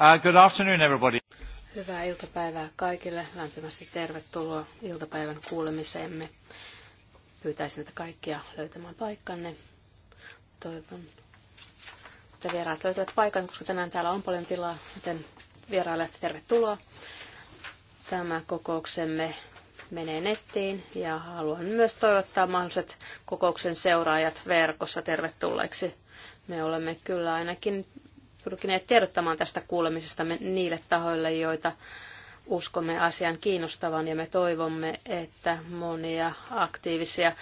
Uh, good afternoon everybody. Hyvää iltapäivää kaikille. Lämpimästi tervetuloa iltapäivän kuulemiseemme. Pyytäisin että kaikkia löytämään paikkanne. Toivon, että vieraat löytävät paikan, koska tänään täällä on paljon tilaa, joten vieraille tervetuloa. Tämä kokouksemme menee nettiin ja haluan myös toivottaa mahdolliset kokouksen seuraajat verkossa tervetulleiksi. Me olemme kyllä ainakin pyrkineet tiedottamaan tästä kuulemisesta niille tahoille, joita uskomme asian kiinnostavan ja me toivomme, että monia aktiivisia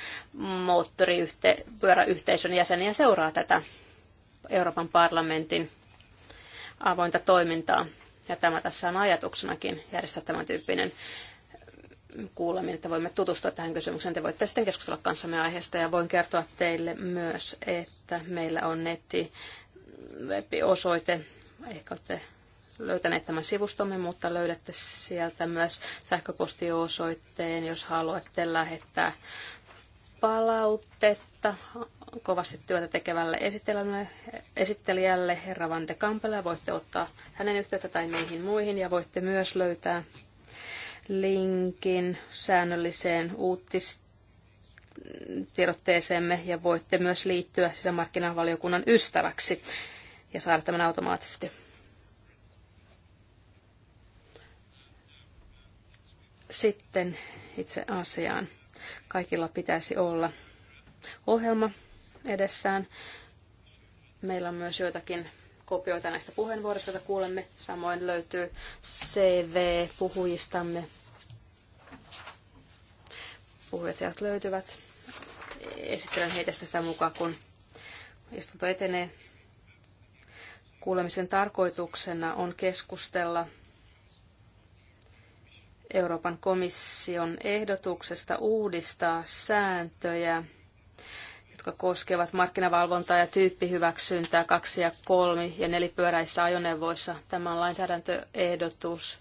moottoripyöräyhteisön jäseniä seuraa tätä Euroopan parlamentin avointa toimintaa. Ja tämä tässä on ajatuksenakin järjestää tämän tyyppinen kuuleminen, että voimme tutustua tähän kysymykseen. Te voitte sitten keskustella kanssamme aiheesta ja voin kertoa teille myös, että meillä on netti web-osoite. Ehkä olette löytäneet tämän sivustomme, mutta löydätte sieltä myös sähköpostiosoitteen, jos haluatte lähettää palautetta kovasti työtä tekevälle esittelijälle, herra Van de Kampele. Voitte ottaa hänen yhteyttä tai meihin muihin ja voitte myös löytää linkin säännölliseen uutisten tiedotteeseemme ja voitte myös liittyä sisämarkkinavaliokunnan ystäväksi ja saada tämän automaattisesti. Sitten itse asiaan. Kaikilla pitäisi olla ohjelma edessään. Meillä on myös joitakin kopioita näistä puheenvuoroista, joita kuulemme. Samoin löytyy CV puhujistamme. Puhujat löytyvät esittelen heitä sitä mukaan, kun istunto etenee. Kuulemisen tarkoituksena on keskustella Euroopan komission ehdotuksesta uudistaa sääntöjä, jotka koskevat markkinavalvontaa ja tyyppihyväksyntää kaksi- ja kolmi- ja nelipyöräissä ajoneuvoissa. Tämä on lainsäädäntöehdotus,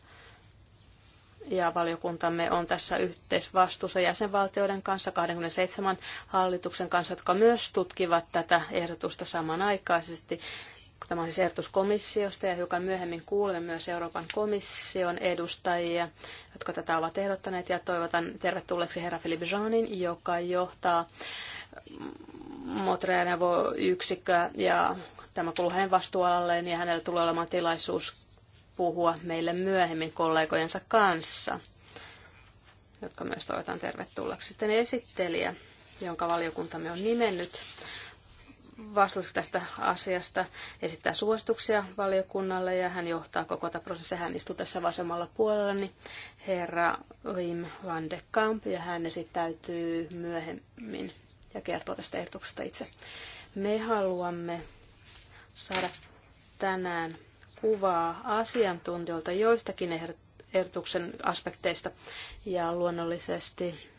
ja valiokuntamme on tässä yhteisvastuussa jäsenvaltioiden kanssa, 27 hallituksen kanssa, jotka myös tutkivat tätä ehdotusta samanaikaisesti. Tämä on siis ehdotus komissiosta ja hiukan myöhemmin kuulemme myös Euroopan komission edustajia, jotka tätä ovat ehdottaneet ja toivotan tervetulleeksi herra Philippe Jeanin, joka johtaa Montreal yksikköä ja tämä kuuluu hänen vastuualalleen ja hänellä tulee olemaan tilaisuus puhua meille myöhemmin kollegojensa kanssa, jotka myös toivotan tervetulleeksi. Sitten esittelijä, jonka valiokuntamme on nimennyt vastuus tästä asiasta, esittää suosituksia valiokunnalle ja hän johtaa koko tätä prosessia. Hän istuu tässä vasemmalla niin herra Wim van de Kamp, ja hän esittäytyy myöhemmin ja kertoo tästä ehdotuksesta itse. Me haluamme saada tänään kuvaa asiantuntijoilta joistakin ehdotuksen aspekteista. Ja luonnollisesti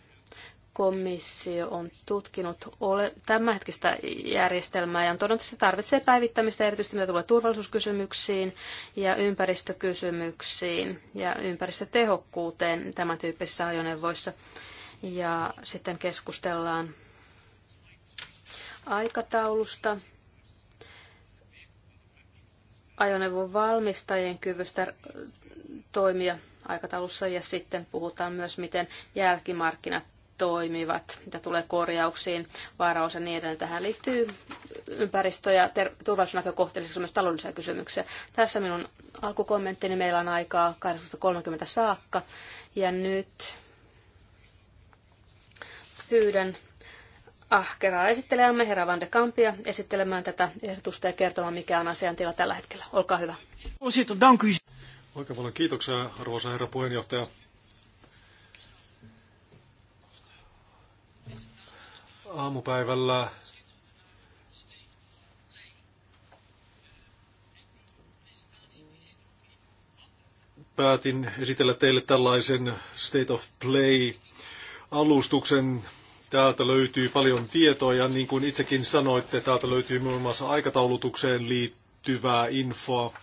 komissio on tutkinut ole, tämänhetkistä järjestelmää ja on todennut, että se tarvitsee päivittämistä erityisesti mitä tulee turvallisuuskysymyksiin ja ympäristökysymyksiin ja ympäristötehokkuuteen tämän tyyppisissä ajoneuvoissa. Ja sitten keskustellaan aikataulusta ajoneuvon valmistajien kyvystä toimia aikataulussa ja sitten puhutaan myös, miten jälkimarkkinat toimivat, mitä tulee korjauksiin, varaus ja niin edelleen. Tähän liittyy ympäristö- ja ter- turvallisuusnäkökohteellisiksi myös taloudellisia kysymyksiä. Tässä minun alkukommenttini. Meillä on aikaa 18.30 saakka ja nyt pyydän ahkeraa esittelijämme herra Van de Kampia esittelemään tätä ehdotusta ja kertomaan, mikä on asiantila tällä hetkellä. Olkaa hyvä. Oikein paljon kiitoksia, arvoisa herra puheenjohtaja. Aamupäivällä päätin esitellä teille tällaisen State of Play-alustuksen Täältä löytyy paljon tietoa ja niin kuin itsekin sanoitte, täältä löytyy muun muassa aikataulutukseen liittyvää infoa.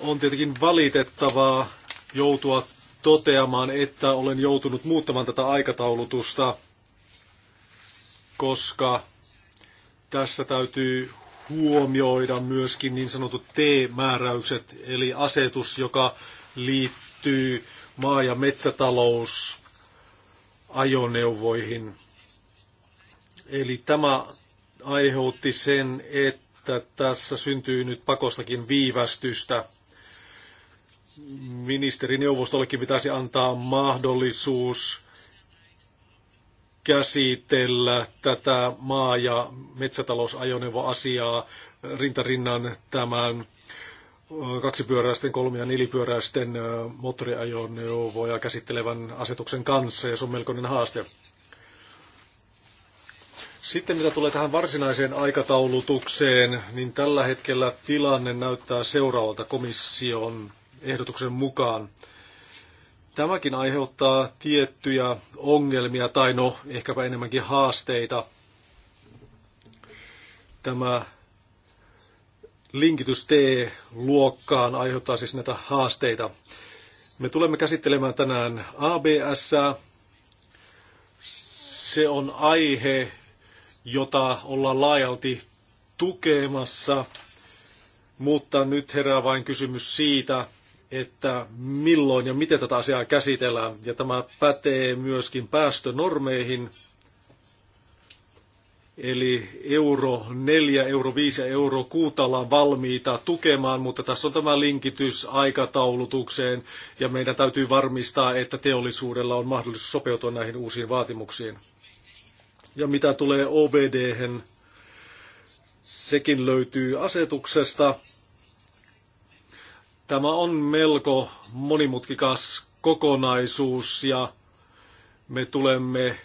On tietenkin valitettavaa joutua toteamaan, että olen joutunut muuttamaan tätä aikataulutusta, koska tässä täytyy huomioida myöskin niin sanotut T-määräykset, eli asetus, joka liittyy maa- ja metsätalous ajoneuvoihin. Eli tämä aiheutti sen, että tässä syntyy nyt pakostakin viivästystä. Ministerineuvostollekin pitäisi antaa mahdollisuus käsitellä tätä maa- ja metsätalousajoneuvoasiaa rintarinnan tämän kaksipyöräisten, kolmi- ja nelipyöräisten moottoriajoneuvoja käsittelevän asetuksen kanssa, ja se on melkoinen haaste. Sitten mitä tulee tähän varsinaiseen aikataulutukseen, niin tällä hetkellä tilanne näyttää seuraavalta komission ehdotuksen mukaan. Tämäkin aiheuttaa tiettyjä ongelmia, tai no, ehkäpä enemmänkin haasteita. Tämä linkitys T-luokkaan aiheuttaa siis näitä haasteita. Me tulemme käsittelemään tänään ABS. Se on aihe, jota ollaan laajalti tukemassa, mutta nyt herää vain kysymys siitä, että milloin ja miten tätä asiaa käsitellään. Ja tämä pätee myöskin päästönormeihin – Eli euro 4, euro 5 ja euro 6 ollaan valmiita tukemaan, mutta tässä on tämä linkitys aikataulutukseen ja meidän täytyy varmistaa, että teollisuudella on mahdollisuus sopeutua näihin uusiin vaatimuksiin. Ja mitä tulee obd -hän, sekin löytyy asetuksesta. Tämä on melko monimutkikas kokonaisuus ja me tulemme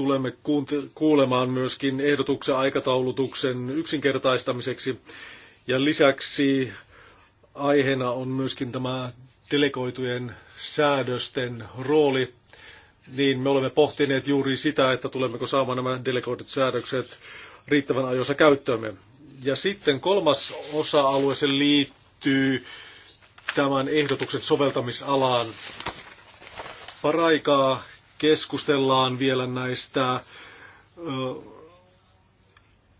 tulemme kuulemaan myöskin ehdotuksen aikataulutuksen yksinkertaistamiseksi. Ja lisäksi aiheena on myöskin tämä delegoitujen säädösten rooli. Niin me olemme pohtineet juuri sitä, että tulemmeko saamaan nämä delegoidut säädökset riittävän ajoissa käyttöömme. Ja sitten kolmas osa-alue, se liittyy tämän ehdotuksen soveltamisalaan. Paraikaa keskustellaan vielä näistä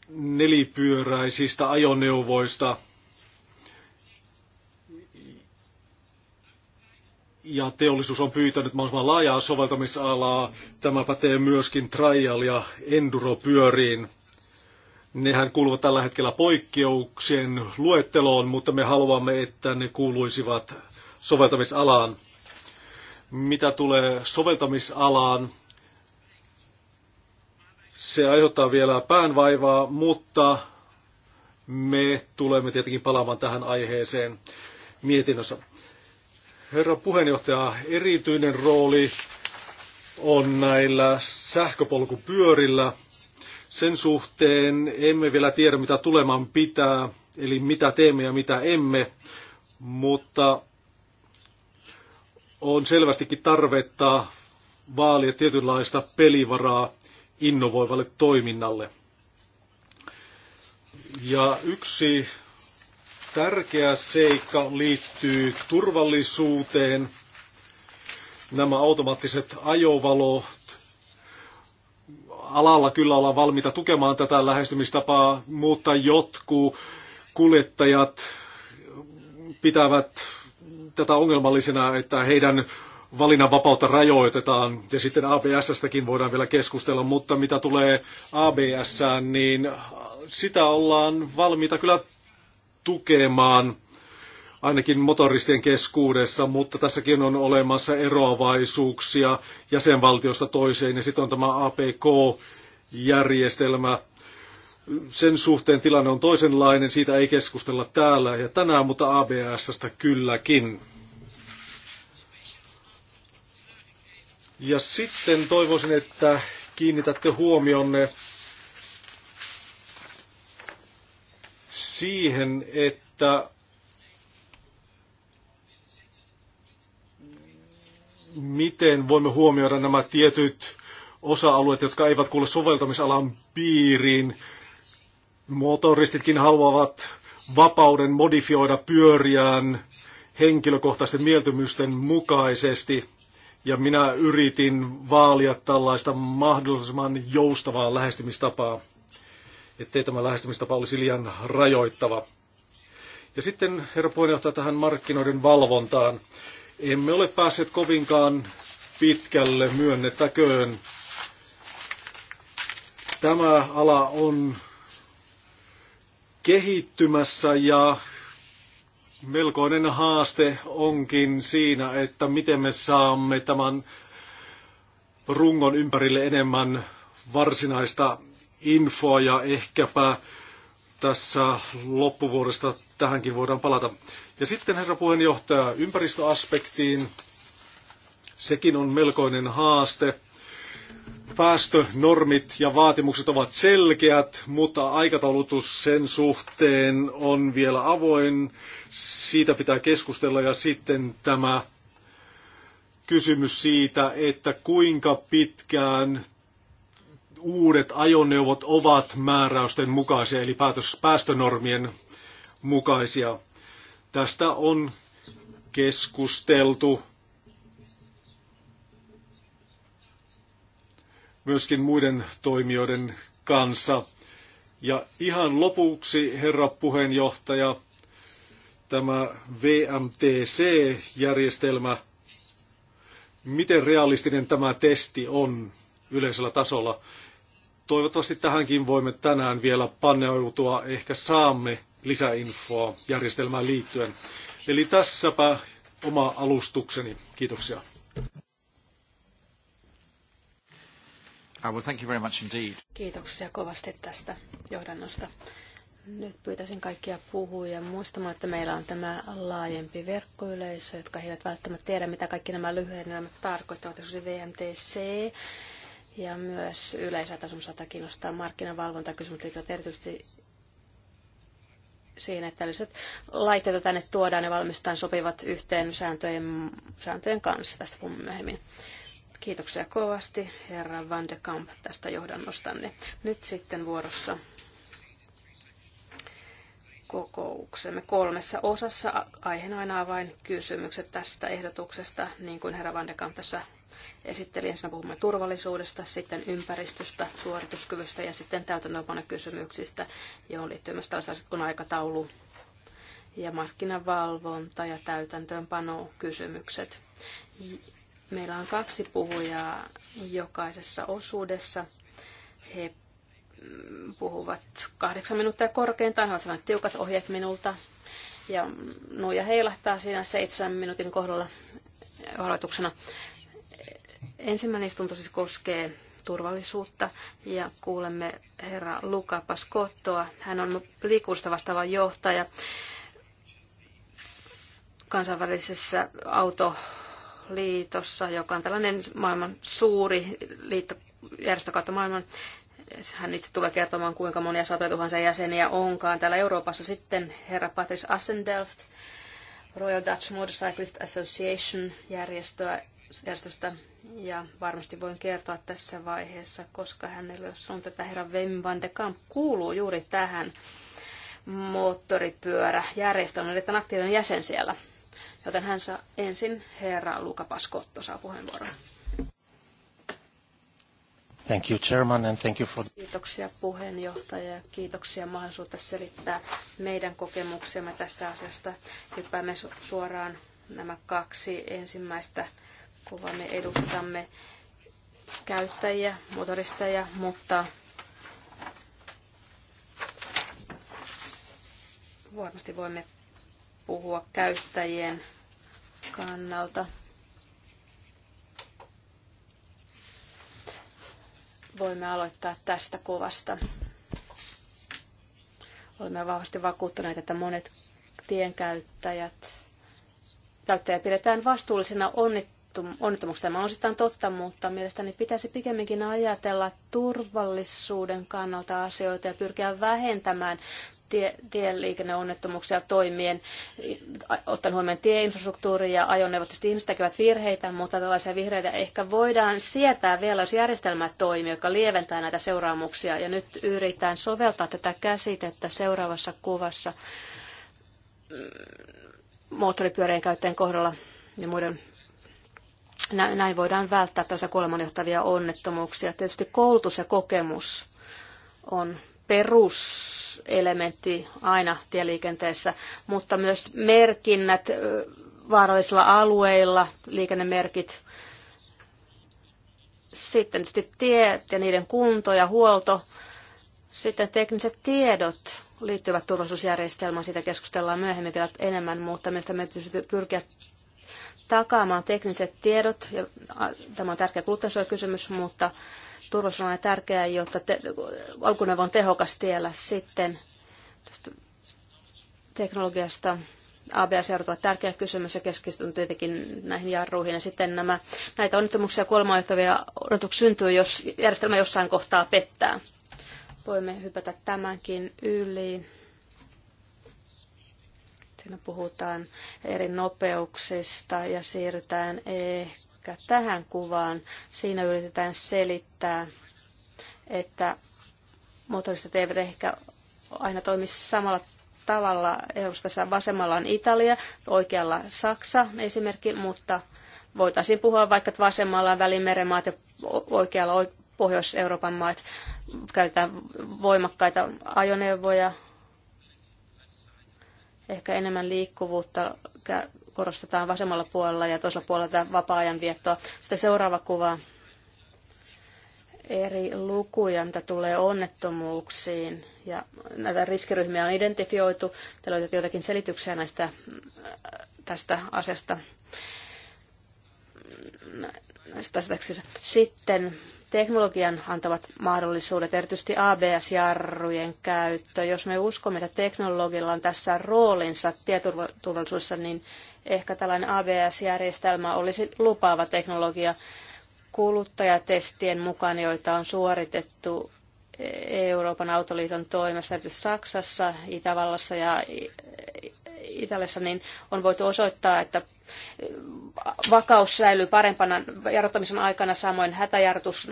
nelipyöräisistä ajoneuvoista. Ja teollisuus on pyytänyt mahdollisimman laajaa soveltamisalaa. Tämä pätee myöskin trial- ja enduropyöriin. Nehän kuuluvat tällä hetkellä poikkeuksien luetteloon, mutta me haluamme, että ne kuuluisivat soveltamisalaan. Mitä tulee soveltamisalaan, se aiheuttaa vielä päänvaivaa, mutta me tulemme tietenkin palaamaan tähän aiheeseen mietinnössä. Herra puheenjohtaja, erityinen rooli on näillä sähköpolkupyörillä. Sen suhteen emme vielä tiedä, mitä tuleman pitää, eli mitä teemme ja mitä emme, mutta on selvästikin tarvetta vaalia tietynlaista pelivaraa innovoivalle toiminnalle. Ja yksi tärkeä seikka liittyy turvallisuuteen. Nämä automaattiset ajovalot. Alalla kyllä ollaan valmiita tukemaan tätä lähestymistapaa, mutta jotkut kuljettajat pitävät tätä ongelmallisena, että heidän valinnanvapautta rajoitetaan ja sitten ABS-stäkin voidaan vielä keskustella, mutta mitä tulee abs niin sitä ollaan valmiita kyllä tukemaan ainakin motoristien keskuudessa, mutta tässäkin on olemassa eroavaisuuksia jäsenvaltiosta toiseen ja sitten on tämä APK-järjestelmä, sen suhteen tilanne on toisenlainen, siitä ei keskustella täällä ja tänään, mutta ABS-stä kylläkin. Ja sitten toivoisin, että kiinnitätte huomionne siihen, että miten voimme huomioida nämä tietyt osa-alueet, jotka eivät kuule soveltamisalan piiriin Motoristitkin haluavat vapauden modifioida pyöriään henkilökohtaisten mieltymysten mukaisesti. Ja minä yritin vaalia tällaista mahdollisimman joustavaa lähestymistapaa, ettei tämä lähestymistapa olisi liian rajoittava. Ja sitten, herra puheenjohtaja, tähän markkinoiden valvontaan. Emme ole päässeet kovinkaan pitkälle myönnettäköön. Tämä ala on kehittymässä ja melkoinen haaste onkin siinä, että miten me saamme tämän rungon ympärille enemmän varsinaista infoa ja ehkäpä tässä loppuvuodesta tähänkin voidaan palata. Ja sitten herra puheenjohtaja, ympäristöaspektiin. Sekin on melkoinen haaste. Päästönormit ja vaatimukset ovat selkeät, mutta aikataulutus sen suhteen on vielä avoin. Siitä pitää keskustella ja sitten tämä kysymys siitä, että kuinka pitkään uudet ajoneuvot ovat määräysten mukaisia, eli päästönormien mukaisia. Tästä on keskusteltu myöskin muiden toimijoiden kanssa. Ja ihan lopuksi, herra puheenjohtaja, tämä VMTC-järjestelmä, miten realistinen tämä testi on yleisellä tasolla. Toivottavasti tähänkin voimme tänään vielä paneutua, ehkä saamme lisäinfoa järjestelmään liittyen. Eli tässäpä oma alustukseni. Kiitoksia. Ah, well, thank you very much indeed. Kiitoksia kovasti tästä johdannosta. Nyt pyytäisin kaikkia puhujia muistamaan, että meillä on tämä laajempi verkkoyleisö, jotka eivät välttämättä tiedä, mitä kaikki nämä lyhennelmät tarkoittavat, esimerkiksi VMTC, ja myös sata kiinnostaa markkinavalvontakysymykset liittyvät erityisesti siinä, että tällaiset laitteet, tänne tuodaan, ne valmistetaan sopivat yhteen sääntöjen, sääntöjen kanssa. Tästä puhumme myöhemmin. Kiitoksia kovasti, herra Van de Kamp, tästä johdannostanne. Nyt sitten vuorossa kokouksemme kolmessa osassa. Aiheena aina vain kysymykset tästä ehdotuksesta, niin kuin herra Van de Kamp tässä esitteli. Ensin puhumme turvallisuudesta, sitten ympäristöstä, suorituskyvystä ja sitten täytäntöönpano kysymyksistä, johon liittyy myös tällaiset kuin aikataulu ja markkinavalvonta ja täytäntöönpano kysymykset. Meillä on kaksi puhujaa jokaisessa osuudessa. He puhuvat kahdeksan minuuttia korkeintaan, he ovat tiukat ohjeet minulta. Ja nuja heilahtaa siinä seitsemän minuutin kohdalla eh, aloituksena. Ensimmäinen istunto siis koskee turvallisuutta ja kuulemme herra Luka Paskottoa. Hän on liikkuvuudesta vastaava johtaja kansainvälisessä auto liitossa, joka on tällainen maailman suuri liitto, järjestö kautta maailman. Hän itse tulee kertomaan, kuinka monia satoja tuhansia jäseniä onkaan täällä Euroopassa. Sitten herra Patrice Assendelft, Royal Dutch Motorcyclist Association järjestöä, järjestöstä. Ja varmasti voin kertoa tässä vaiheessa, koska hänelle on sanonut, että herra Wim van de Kamp kuuluu juuri tähän moottoripyöräjärjestelmään, että on aktiivinen jäsen siellä. Joten hän saa ensin herra Luka Paskotto saa puheenvuoron. Thank you, Chairman, and thank you for... Kiitoksia puheenjohtaja ja kiitoksia mahdollisuutta selittää meidän kokemuksemme tästä asiasta. Hyppäämme suoraan nämä kaksi ensimmäistä, kuvaa me edustamme käyttäjiä, motoristeja, mutta varmasti voimme puhua käyttäjien kannalta. Voimme aloittaa tästä kuvasta. Olemme vahvasti vakuuttuneita, että monet tienkäyttäjät käyttäjä pidetään vastuullisena onnettomuuksia. Tämä on osittain totta, mutta mielestäni pitäisi pikemminkin ajatella turvallisuuden kannalta asioita ja pyrkiä vähentämään tie, tieliikenneonnettomuuksia toimien, ottaen huomioon tieinfrastruktuuri ja ajoneuvot. Tietysti ihmiset tekevät virheitä, mutta tällaisia virheitä ehkä voidaan sietää vielä, jos järjestelmät toimii, jotka lieventää näitä seuraamuksia. Ja nyt yritetään soveltaa tätä käsitettä seuraavassa kuvassa mm, moottoripyörien käyttäjän kohdalla ja muiden näin voidaan välttää tällaisia kuolemanjohtavia onnettomuuksia. Tietysti koulutus ja kokemus on peruselementti aina tieliikenteessä, mutta myös merkinnät vaarallisilla alueilla, liikennemerkit, sitten tietysti tiet ja niiden kunto ja huolto, sitten tekniset tiedot liittyvät turvallisuusjärjestelmään, siitä keskustellaan myöhemmin vielä enemmän, mutta meistä me tietysti pyrkiä takaamaan tekniset tiedot, ja tämä on tärkeä kuluttajasuojakysymys, mutta turvallisuus on tärkeää, jotta te- alkuneuvo on tehokas tiellä. Sitten tästä teknologiasta ABS ovat tärkeä kysymys ja keskityn tietenkin näihin jarruihin. Ja sitten nämä, näitä onnettomuuksia johtavia odotuksia syntyy, jos järjestelmä jossain kohtaa pettää. Voimme hypätä tämänkin yli. Siinä puhutaan eri nopeuksista ja siirrytään ehkä ehkä tähän kuvaan. Siinä yritetään selittää, että motoristit eivät ehkä aina toimi samalla tavalla. Tässä vasemmalla on Italia, oikealla Saksa esimerkki, mutta voitaisiin puhua vaikka, että vasemmalla on Välimeren maat ja oikealla Pohjois-Euroopan maat. Käytetään voimakkaita ajoneuvoja, ehkä enemmän liikkuvuutta korostetaan vasemmalla puolella ja toisella puolella tätä vapaa-ajan viettoa. Sitten seuraava kuva eri lukuja, mitä tulee onnettomuuksiin. Ja näitä riskiryhmiä on identifioitu. Te löydät jotakin selityksiä näistä, tästä asiasta. Näistä Sitten teknologian antavat mahdollisuudet, erityisesti ABS-jarrujen käyttö. Jos me uskomme, että teknologialla on tässä roolinsa tieturvallisuudessa, niin Ehkä tällainen ABS-järjestelmä olisi lupaava teknologia kuluttajatestien mukaan, joita on suoritettu Euroopan autoliiton toimesta, erityisesti Saksassa, Itävallassa ja Italiassa, niin on voitu osoittaa, että vakaus säilyy parempana jarruttamisen aikana, samoin hätäjarrutus,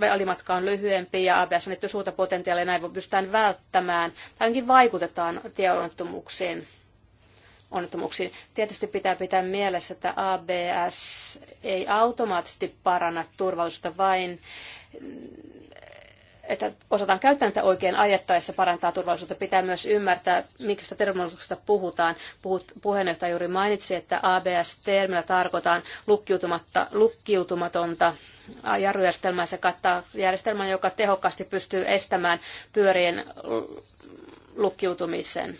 välimatka on lyhyempi ja ABS on suurta potentiaalia, näin pystytään välttämään, tai ainakin vaikutetaan tieonnettomuuksiin onnettomuuksiin. Tietysti pitää pitää mielessä, että ABS ei automaattisesti paranna turvallisuutta vain mm, että osataan käyttää niitä oikein ajettaessa parantaa turvallisuutta, pitää myös ymmärtää, miksi terminologiasta puhutaan. Puhut, puheenjohtaja juuri mainitsi, että ABS-termillä tarkoitaan lukkiutumatta, lukkiutumatonta jarrujärjestelmää. Se kattaa järjestelmän, joka tehokkaasti pystyy estämään pyörien lukkiutumisen.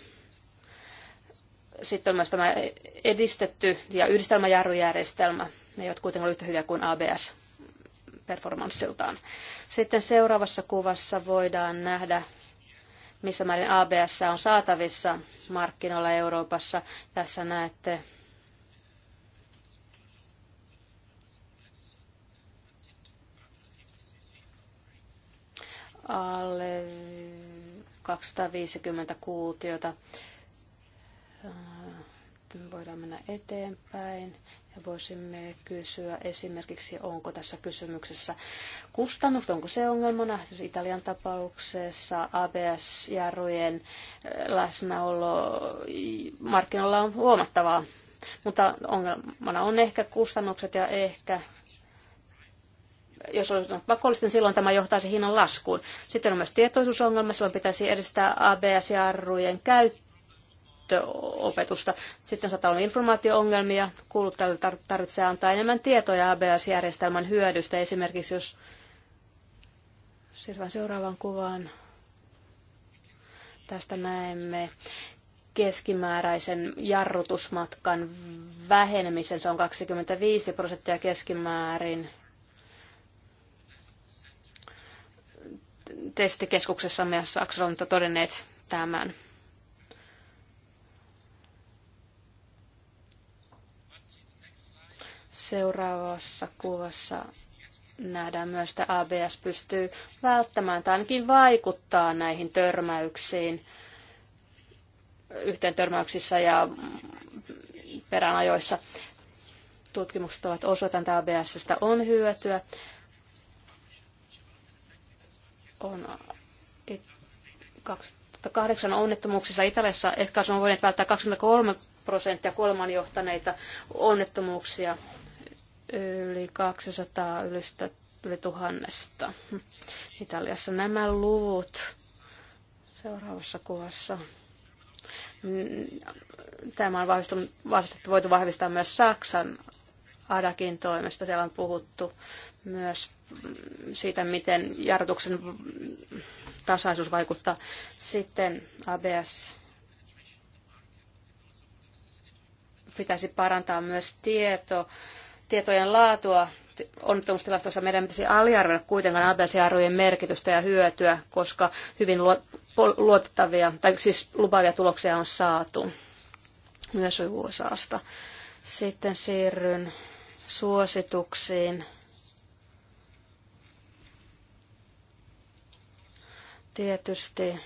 Sitten on myös tämä edistetty ja yhdistelmäjarrujärjestelmä. Ne eivät kuitenkaan ole yhtä hyviä kuin ABS performanssiltaan. Sitten seuraavassa kuvassa voidaan nähdä, missä määrin ABS on saatavissa markkinoilla Euroopassa. Tässä näette alle 250 kuutiota me voidaan mennä eteenpäin ja voisimme kysyä esimerkiksi, onko tässä kysymyksessä kustannus, onko se ongelmana Italian tapauksessa, ABS-jarrujen eh, läsnäolo markkinoilla on huomattavaa, mutta ongelmana on ehkä kustannukset ja ehkä jos olisi pakollista, niin silloin tämä johtaisi hinnan laskuun. Sitten on myös tietoisuusongelma, silloin pitäisi edistää ABS-jarrujen käyttöä käyttöopetusta. Sitten saattaa olla informaatio-ongelmia, kuluttajalle tarvitsee antaa enemmän tietoja ABS-järjestelmän hyödystä. Esimerkiksi jos siirrytään seuraavaan kuvaan, tästä näemme keskimääräisen jarrutusmatkan vähenemisen. Se on 25 prosenttia keskimäärin testikeskuksessamme ja akselonta todenneet tämän. Seuraavassa kuvassa nähdään myös, että ABS pystyy välttämään tai ainakin vaikuttaa näihin törmäyksiin, yhteen törmäyksissä ja peränajoissa. Tutkimukset ovat osoittaneet, että ABSstä on hyötyä. On 2008 onnettomuuksissa Italiassa ehkä on voinut välttää 23 prosenttia johtaneita onnettomuuksia yli 200 ylistä, yli tuhannesta. Italiassa nämä luvut seuraavassa kuvassa. Mm, tämä on vahvistettu, voitu vahvistaa myös Saksan Adakin toimesta. Siellä on puhuttu myös siitä, miten jarrutuksen tasaisuus vaikuttaa. Sitten ABS pitäisi parantaa myös tieto tietojen laatua onnettomuustilastossa meidän pitäisi aliarvioida kuitenkaan arvojen merkitystä ja hyötyä, koska hyvin luotettavia, tai siis lupaavia tuloksia on saatu myös USAsta. Sitten siirryn suosituksiin. Tietysti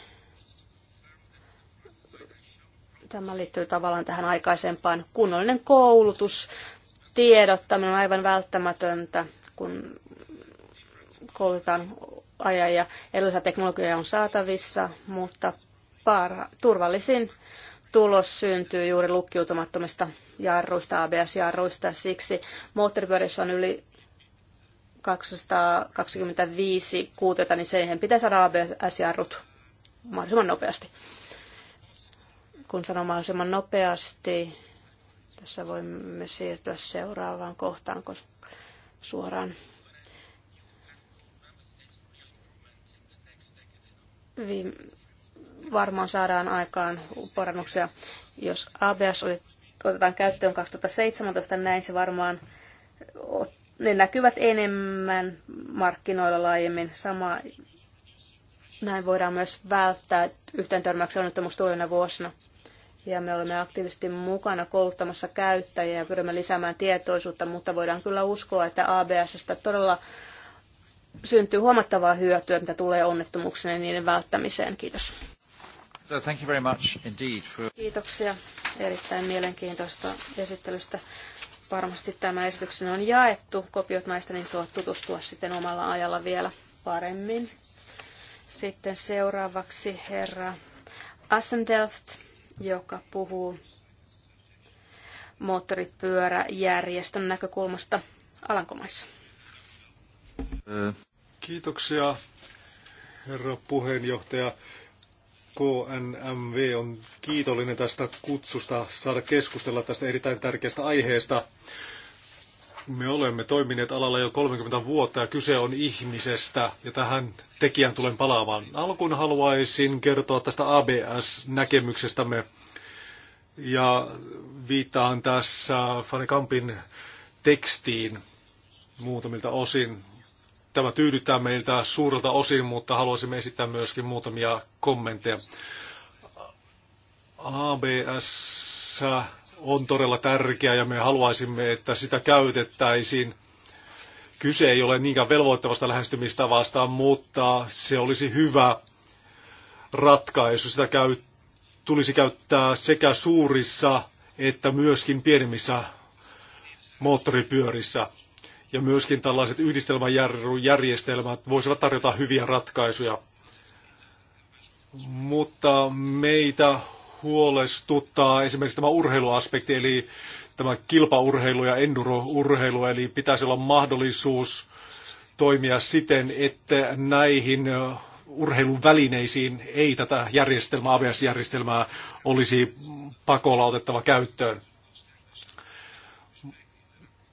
tämä liittyy tavallaan tähän aikaisempaan kunnollinen koulutus tiedottaminen on aivan välttämätöntä, kun koulutetaan ajan ja erilaisia teknologioita on saatavissa, mutta parha, turvallisin tulos syntyy juuri lukkiutumattomista jarruista, ABS-jarruista. Siksi moottoripyörissä on yli 225 kuutiota, niin siihen pitää saada ABS-jarrut mahdollisimman nopeasti. Kun sanon mahdollisimman nopeasti, tässä voimme siirtyä seuraavaan kohtaan koska suoraan. Viime, varmaan saadaan aikaan parannuksia. Jos ABS otetaan käyttöön 2017, näin se varmaan ne näkyvät enemmän markkinoilla laajemmin. Sama, näin voidaan myös välttää yhteen törmäyksen onnettomuus tulevina vuosina ja me olemme aktiivisesti mukana kouluttamassa käyttäjiä ja pyrimme lisäämään tietoisuutta, mutta voidaan kyllä uskoa, että ABSstä todella syntyy huomattavaa hyötyä, mitä tulee onnettomuuksien ja niiden välttämiseen. Kiitos. So thank you very much indeed for... Kiitoksia erittäin mielenkiintoista esittelystä. Varmasti tämä esityksen on jaettu. Kopiot näistä niin voit tutustua sitten omalla ajalla vielä paremmin. Sitten seuraavaksi herra Assendelft joka puhuu moottoripyöräjärjestön näkökulmasta Alankomaissa. Kiitoksia, herra puheenjohtaja. KNMV on kiitollinen tästä kutsusta saada keskustella tästä erittäin tärkeästä aiheesta. Me olemme toimineet alalla jo 30 vuotta ja kyse on ihmisestä ja tähän tekijän tulen palaamaan. Alkuun haluaisin kertoa tästä ABS-näkemyksestämme ja viittaan tässä Fanny Kampin tekstiin muutamilta osin. Tämä tyydyttää meiltä suurelta osin, mutta haluaisimme esittää myöskin muutamia kommentteja. ABS on todella tärkeä ja me haluaisimme, että sitä käytettäisiin. Kyse ei ole niinkään velvoittavasta lähestymistavasta, mutta se olisi hyvä ratkaisu. Sitä käy, tulisi käyttää sekä suurissa että myöskin pienemmissä moottoripyörissä. Ja myöskin tällaiset yhdistelmäjärjestelmät voisivat tarjota hyviä ratkaisuja. Mutta meitä huolestuttaa esimerkiksi tämä urheiluaspekti, eli tämä kilpaurheilu ja endurourheilu, eli pitäisi olla mahdollisuus toimia siten, että näihin urheilun välineisiin ei tätä järjestelmää, ABS-järjestelmää olisi pakolla otettava käyttöön.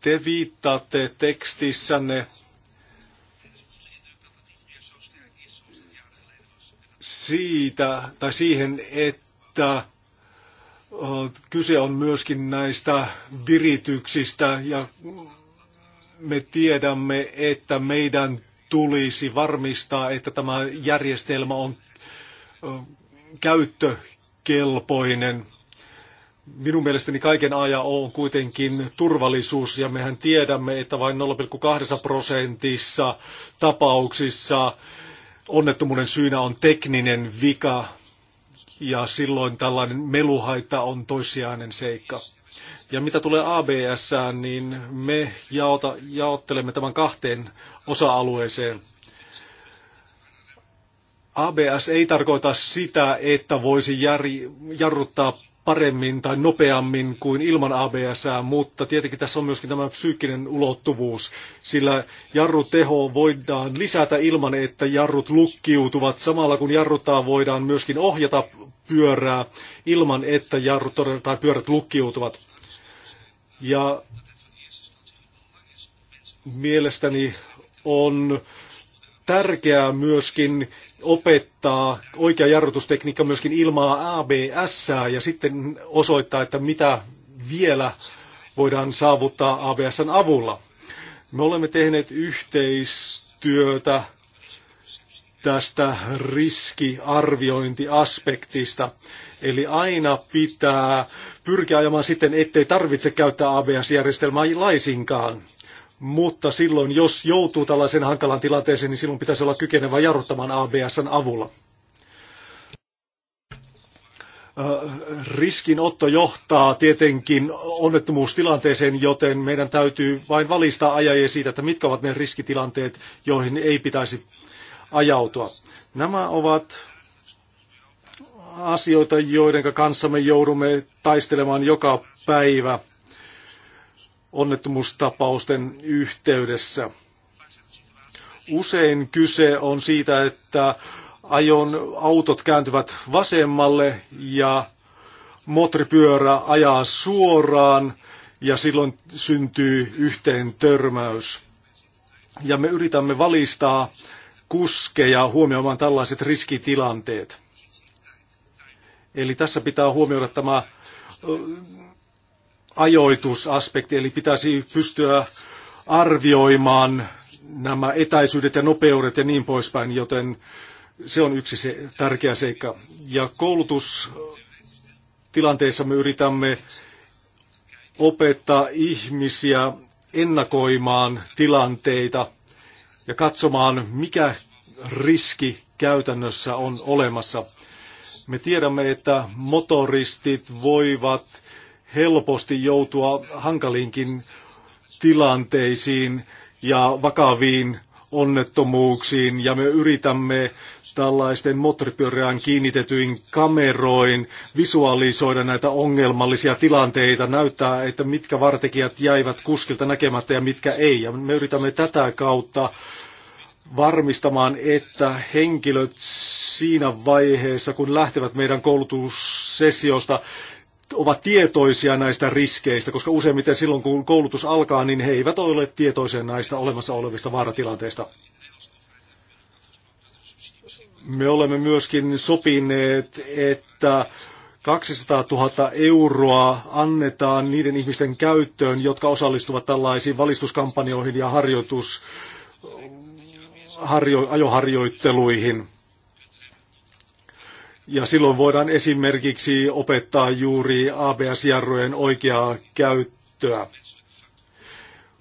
Te viittaatte tekstissänne siitä, tai siihen, että että kyse on myöskin näistä virityksistä ja me tiedämme, että meidän tulisi varmistaa, että tämä järjestelmä on käyttökelpoinen. Minun mielestäni kaiken A on kuitenkin turvallisuus ja mehän tiedämme, että vain 0,2 prosentissa tapauksissa onnettomuuden syynä on tekninen vika, ja silloin tällainen meluhaitta on toissijainen seikka. Ja mitä tulee abs niin me jaota, jaottelemme tämän kahteen osa-alueeseen. ABS ei tarkoita sitä, että voisi jarruttaa paremmin tai nopeammin kuin ilman ABS, mutta tietenkin tässä on myöskin tämä psyykkinen ulottuvuus, sillä jarruteho voidaan lisätä ilman, että jarrut lukkiutuvat. Samalla kun jarruttaa voidaan myöskin ohjata pyörää ilman, että jarrut tai pyörät lukkiutuvat. Ja mielestäni on tärkeää myöskin opettaa oikea jarrutustekniikka myöskin ilmaa abs ja sitten osoittaa, että mitä vielä voidaan saavuttaa ABSn avulla. Me olemme tehneet yhteistyötä tästä riskiarviointiaspektista. Eli aina pitää pyrkiä ajamaan sitten, ettei tarvitse käyttää ABS-järjestelmää laisinkaan mutta silloin jos joutuu tällaisen hankalan tilanteeseen, niin silloin pitäisi olla kykenevä jarruttamaan ABSn avulla. Äh, riskinotto johtaa tietenkin onnettomuustilanteeseen, joten meidän täytyy vain valistaa ajajia siitä, että mitkä ovat ne riskitilanteet, joihin ei pitäisi ajautua. Nämä ovat asioita, joiden kanssa me joudumme taistelemaan joka päivä onnettomuustapausten yhteydessä. Usein kyse on siitä, että ajon autot kääntyvät vasemmalle ja moottoripyörä ajaa suoraan ja silloin syntyy yhteen törmäys. Ja me yritämme valistaa kuskeja huomioimaan tällaiset riskitilanteet. Eli tässä pitää huomioida tämä ajoitusaspekti, eli pitäisi pystyä arvioimaan nämä etäisyydet ja nopeudet ja niin poispäin, joten se on yksi se tärkeä seikka. Ja koulutustilanteessa me yritämme opettaa ihmisiä ennakoimaan tilanteita ja katsomaan, mikä riski käytännössä on olemassa. Me tiedämme, että motoristit voivat helposti joutua hankaliinkin tilanteisiin ja vakaviin onnettomuuksiin ja me yritämme tällaisten moottoripyörään kiinnitetyin kameroin visualisoida näitä ongelmallisia tilanteita, näyttää, että mitkä vartekijät jäivät kuskilta näkemättä ja mitkä ei. Ja me yritämme tätä kautta varmistamaan, että henkilöt siinä vaiheessa, kun lähtevät meidän koulutussessiosta, ovat tietoisia näistä riskeistä, koska useimmiten silloin kun koulutus alkaa, niin he eivät ole tietoisia näistä olemassa olevista vaaratilanteista. Me olemme myöskin sopineet, että 200 000 euroa annetaan niiden ihmisten käyttöön, jotka osallistuvat tällaisiin valistuskampanjoihin ja harjoitus, harjo, ajoharjoitteluihin. Ja silloin voidaan esimerkiksi opettaa juuri ABS-jarrujen oikeaa käyttöä.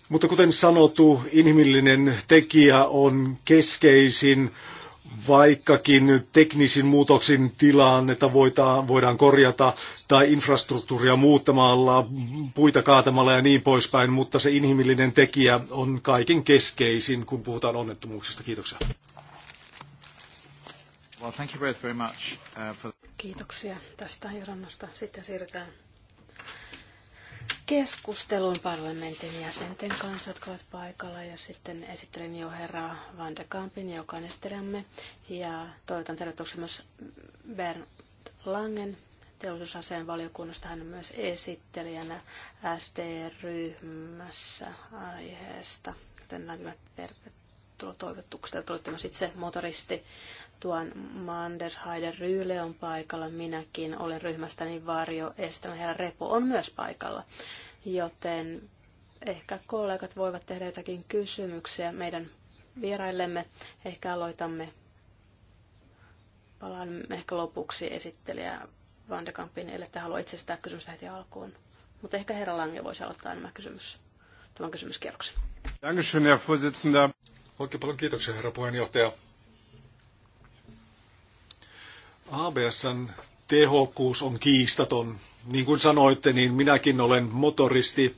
Mutta kuten sanottu, inhimillinen tekijä on keskeisin, vaikkakin teknisin muutoksin että voidaan, voidaan korjata tai infrastruktuuria muuttamalla, puita kaatamalla ja niin poispäin, mutta se inhimillinen tekijä on kaiken keskeisin, kun puhutaan onnettomuuksista. Kiitoksia. Well, thank you both very much, uh, for... Kiitoksia tästä johdannosta. Sitten siirrytään keskustelun parlamentin jäsenten kanssa, jotka ovat paikalla. Ja sitten esittelen jo herra Van de Kampin, joka on esittelemme. Ja toivotan tervetuloksi myös Bern Langen teollisuusaseen valiokunnasta. Hän on myös esittelijänä ST-ryhmässä aiheesta. Joten lämpimät tervetuloa toivotuksia. Tulitte myös itse motoristi Tuon Manders Haider Ryyle on paikalla. Minäkin olen ryhmästäni varjo. Esitän herra Repo on myös paikalla. Joten ehkä kollegat voivat tehdä jotakin kysymyksiä meidän vieraillemme. Ehkä aloitamme. Palaan ehkä lopuksi esittelijä Vandekampin, ellei että haluaa itse sitä kysymystä heti alkuun. Mutta ehkä herra Lange voisi aloittaa nämä kysymys, tämän kysymyskierroksen. Dankeschön, Herr Vorsitzender. Oikein paljon kiitoksia, herra puheenjohtaja. ABSn tehokkuus on kiistaton. Niin kuin sanoitte, niin minäkin olen motoristi.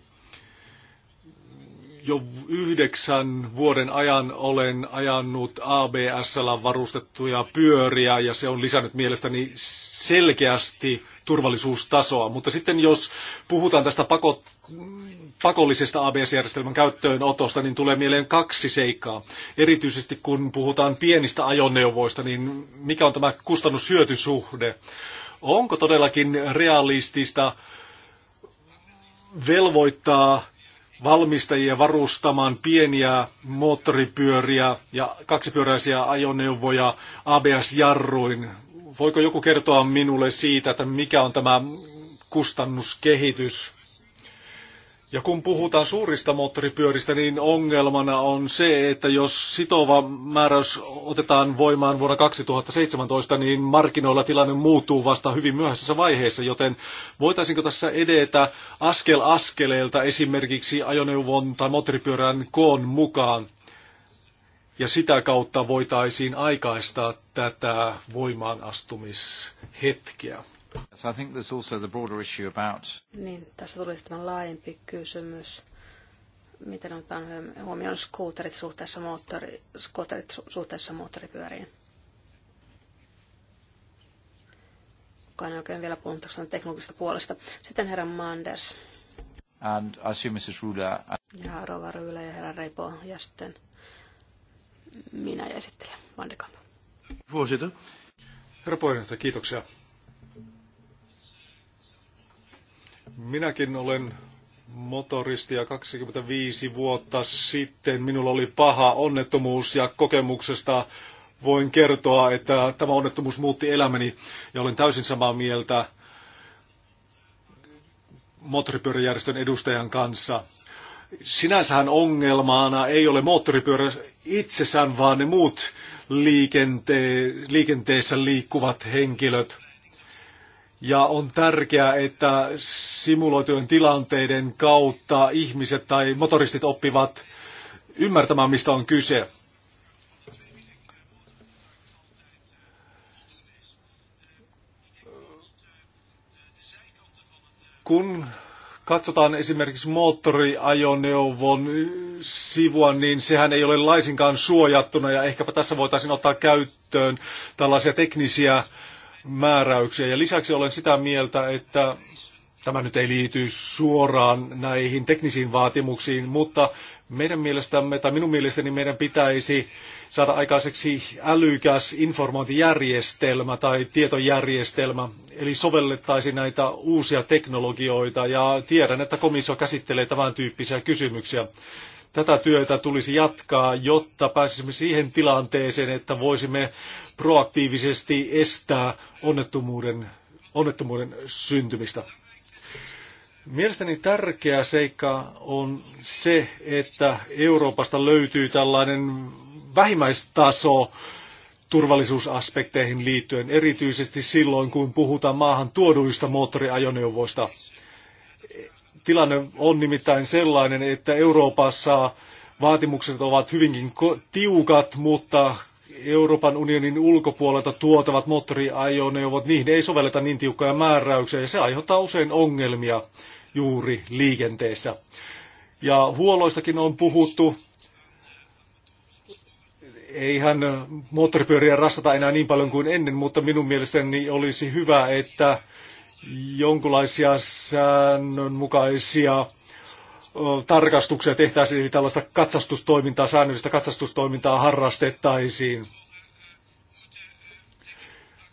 Jo yhdeksän vuoden ajan olen ajanut ABSllä varustettuja pyöriä ja se on lisännyt mielestäni selkeästi turvallisuustasoa. Mutta sitten jos puhutaan tästä pakot, pakollisesta ABS-järjestelmän käyttöönotosta, niin tulee mieleen kaksi seikkaa. Erityisesti kun puhutaan pienistä ajoneuvoista, niin mikä on tämä kustannushyötysuhde? Onko todellakin realistista velvoittaa valmistajia varustamaan pieniä moottoripyöriä ja kaksipyöräisiä ajoneuvoja ABS-jarruin. Voiko joku kertoa minulle siitä, että mikä on tämä kustannuskehitys? Ja kun puhutaan suurista moottoripyöristä, niin ongelmana on se, että jos sitova määräys otetaan voimaan vuonna 2017, niin markkinoilla tilanne muuttuu vasta hyvin myöhäisessä vaiheessa, joten voitaisinko tässä edetä askel askeleelta esimerkiksi ajoneuvon tai moottoripyörän koon mukaan? ja sitä kautta voitaisiin aikaistaa tätä voimaanastumishetkeä. So I think there's also the broader issue about... Niin, tässä tulisi tämä laajempi kysymys. Miten otetaan huomioon skuuterit suhteessa, moottori, skuuterit su- suhteessa moottoripyöriin? Kukaan ei oikein vielä puhunut tästä teknologisesta puolesta. Sitten herra Manders. And I assume Mrs. Ruda. Ja Rova Rylä ja herra Repo. Ja sitten minä ja esittelijä Vandekamp. Vuosita. Herra puheenjohtaja, kiitoksia. Minäkin olen motoristi ja 25 vuotta sitten minulla oli paha onnettomuus ja kokemuksesta voin kertoa, että tämä onnettomuus muutti elämäni ja olen täysin samaa mieltä moottoripyöräjärjestön edustajan kanssa. Sinänsähän ongelmana ei ole moottoripyörä itsessään, vaan ne muut liikente- liikenteessä liikkuvat henkilöt. Ja on tärkeää, että simuloitujen tilanteiden kautta ihmiset tai motoristit oppivat ymmärtämään, mistä on kyse. Kun katsotaan esimerkiksi moottoriajoneuvon sivua, niin sehän ei ole laisinkaan suojattuna ja ehkäpä tässä voitaisiin ottaa käyttöön tällaisia teknisiä määräyksiä. Ja lisäksi olen sitä mieltä, että tämä nyt ei liity suoraan näihin teknisiin vaatimuksiin, mutta meidän mielestämme tai minun mielestäni meidän pitäisi saada aikaiseksi älykäs informointijärjestelmä tai tietojärjestelmä, eli sovellettaisiin näitä uusia teknologioita ja tiedän, että komissio käsittelee tämän tyyppisiä kysymyksiä. Tätä työtä tulisi jatkaa, jotta pääsisimme siihen tilanteeseen, että voisimme proaktiivisesti estää onnettomuuden, onnettomuuden syntymistä. Mielestäni tärkeä seikka on se, että Euroopasta löytyy tällainen vähimmäistaso turvallisuusaspekteihin liittyen, erityisesti silloin, kun puhutaan maahan tuoduista moottoriajoneuvoista. Tilanne on nimittäin sellainen, että Euroopassa vaatimukset ovat hyvinkin tiukat, mutta Euroopan unionin ulkopuolelta tuotavat moottoriajoneuvot, niihin ei sovelleta niin tiukkoja määräyksiä ja se aiheuttaa usein ongelmia juuri liikenteessä. Ja huoloistakin on puhuttu. Eihän moottoripyöriä rassata enää niin paljon kuin ennen, mutta minun mielestäni olisi hyvä, että jonkinlaisia säännönmukaisia tarkastuksia tehtäisiin, eli tällaista katsastustoimintaa, säännöllistä katsastustoimintaa harrastettaisiin.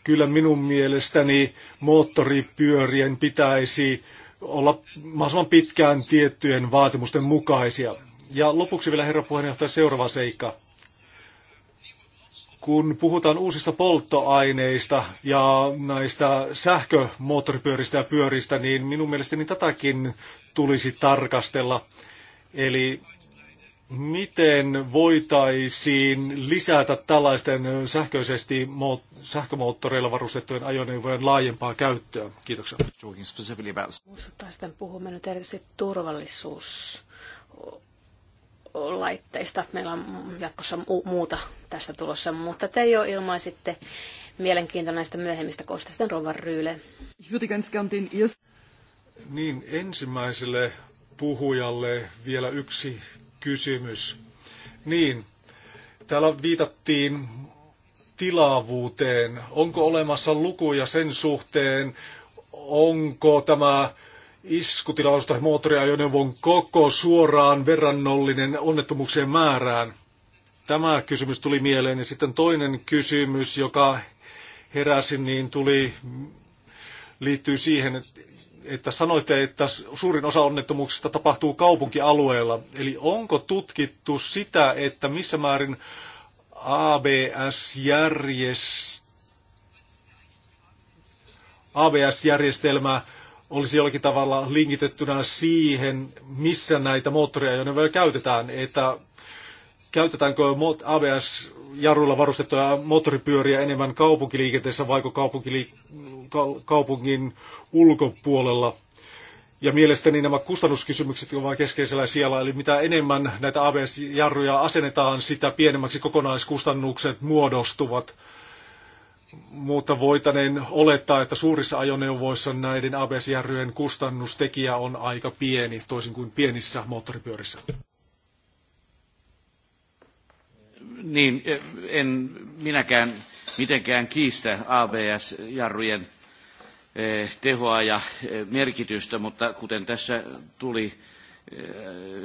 Kyllä minun mielestäni moottoripyörien pitäisi olla mahdollisimman pitkään tiettyjen vaatimusten mukaisia. Ja lopuksi vielä herra puheenjohtaja seuraava seikka. Kun puhutaan uusista polttoaineista ja näistä sähkömoottoripyöristä ja pyöristä, niin minun mielestäni tätäkin tulisi tarkastella. Eli miten voitaisiin lisätä tällaisten sähköisesti sähkömoottoreilla varustettujen ajoneuvojen laajempaa käyttöä? Kiitoksia. Muistuttaisiin, puhumme nyt erityisesti turvallisuuslaitteista. Meillä on jatkossa mu- muuta tästä tulossa, mutta te jo ilmaisitte mielenkiintoista näistä myöhemmistä kohdista. Rovan Ryyle. Niin, ensimmäiselle puhujalle vielä yksi kysymys. Niin, täällä viitattiin tilavuuteen. Onko olemassa lukuja sen suhteen, onko tämä iskutilaus tai moottoriajoneuvon koko suoraan verrannollinen onnettomuuksien määrään? Tämä kysymys tuli mieleen. Ja sitten toinen kysymys, joka heräsi, niin tuli, liittyy siihen, että että sanoitte, että suurin osa onnettomuuksista tapahtuu kaupunkialueella. Eli onko tutkittu sitä, että missä määrin ABS-järjestelmä ABS-järjestelmä olisi jollakin tavalla linkitettynä siihen, missä näitä moottoria, moottoriajoneuvoja käytetään, että käytetäänkö ABS-jarruilla varustettuja moottoripyöriä enemmän kaupunkiliikenteessä vai kaupunkili- kaupungin ulkopuolella. Ja mielestäni nämä kustannuskysymykset ovat keskeisellä siellä, eli mitä enemmän näitä ABS-jarruja asennetaan, sitä pienemmäksi kokonaiskustannukset muodostuvat. Mutta voitaneen olettaa, että suurissa ajoneuvoissa näiden ABS-jarrujen kustannustekijä on aika pieni, toisin kuin pienissä moottoripyörissä. Niin, en minäkään mitenkään kiistä ABS-jarrujen eh, tehoa ja eh, merkitystä, mutta kuten tässä tuli eh,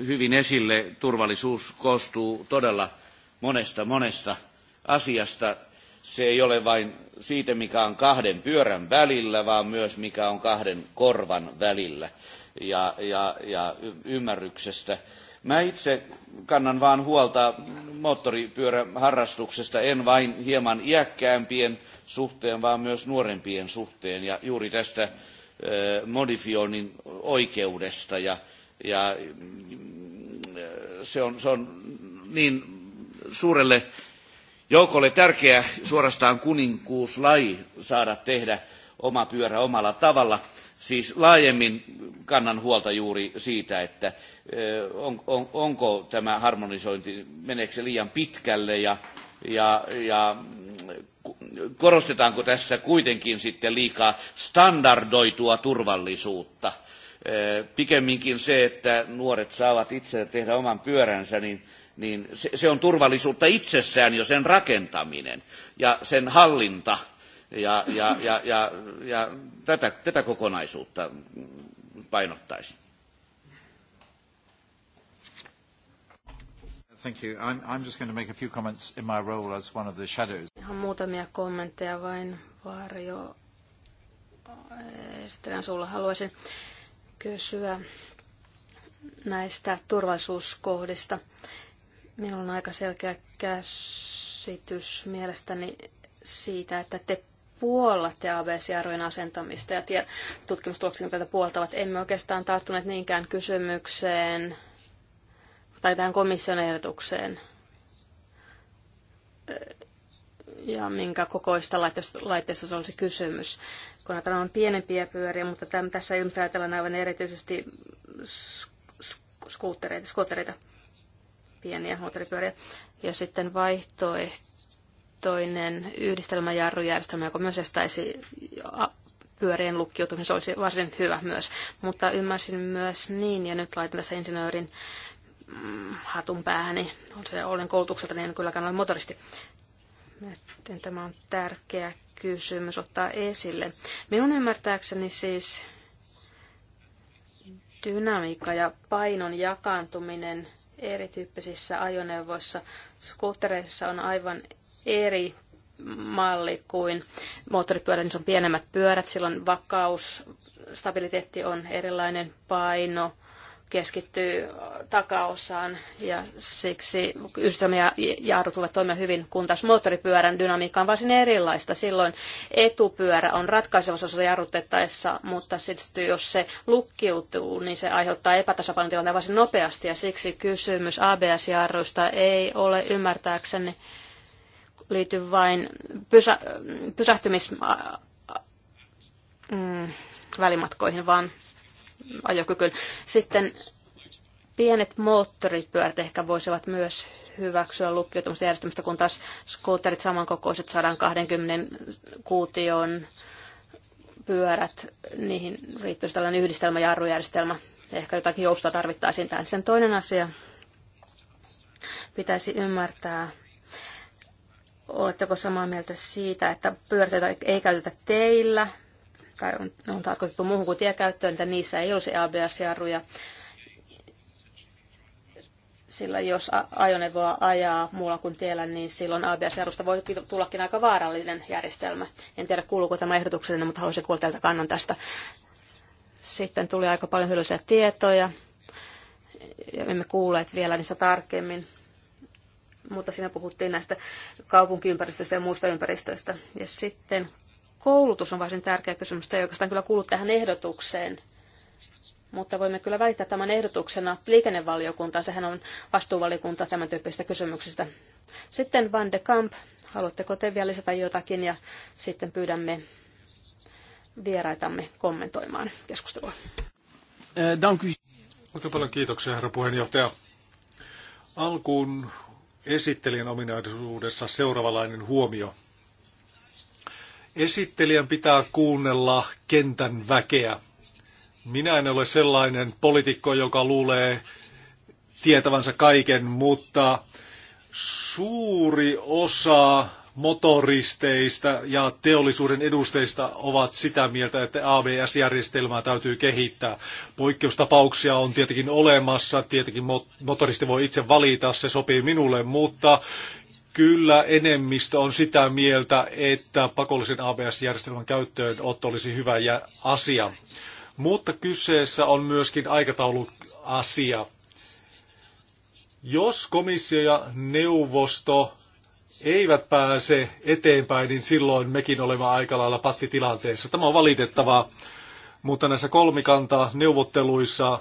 hyvin esille, turvallisuus koostuu todella monesta monesta asiasta. Se ei ole vain siitä, mikä on kahden pyörän välillä, vaan myös mikä on kahden korvan välillä ja, ja, ja ymmärryksestä Mä itse kannan vaan huolta moottoripyöräharrastuksesta, en vain hieman iäkkäämpien suhteen, vaan myös nuorempien suhteen. Ja juuri tästä modifioinnin oikeudesta. Ja, ja se, on, se on niin suurelle joukolle tärkeä, suorastaan kuninkuuslaji saada tehdä oma pyörä omalla tavalla – Siis laajemmin kannan huolta juuri siitä, että on, on, onko tämä harmonisointi, meneekö se liian pitkälle ja, ja, ja korostetaanko tässä kuitenkin sitten liikaa standardoitua turvallisuutta. Pikemminkin se, että nuoret saavat itse tehdä oman pyöränsä, niin niin se, se on turvallisuutta itsessään jo sen rakentaminen ja sen hallinta ja, ja, ja, ja, ja tätä, tätä kokonaisuutta painottaisin. Thank you. I'm, I'm just going to make a few comments in my role as one of the shadows. Ihan muutamia kommentteja vain Varjo. Eh, Esittelen sulla. Haluaisin kysyä näistä turvallisuuskohdista. Minulla on aika selkeä käsitys mielestäni siitä, että te puollatte ABS-jarrujen asentamista ja tutkimustulokset tätä puoltavat. Emme oikeastaan tarttuneet niinkään kysymykseen tai tähän komission ehdotukseen ja minkä kokoista laitteista, se olisi kysymys. Kun ajatellaan on pienempiä pyöriä, mutta tämän, tässä ilmeisesti ajatellaan aivan erityisesti skuuttereita, skuuttereita pieniä moottoripyöriä. Ja sitten vaihtoehto toinen yhdistelmäjarrujärjestelmä, joka myös estäisi pyörien lukkiutumisen, se olisi varsin hyvä myös. Mutta ymmärsin myös niin, ja nyt laitan tässä insinöörin mm, hatun päähäni, se, olen koulutukselta, niin en kylläkään ole motoristi. Tämä on tärkeä kysymys ottaa esille. Minun ymmärtääkseni siis dynamiikka ja painon jakaantuminen erityyppisissä ajoneuvoissa, skuuttereissa on aivan eri malli kuin moottoripyörä, niin se on pienemmät pyörät, silloin vakaus, stabiliteetti on erilainen paino, keskittyy takaosaan ja siksi yhdistelmä ja jaarut tulevat toimia hyvin, kun taas moottoripyörän dynamiikka on varsin erilaista. Silloin etupyörä on ratkaisevassa osassa jarrutettaessa, mutta sitten jos se lukkiutuu, niin se aiheuttaa epätasapainotilanteen varsin nopeasti ja siksi kysymys ABS-jarruista ei ole ymmärtääkseni liity vain pysä, pysähtymisvälimatkoihin, mm, vaan ajokykyyn. Sitten pienet moottoripyörät ehkä voisivat myös hyväksyä lukkiutumista järjestämistä, kun taas skuuterit samankokoiset 20 kuution pyörät, niihin riittyisi tällainen yhdistelmä, jarrujärjestelmä. Ehkä jotakin joustoa tarvittaisiin tähän. Sitten toinen asia, pitäisi ymmärtää, Oletteko samaa mieltä siitä, että pyörteitä ei käytetä teillä tai on, on tarkoitettu muuhun kuin tiekäyttöön, että niissä ei olisi ABS-jarruja? Sillä jos ajoneuvoa ajaa muulla kuin tiellä, niin silloin ABS-jarrusta voi tullakin aika vaarallinen järjestelmä. En tiedä, kuuluuko tämä ehdotuksena, mutta haluaisin kuulla teiltä kannan tästä. Sitten tuli aika paljon hyödyllisiä tietoja. Ja emme kuulleet vielä niistä tarkemmin mutta siinä puhuttiin näistä kaupunkiympäristöistä ja muista ympäristöistä. Ja sitten koulutus on varsin tärkeä kysymys. joka ei oikeastaan kyllä kuulu tähän ehdotukseen, mutta voimme kyllä välittää tämän ehdotuksena liikennevaliokuntaan. Sehän on vastuuvaliokunta tämän tyyppisistä kysymyksistä. Sitten Van de Kamp, haluatteko te vielä lisätä jotakin ja sitten pyydämme vieraitamme kommentoimaan keskustelua. Eh, Oikein paljon kiitoksia, herra puheenjohtaja. Alkuun esittelijän ominaisuudessa seuraavalainen huomio. Esittelijän pitää kuunnella kentän väkeä. Minä en ole sellainen poliitikko, joka luulee tietävänsä kaiken, mutta suuri osa motoristeista ja teollisuuden edustajista ovat sitä mieltä, että ABS-järjestelmää täytyy kehittää. Poikkeustapauksia on tietenkin olemassa, tietenkin motoristi voi itse valita, se sopii minulle, mutta kyllä enemmistö on sitä mieltä, että pakollisen ABS-järjestelmän käyttöönotto olisi hyvä ja asia. Mutta kyseessä on myöskin aikatauluasia. Jos komissio ja neuvosto eivät pääse eteenpäin, niin silloin mekin olemme aika lailla pattitilanteessa. Tämä on valitettavaa, mutta näissä kolmikanta neuvotteluissa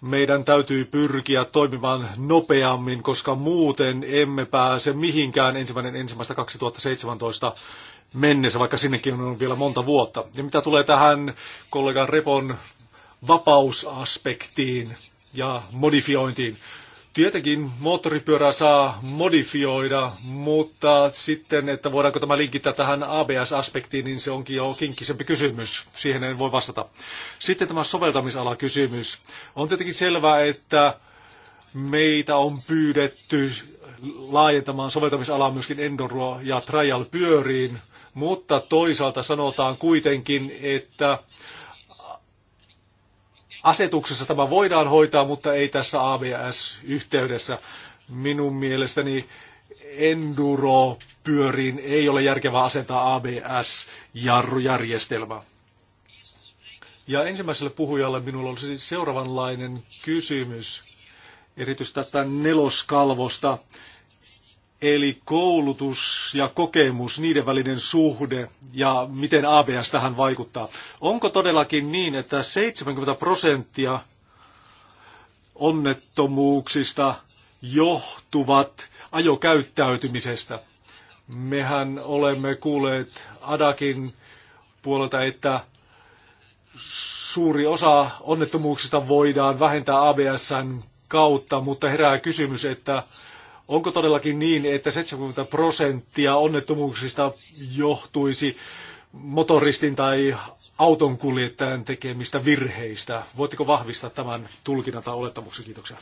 meidän täytyy pyrkiä toimimaan nopeammin, koska muuten emme pääse mihinkään ensimmäinen ensimmäistä 2017 mennessä, vaikka sinnekin on vielä monta vuotta. Ja mitä tulee tähän kollegan Repon vapausaspektiin ja modifiointiin, Tietenkin moottoripyörää saa modifioida, mutta sitten, että voidaanko tämä linkittää tähän ABS-aspektiin, niin se onkin jo kinkkisempi kysymys. Siihen en voi vastata. Sitten tämä kysymys On tietenkin selvää, että meitä on pyydetty laajentamaan soveltamisalaa myöskin Endoro- ja Trial-pyöriin, mutta toisaalta sanotaan kuitenkin, että asetuksessa tämä voidaan hoitaa, mutta ei tässä ABS-yhteydessä. Minun mielestäni enduro pyöriin ei ole järkevää asentaa ABS-jarrujärjestelmää. Ja ensimmäiselle puhujalle minulla olisi seuraavanlainen kysymys, erityisesti tästä neloskalvosta. Eli koulutus ja kokemus, niiden välinen suhde ja miten ABS tähän vaikuttaa. Onko todellakin niin, että 70 prosenttia onnettomuuksista johtuvat ajokäyttäytymisestä? Mehän olemme kuulleet Adakin puolelta, että suuri osa onnettomuuksista voidaan vähentää ABSn kautta, mutta herää kysymys, että Onko todellakin niin, että 70 prosenttia onnettomuuksista johtuisi motoristin tai autonkuljettajan tekemistä virheistä? Voitteko vahvistaa tämän tulkinnan tai olettamuksen? Kiitoksia.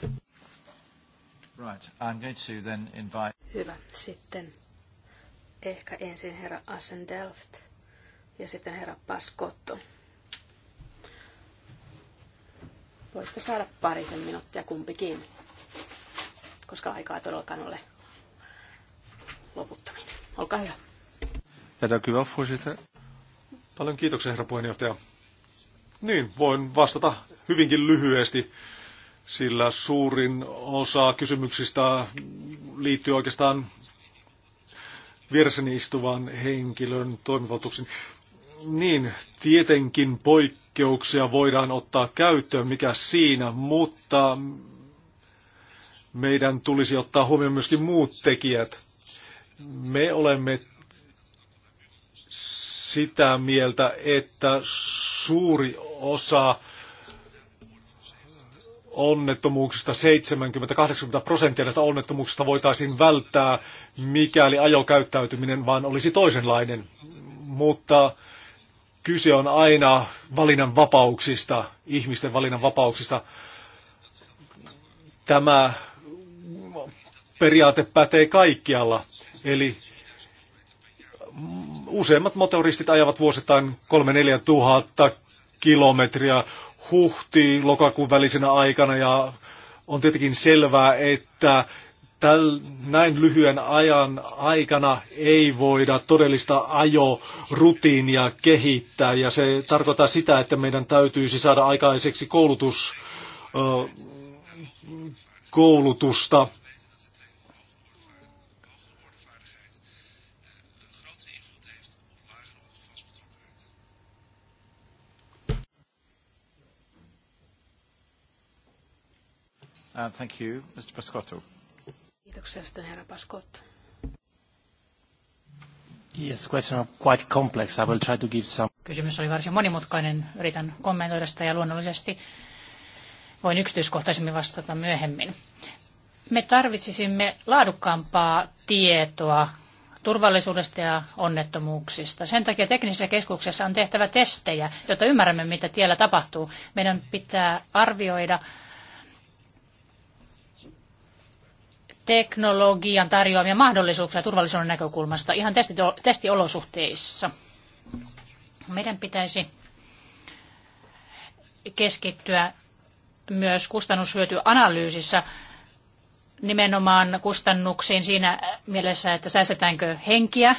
Right. I'm going to then invite... Hyvä. Sitten ehkä ensin herra Assendelft ja sitten herra Pascotto. Voitte saada parisen minuuttia kumpikin koska aikaa todellakaan ole loputtomiin. Olkaa hyvä. Ja kyllä, Paljon kiitoksia, herra puheenjohtaja. Niin, voin vastata hyvinkin lyhyesti, sillä suurin osa kysymyksistä liittyy oikeastaan vieressäni istuvan henkilön toimivaltuuksiin. Niin, tietenkin poikkeuksia voidaan ottaa käyttöön, mikä siinä, mutta meidän tulisi ottaa huomioon myöskin muut tekijät. Me olemme sitä mieltä, että suuri osa onnettomuuksista, 70-80 prosenttia näistä onnettomuuksista voitaisiin välttää, mikäli ajokäyttäytyminen vaan olisi toisenlainen. Mutta kyse on aina valinnan vapauksista, ihmisten valinnan vapauksista. Tämä periaate pätee kaikkialla. Eli useimmat motoristit ajavat vuosittain 3-4 tuhatta kilometriä huhti-lokakuun välisenä aikana ja on tietenkin selvää, että täl, näin lyhyen ajan aikana ei voida todellista ajorutiinia kehittää ja se tarkoittaa sitä, että meidän täytyisi saada aikaiseksi koulutus, koulutusta Uh, thank you, Mr. Pascotto. Yes, question quite complex. I will try to give some... Kysymys oli varsin monimutkainen. Yritän kommentoida sitä ja luonnollisesti voin yksityiskohtaisemmin vastata myöhemmin. Me tarvitsisimme laadukkaampaa tietoa turvallisuudesta ja onnettomuuksista. Sen takia teknisessä keskuksessa on tehtävä testejä, jotta ymmärrämme, mitä tiellä tapahtuu. Meidän pitää arvioida teknologian tarjoamia mahdollisuuksia turvallisuuden näkökulmasta ihan testiolosuhteissa. Meidän pitäisi keskittyä myös kustannushyötyanalyysissä nimenomaan kustannuksiin siinä mielessä, että säästetäänkö henkiä,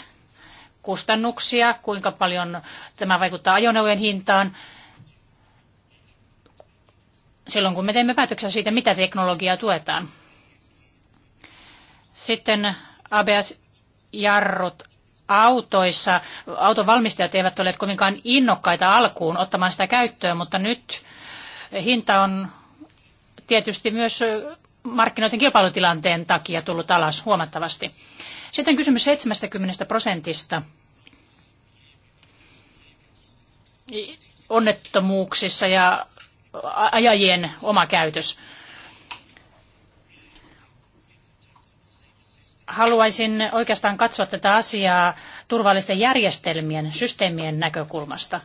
kustannuksia, kuinka paljon tämä vaikuttaa ajoneuvojen hintaan. Silloin kun me teemme päätöksiä siitä, mitä teknologiaa tuetaan. Sitten ABS-jarrut autoissa. Auton valmistajat eivät ole kovinkaan innokkaita alkuun ottamaan sitä käyttöön, mutta nyt hinta on tietysti myös markkinoiden kilpailutilanteen takia tullut alas huomattavasti. Sitten kysymys 70 prosentista onnettomuuksissa ja ajajien oma käytös. haluaisin oikeastaan katsoa tätä asiaa turvallisten järjestelmien, systeemien näkökulmasta.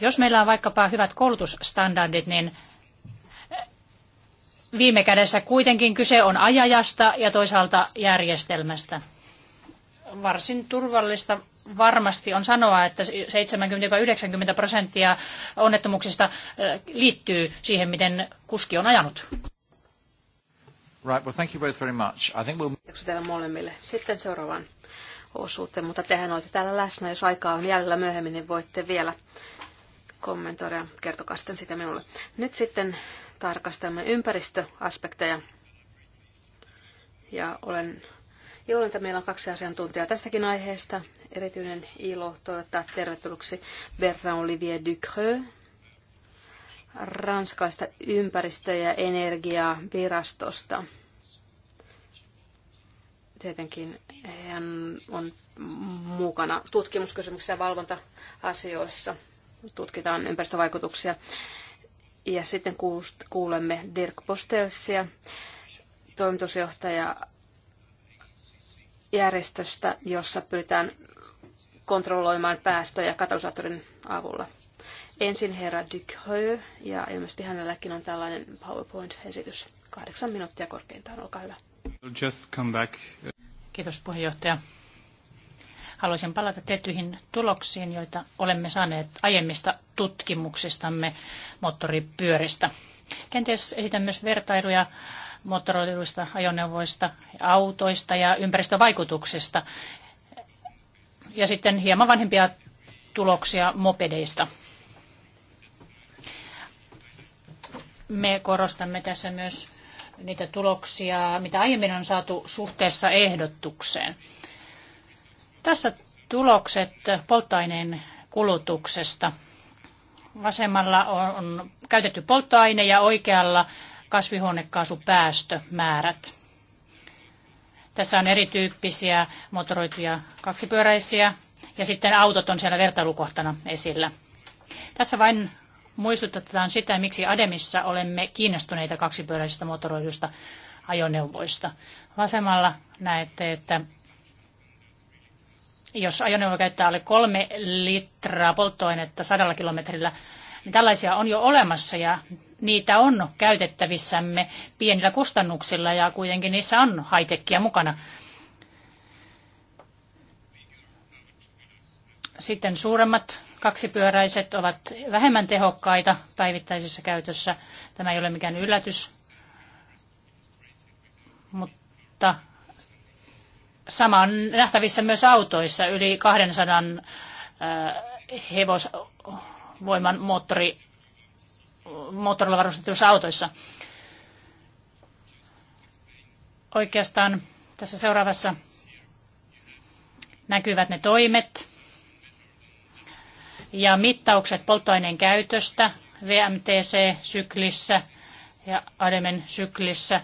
Jos meillä on vaikkapa hyvät koulutusstandardit, niin viime kädessä kuitenkin kyse on ajajasta ja toisaalta järjestelmästä. Varsin turvallista varmasti on sanoa, että 70-90 prosenttia onnettomuuksista liittyy siihen, miten kuski on ajanut. Right, well thank you both very much. I think we'll... Kiitoksia teille molemmille. Sitten seuraavaan osuuteen, mutta tehän olette täällä läsnä. Jos aikaa on jäljellä myöhemmin, niin voitte vielä kommentoida ja kertokaa sitten sitä minulle. Nyt sitten tarkastelemme ympäristöaspekteja. Ja olen iloinen, että meillä on kaksi asiantuntijaa tästäkin aiheesta. Erityinen ilo toivottaa tervetulleeksi Bertrand Olivier Ducreux, Ranskaista ympäristö- ja energiavirastosta. Tietenkin hän on mukana tutkimuskysymyksissä ja valvonta-asioissa. Tutkitaan ympäristövaikutuksia. Ja sitten kuulemme Dirk Postelsia, toimitusjohtaja järjestöstä, jossa pyritään kontrolloimaan päästöjä katalysaattorin avulla. Ensin herra Dykhö, ja ilmeisesti hänelläkin on tällainen PowerPoint-esitys. Kahdeksan minuuttia korkeintaan, olkaa hyvä. Just come back. Kiitos puheenjohtaja. Haluaisin palata tiettyihin tuloksiin, joita olemme saaneet aiemmista tutkimuksistamme moottoripyöristä. Kenties esitän myös vertailuja moottoroiduista ajoneuvoista, autoista ja ympäristövaikutuksista. Ja sitten hieman vanhempia tuloksia mopedeista. Me korostamme tässä myös niitä tuloksia, mitä aiemmin on saatu suhteessa ehdotukseen. Tässä tulokset polttoaineen kulutuksesta. Vasemmalla on käytetty polttoaine ja oikealla kasvihuonekaasupäästömäärät. Tässä on erityyppisiä motoroituja kaksipyöräisiä ja sitten autot on siellä vertailukohtana esillä. Tässä vain muistutetaan sitä, miksi Ademissa olemme kiinnostuneita kaksipyöräisistä motoroidusta ajoneuvoista. Vasemmalla näette, että jos ajoneuvo käyttää alle kolme litraa polttoainetta sadalla kilometrillä, niin tällaisia on jo olemassa ja niitä on käytettävissämme pienillä kustannuksilla ja kuitenkin niissä on haitekkiä mukana. Sitten suuremmat Kaksipyöräiset ovat vähemmän tehokkaita päivittäisessä käytössä. Tämä ei ole mikään yllätys, mutta sama on nähtävissä myös autoissa. Yli 200 äh, hevosvoiman moottori, moottorilla varustetuissa autoissa. Oikeastaan tässä seuraavassa näkyvät ne toimet, ja mittaukset polttoaineen käytöstä VMTC-syklissä ja Ademen syklissä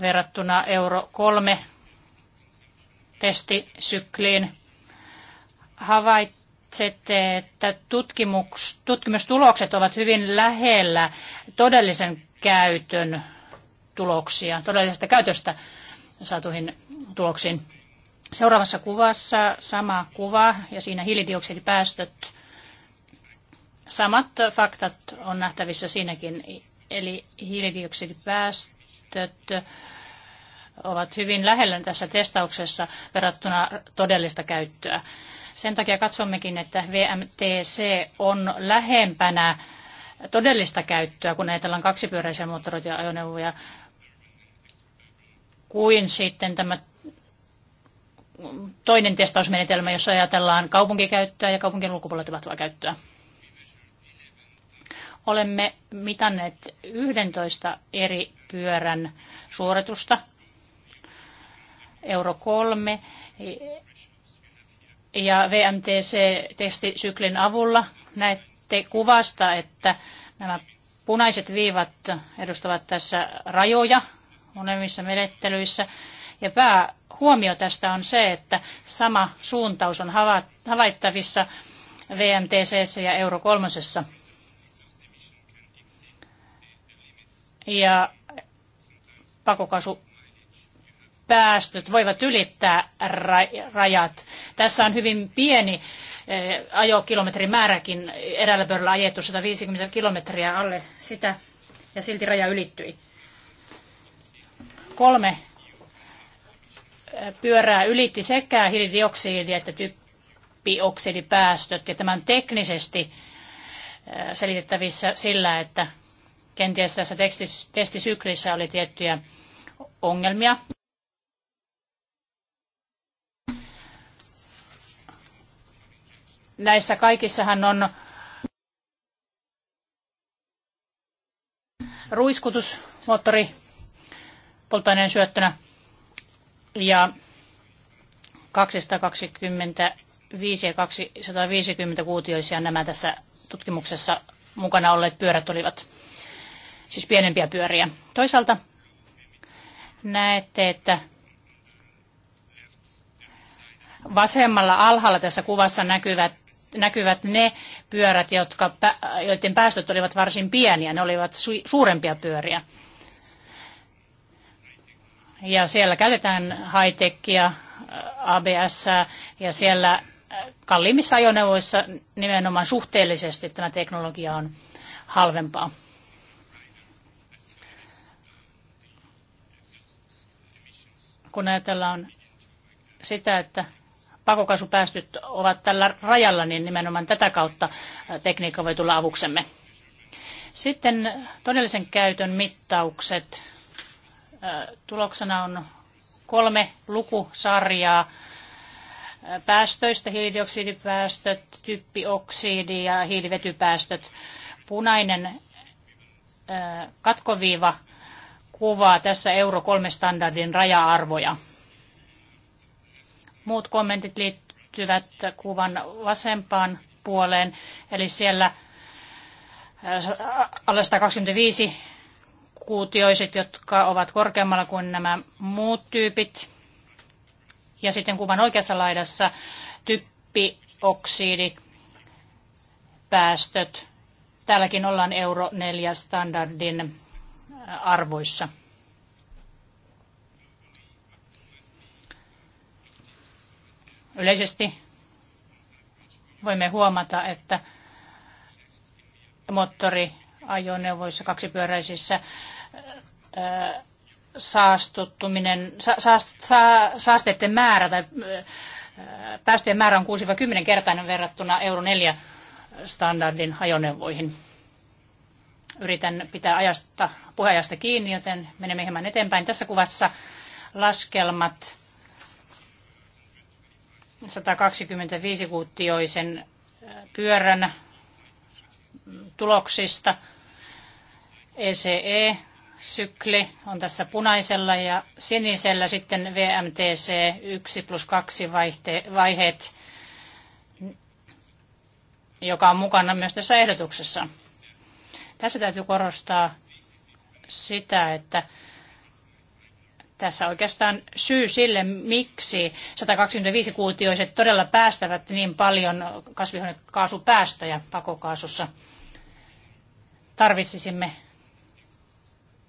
verrattuna Euro 3 testisykliin. Havaitsette, että tutkimus, tutkimustulokset ovat hyvin lähellä todellisen käytön tuloksia, todellisesta käytöstä saatuihin tuloksiin. Seuraavassa kuvassa sama kuva ja siinä hiilidioksidipäästöt. Samat faktat on nähtävissä siinäkin, eli hiilidioksidipäästöt ovat hyvin lähellä tässä testauksessa verrattuna todellista käyttöä. Sen takia katsommekin, että VMTC on lähempänä todellista käyttöä, kun ajatellaan kaksipyöräisiä moottoroita ja ajoneuvoja, kuin sitten tämä toinen testausmenetelmä, jossa ajatellaan kaupunkikäyttöä ja kaupunkien ulkopuolella tapahtuvaa käyttöä. Olemme mitanneet 11 eri pyörän suoritusta. Euro 3 ja VMTC-testisyklin avulla näette kuvasta, että nämä punaiset viivat edustavat tässä rajoja monemmissa menettelyissä. Ja pää huomio tästä on se, että sama suuntaus on havaittavissa VMTC ja Euro kolmosessa. Ja pakokasupäästöt voivat ylittää rajat. Tässä on hyvin pieni eh, ajokilometrin määräkin eräällä pöydällä ajettu 150 kilometriä alle sitä ja silti raja ylittyi. Kolme pyörää ylitti sekä hiilidioksidi että typpioksidipäästöt. Ja tämä on teknisesti äh, selitettävissä sillä, että kenties tässä testisyklissä oli tiettyjä ongelmia. Näissä kaikissahan on ruiskutusmoottori polttoaineen syöttönä ja 225 ja 250 kuutioisia nämä tässä tutkimuksessa mukana olleet pyörät olivat, siis pienempiä pyöriä. Toisaalta näette, että vasemmalla alhaalla tässä kuvassa näkyvät näkyvät ne pyörät, jotka, joiden päästöt olivat varsin pieniä, ne olivat su- suurempia pyöriä ja siellä käytetään high-techia, äh, ABS ja siellä äh, kalliimmissa ajoneuvoissa nimenomaan suhteellisesti tämä teknologia on halvempaa. Kun ajatellaan sitä, että pakokasupäästöt ovat tällä rajalla, niin nimenomaan tätä kautta äh, tekniikka voi tulla avuksemme. Sitten todellisen käytön mittaukset tuloksena on kolme lukusarjaa päästöistä, hiilidioksidipäästöt, typpioksidi ja hiilivetypäästöt. Punainen katkoviiva kuvaa tässä Euro 3 standardin raja-arvoja. Muut kommentit liittyvät kuvan vasempaan puoleen, eli siellä alle 125 kuutioiset, jotka ovat korkeammalla kuin nämä muut tyypit. Ja sitten kuvan oikeassa laidassa typpioksidipäästöt. Täälläkin ollaan euro 4 standardin äh, arvoissa. Yleisesti voimme huomata, että moottoriajoneuvoissa, kaksipyöräisissä saastuttuminen, sa, sa, sa, saasteiden määrä tai päästöjen määrä on 6-10 kertainen verrattuna Euro 4 standardin ajoneuvoihin. Yritän pitää ajasta, puheajasta kiinni, joten menemme hieman eteenpäin. Tässä kuvassa laskelmat 125-kuuttioisen pyörän tuloksista. ECE sykli on tässä punaisella ja sinisellä sitten VMTC 1 plus 2 vaiheet, joka on mukana myös tässä ehdotuksessa. Tässä täytyy korostaa sitä, että tässä oikeastaan syy sille, miksi 125-kuutioiset todella päästävät niin paljon kasvihuonekaasupäästöjä pakokaasussa. Tarvitsisimme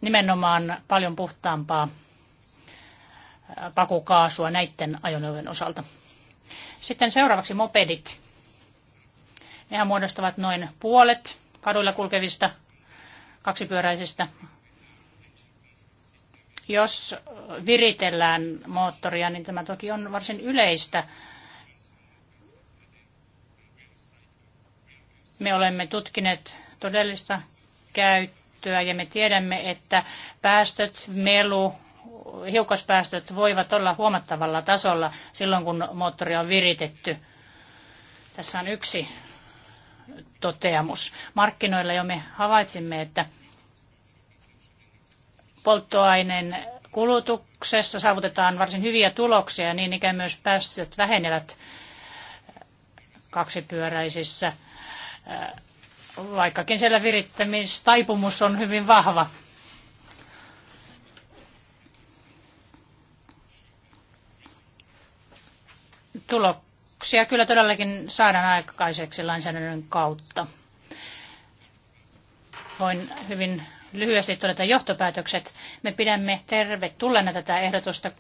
nimenomaan paljon puhtaampaa pakukaasua näiden ajoneuvojen osalta. Sitten seuraavaksi mopedit. Nehän muodostavat noin puolet kaduilla kulkevista kaksipyöräisistä. Jos viritellään moottoria, niin tämä toki on varsin yleistä. Me olemme tutkineet todellista käyttöä käyttöä ja me tiedämme, että päästöt, melu, hiukkaspäästöt voivat olla huomattavalla tasolla silloin, kun moottori on viritetty. Tässä on yksi toteamus. Markkinoilla jo me havaitsimme, että polttoaineen kulutuksessa saavutetaan varsin hyviä tuloksia, niin ikään myös päästöt vähenevät kaksipyöräisissä vaikkakin siellä virittämistaipumus on hyvin vahva. Tuloksia kyllä todellakin saadaan aikaiseksi lainsäädännön kautta. Voin hyvin lyhyesti todeta johtopäätökset. Me pidämme tervetulleena tätä ehdotusta,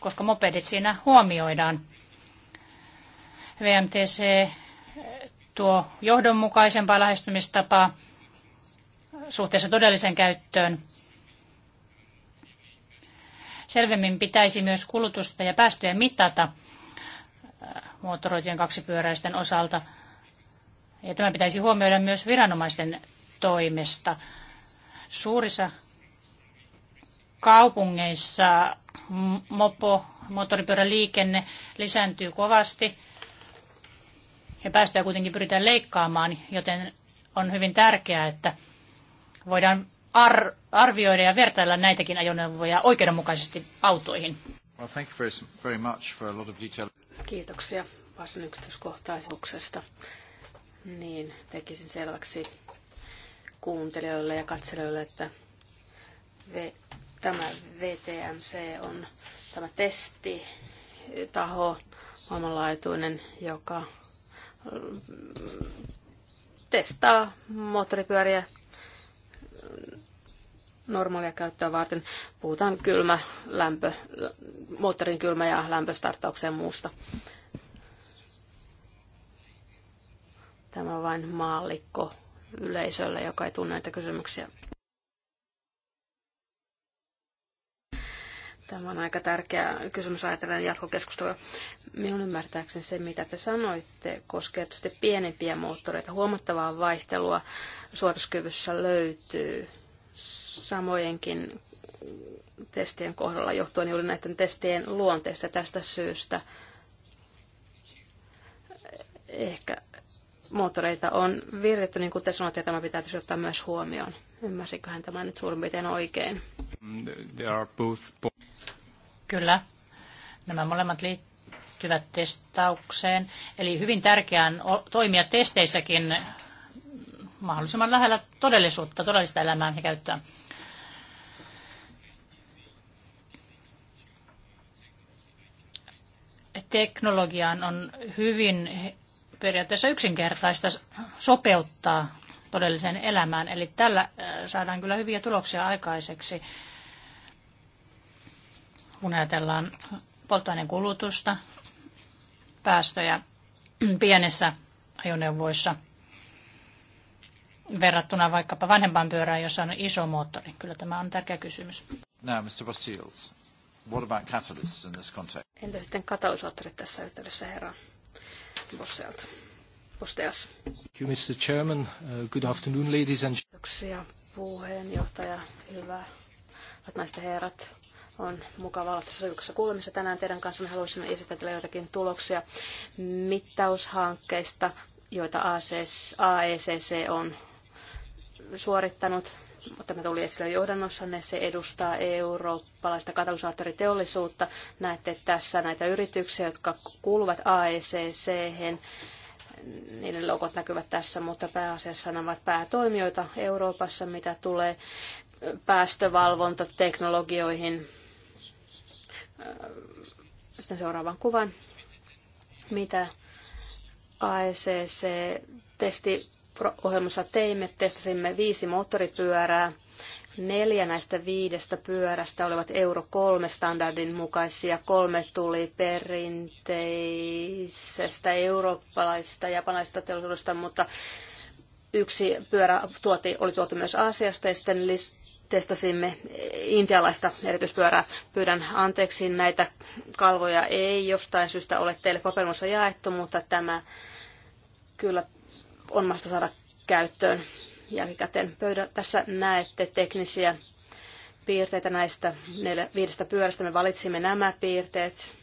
koska mopedit siinä huomioidaan. VMTC tuo johdonmukaisempaa lähestymistapaa suhteessa todelliseen käyttöön. Selvemmin pitäisi myös kulutusta ja päästöjä mitata äh, moottoroitujen kaksipyöräisten osalta. Ja tämä pitäisi huomioida myös viranomaisten toimesta. Suurissa kaupungeissa mopo, moottoripyöräliikenne lisääntyy kovasti – ja päästöjä kuitenkin pyritään leikkaamaan, joten on hyvin tärkeää, että voidaan ar- arvioida ja vertailla näitäkin ajoneuvoja oikeudenmukaisesti autoihin. Well, thank you very much for a lot of detail. Kiitoksia varsin yksityiskohtaisuuksesta. Niin, tekisin selväksi kuuntelijoille ja katselijoille, että v- tämä VTMC on tämä testi taho maailmanlaatuinen, joka testaa moottoripyöriä normaalia käyttöä varten. Puhutaan kylmä, lämpö, moottorin kylmä ja lämpöstarttaukseen muusta. Tämä on vain maallikko yleisölle, joka ei tunne näitä kysymyksiä. Tämä on aika tärkeä kysymys ajatellen jatkokeskustelua. Minun ymmärtääkseni se, mitä te sanoitte, koskee tietysti pienempiä moottoreita. Huomattavaa vaihtelua suorituskyvyssä löytyy samojenkin testien kohdalla johtuen juuri näiden testien luonteesta tästä syystä. Ehkä moottoreita on virretty, niin kuin te sanoitte, ja tämä pitää tietysti ottaa myös huomioon. Ymmärsiköhän tämä nyt suurin piirtein oikein? Kyllä. Nämä molemmat liittyvät testaukseen. Eli hyvin tärkeää on toimia testeissäkin mahdollisimman lähellä todellisuutta, todellista elämää he käyttää. Teknologiaan on hyvin periaatteessa yksinkertaista sopeuttaa todelliseen elämään. Eli tällä äh, saadaan kyllä hyviä tuloksia aikaiseksi, kun ajatellaan polttoaineen kulutusta, päästöjä pienissä ajoneuvoissa verrattuna vaikkapa vanhempaan pyörään, jossa on iso moottori. Kyllä tämä on tärkeä kysymys. Now, Mr. Bastils, what about catalysts in this context? Entä sitten katalysaattorit tässä yhteydessä, herra Bosselta? Posteas. Thank you, Mr. Chairman. Uh, good afternoon, ladies and Kiitoksia puheenjohtaja. Hyvää. Hyvät naiset ja herrat, on mukava olla tässä yksessä kuulemisessa tänään teidän kanssanne. Haluaisin esitellä joitakin tuloksia mittaushankkeista, joita AECC e on suorittanut mutta me tuli esille johdannossanne, se edustaa eurooppalaista katalysaattoriteollisuutta. Näette tässä näitä yrityksiä, jotka kuuluvat AECC, -hen niiden logot näkyvät tässä, mutta pääasiassa nämä ovat päätoimijoita Euroopassa, mitä tulee päästövalvontateknologioihin. Äh, sitten seuraavan kuvan, mitä AECC-testiohjelmassa teimme. Testasimme viisi moottoripyörää Neljä näistä viidestä pyörästä olivat Euro 3-standardin mukaisia. Kolme tuli perinteisestä eurooppalaisesta ja japanilaisesta teollisuudesta, mutta yksi pyörä tuoti, oli tuotu myös Aasiasta ja sitten testasimme intialaista erityispyörää. Pyydän anteeksi, näitä kalvoja ei jostain syystä ole teille papermussa jaettu, mutta tämä kyllä on mahdollista saada käyttöön jälkikäteen pöydä. Tässä näette teknisiä piirteitä näistä neljä, viidestä pyörästä. Me valitsimme nämä piirteet.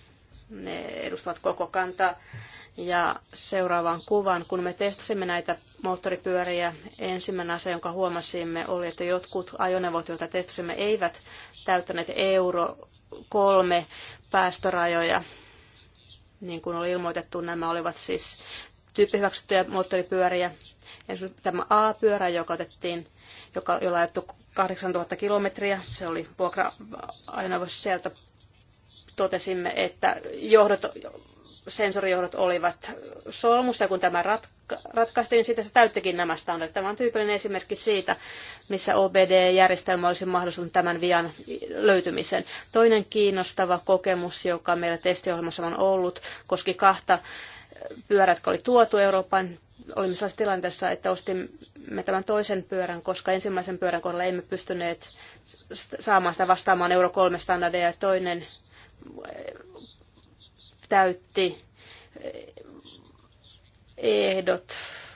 Ne edustavat koko kantaa. Ja seuraavaan kuvan, kun me testasimme näitä moottoripyöriä, ensimmäinen asia, jonka huomasimme, oli, että jotkut ajoneuvot, joita testasimme, eivät täyttäneet euro kolme päästörajoja. Niin kuin oli ilmoitettu, nämä olivat siis tyyppihyväksyttyjä moottoripyöriä, tämä A-pyörä, joka otettiin, joka, jolla ajettu 8000 kilometriä, se oli vuokra aina sieltä totesimme, että johdot, sensorijohdot olivat solmussa, kun tämä ratka- ratkaistiin, niin siitä se täyttikin nämä standardit. Tämä on tyypillinen esimerkki siitä, missä OBD-järjestelmä olisi mahdollistanut tämän vian löytymisen. Toinen kiinnostava kokemus, joka meillä testiohjelmassa on ollut, koski kahta pyörät, jotka oli tuotu Euroopan olimme sellaisessa tilanteessa, että ostimme tämän toisen pyörän, koska ensimmäisen pyörän kohdalla emme pystyneet saamaan sitä vastaamaan Euro kolme standardeja ja toinen eh, täytti eh, ehdot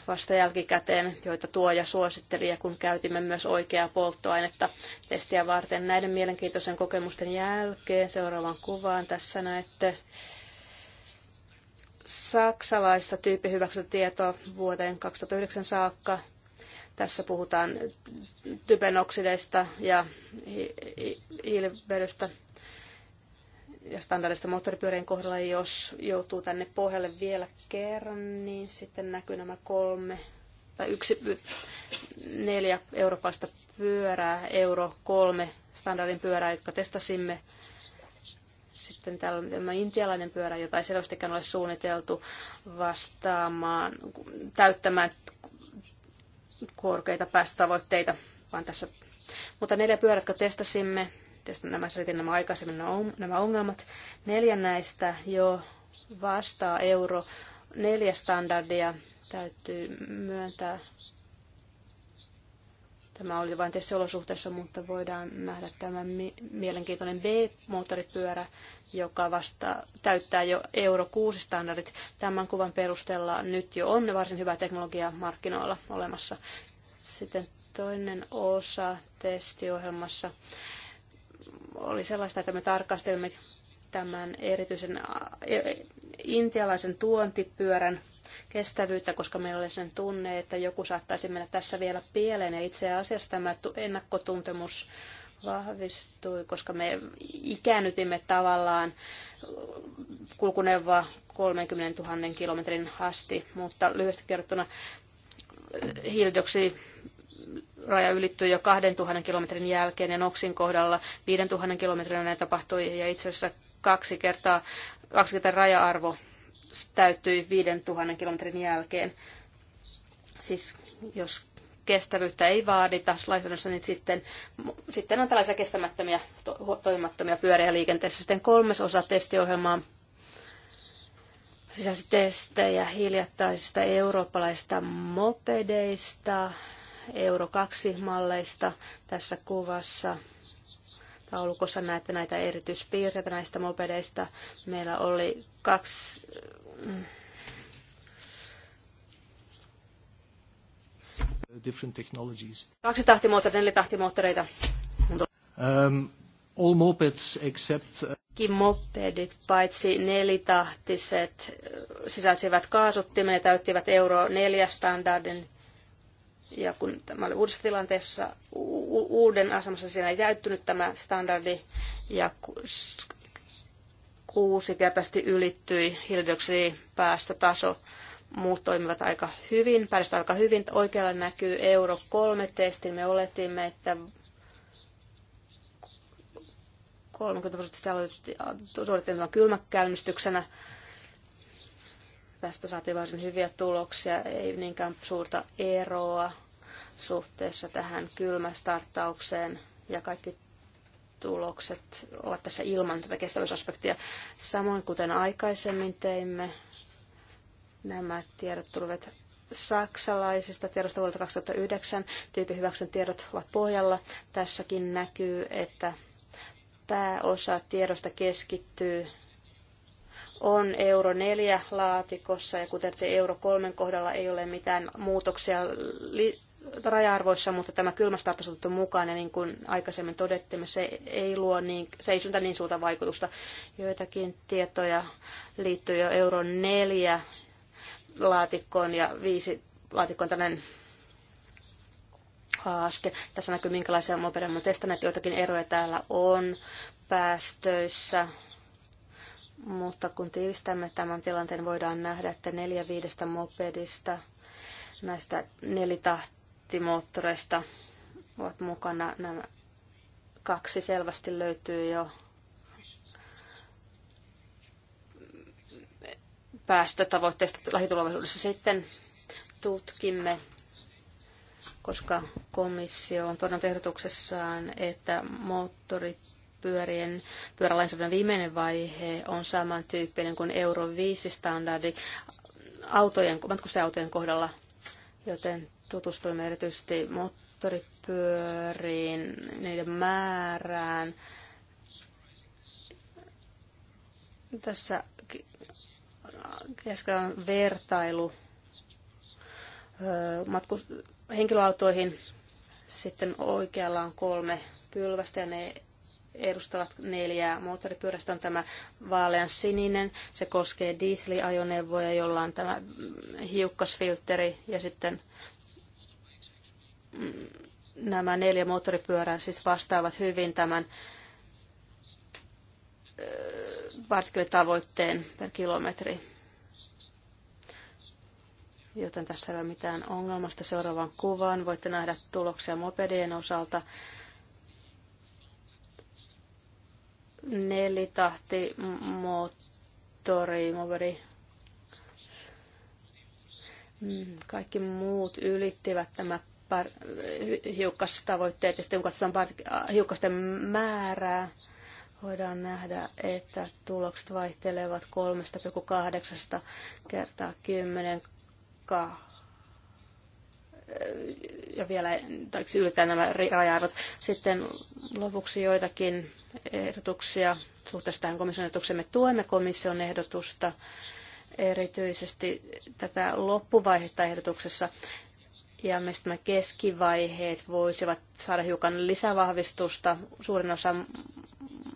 vasta jälkikäteen, joita tuoja suositteli ja kun käytimme myös oikeaa polttoainetta testiä varten. Näiden mielenkiintoisen kokemusten jälkeen seuraavan kuvaan tässä näette saksalaista tyyppihyväksyntätietoa vuoteen 2009 saakka. Tässä puhutaan typenoksideista ja hiilivedystä ja standardista moottoripyörien kohdalla. Jos joutuu tänne pohjalle vielä kerran, niin sitten näkyy nämä kolme tai yksi, neljä eurooppalaista pyörää, euro kolme standardin pyörää, jotka testasimme sitten täällä on tämä intialainen pyörä, jota ei selvästikään ole suunniteltu vastaamaan, täyttämään korkeita päästötavoitteita, vaan tässä. Mutta neljä pyörät, jotka testasimme, testasimme nämä, selitin nämä aikaisemmin nämä ongelmat. Neljä näistä jo vastaa euro neljä standardia. Täytyy myöntää, Tämä oli vain tietysti mutta voidaan nähdä tämä mielenkiintoinen B-moottoripyörä, joka vasta täyttää jo Euro 6-standardit. Tämän kuvan perusteella nyt jo on varsin hyvä teknologia markkinoilla olemassa. Sitten toinen osa testiohjelmassa oli sellaista, että me tarkastelimme tämän erityisen e, e, intialaisen tuontipyörän kestävyyttä, koska meillä oli sen tunne, että joku saattaisi mennä tässä vielä pieleen. Ja itse asiassa tämä ennakkotuntemus vahvistui, koska me ikäännytimme tavallaan kulkuneuvoa 30 000 kilometrin asti, mutta lyhyesti kerrottuna hiilidioksidi raja ylittyi jo 2000 kilometrin jälkeen ja Noksin kohdalla 5000 kilometrin näin tapahtui ja itse asiassa kaksi kertaa, kaksi kertaa raja-arvo täyttyi 5000 kilometrin jälkeen. Siis jos kestävyyttä ei vaadita lainsäädännössä, niin sitten, sitten on tällaisia kestämättömiä, to- toimimattomia pyöriä liikenteessä. Sitten kolmas osa testiohjelmaa sisälsi testejä hiljattaisista eurooppalaisista mopedeista, Euro 2-malleista tässä kuvassa. Taulukossa näette näitä erityispiirteitä näistä mopedeista. Meillä oli kaksi Mm. Different technologies. Kaksi tahtimoottoreita, neljä tahtimoottoreita. Um, all mopeds except... Uh, Kaikki mopedit, paitsi nelitahtiset, äh, sisälsivät kaasuttimen ja täyttivät euro 4 standardin. Ja kun tämä oli uudessa tilanteessa, uuden asemassa siinä ei täyttynyt tämä standardi, ja kuusi ylittyi hiilidioksidipäästötaso. Muut toimivat aika hyvin, päästä aika hyvin. Oikealla näkyy euro 3 testi. Me oletimme, että 30 prosenttia suoritettiin kylmäkäynnistyksenä. Tästä saatiin varsin hyviä tuloksia, ei niinkään suurta eroa suhteessa tähän kylmästarttaukseen. Ja kaikki tulokset ovat tässä ilman tätä kestävyysaspektia. Samoin kuten aikaisemmin teimme, nämä tiedot tulevat saksalaisista tiedosta vuodelta 2009. Tyyppihyväksyn tiedot ovat pohjalla. Tässäkin näkyy, että pääosa tiedosta keskittyy on euro 4 laatikossa ja kuten te euro 3 kohdalla ei ole mitään muutoksia raja-arvoissa, mutta tämä kylmästä otettu mukaan, ja niin kuin aikaisemmin todettiin, se ei, luo niin, se ei synnytä niin suurta vaikutusta. Joitakin tietoja liittyy jo euro neljä laatikkoon ja viisi laatikkoon tällainen haaste. Tässä näkyy minkälaisia mopeja on että joitakin eroja täällä on päästöissä, mutta kun tiivistämme tämän tilanteen, voidaan nähdä, että neljä viidestä mopedista näistä nelitahti jättimoottoreista ovat mukana. Nämä kaksi selvästi löytyy jo päästötavoitteista lähitulevaisuudessa sitten tutkimme, koska komissio on todennut ehdotuksessaan, että moottoripyörien pyörälainsäädännön viimeinen vaihe on samantyyppinen kuin Euro 5-standardi autojen, matkustajautojen kohdalla, joten tutustuimme erityisesti moottoripyöriin, niiden määrään. Tässä keskellä on vertailu matkus- henkilöautoihin. Sitten oikealla on kolme pylvästä ja ne edustavat neljää moottoripyörästä on tämä vaalean sininen. Se koskee dieseliajoneuvoja, jolla on tämä hiukkasfiltteri ja sitten nämä neljä moottoripyörää siis vastaavat hyvin tämän vartkuit-tavoitteen per kilometri. Joten tässä ei ole mitään ongelmasta seuraavaan kuvaan. Voitte nähdä tuloksia mopedien osalta. Nelitahti moottori, moveri. Mm, kaikki muut ylittivät tämä par- hiukkastavoitteet ja sitten kun katsotaan par- hiukkasten määrää, voidaan nähdä, että tulokset vaihtelevat 3,8 kertaa 10 ja vielä tai siis ylittää nämä raja-arvot. Sitten lopuksi joitakin ehdotuksia suhteessa tähän komission ehdotukseen. Me tuemme komission ehdotusta erityisesti tätä loppuvaihetta ehdotuksessa ja mistä nämä keskivaiheet voisivat saada hiukan lisävahvistusta. Suurin osa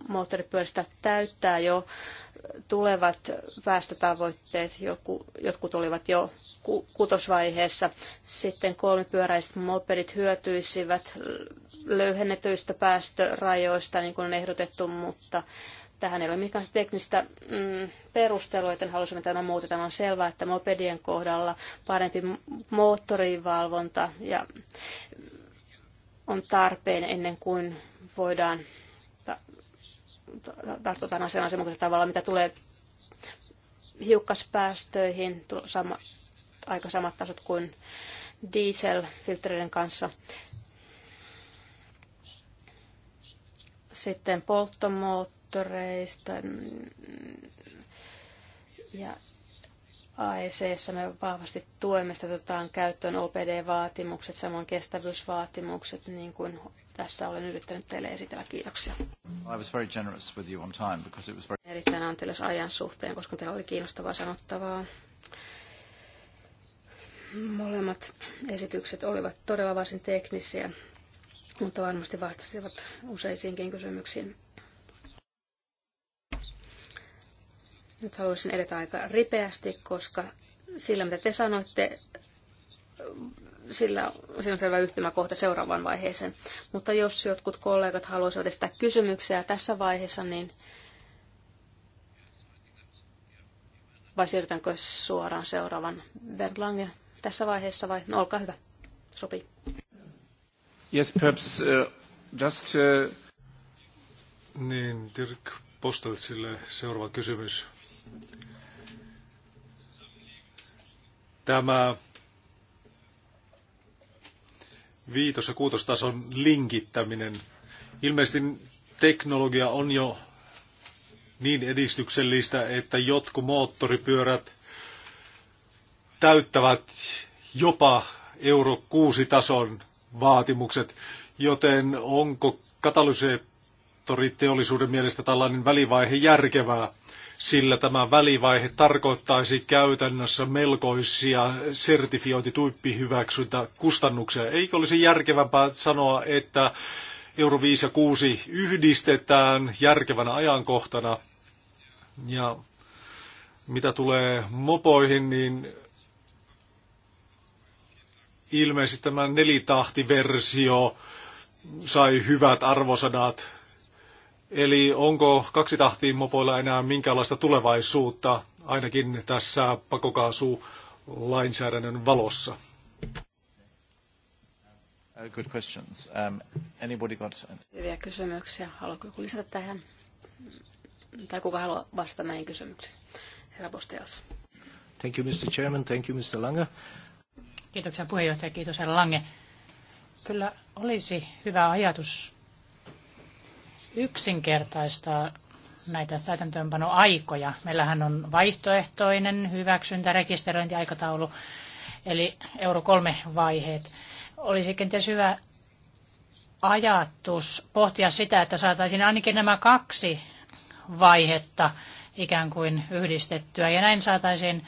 moottoripyöristä täyttää jo tulevat päästötavoitteet, joku, jotkut olivat jo kutosvaiheessa. Sitten kolmipyöräiset mopedit hyötyisivät löyhennetyistä päästörajoista, niin kuin on ehdotettu, mutta Tähän ei ole mikään teknistä mm, perustelua, joten halusimme tämän muutetaan. On selvää, että mopedien kohdalla parempi moottorivalvonta ja on tarpeen ennen kuin voidaan tarttua asian asianmukaisella tavalla, mitä tulee hiukkaspäästöihin, sama, aika samat tasot kuin dieselfiltreiden kanssa. Sitten polttomoot, moottoreista. Mm, ja AECssä me vahvasti tuemme sitä, otetaan käyttöön OPD-vaatimukset, samoin kestävyysvaatimukset, niin kuin tässä olen yrittänyt teille esitellä. Kiitoksia. I was very generous with you on time because it was very... Erittäin antelias ajan suhteen, koska teillä oli kiinnostavaa sanottavaa. Molemmat esitykset olivat todella varsin teknisiä, mutta varmasti vastasivat useisiinkin kysymyksiin. Nyt haluaisin edetä aika ripeästi, koska sillä mitä te sanoitte, sillä, siinä on selvä yhtymäkohta seuraavaan vaiheeseen. Mutta jos jotkut kollegat haluaisivat esittää kysymyksiä tässä vaiheessa, niin vai siirrytäänkö suoraan seuraavan Lange tässä vaiheessa vai? No olkaa hyvä, sopii. Yes, perhaps uh, just... Uh... Niin, Dirk Posteltsille seuraava kysymys. Tämä viitos- ja kuutostason linkittäminen. Ilmeisesti teknologia on jo niin edistyksellistä, että jotkut moottoripyörät täyttävät jopa euro 6 tason vaatimukset, joten onko katalyseettoriteollisuuden mielestä tällainen välivaihe järkevää? sillä tämä välivaihe tarkoittaisi käytännössä melkoisia sertifiointituippihyväksyntä kustannuksia. Eikö olisi järkevämpää sanoa, että Euro 5 ja 6 yhdistetään järkevänä ajankohtana? Ja mitä tulee mopoihin, niin ilmeisesti tämä nelitahtiversio sai hyvät arvosanat Eli onko kaksi tahtiin mopoilla enää minkäänlaista tulevaisuutta, ainakin tässä pakokaasu lainsäädännön valossa? Uh, good questions. Um, anybody got... Hyviä kysymyksiä. Haluatko joku lisätä tähän? Tai kuka haluaa vastata näihin kysymyksiin? Herra Posteas. Thank you, Mr. Chairman. Thank you, Mr. Lange. Kiitoksia puheenjohtaja. Kiitos, herra Lange. Kyllä olisi hyvä ajatus yksinkertaistaa näitä täytäntöönpanoaikoja. Meillähän on vaihtoehtoinen hyväksyntä, aikataulu, eli euro kolme vaiheet. Olisi kenties hyvä ajatus pohtia sitä, että saataisiin ainakin nämä kaksi vaihetta ikään kuin yhdistettyä, ja näin saataisiin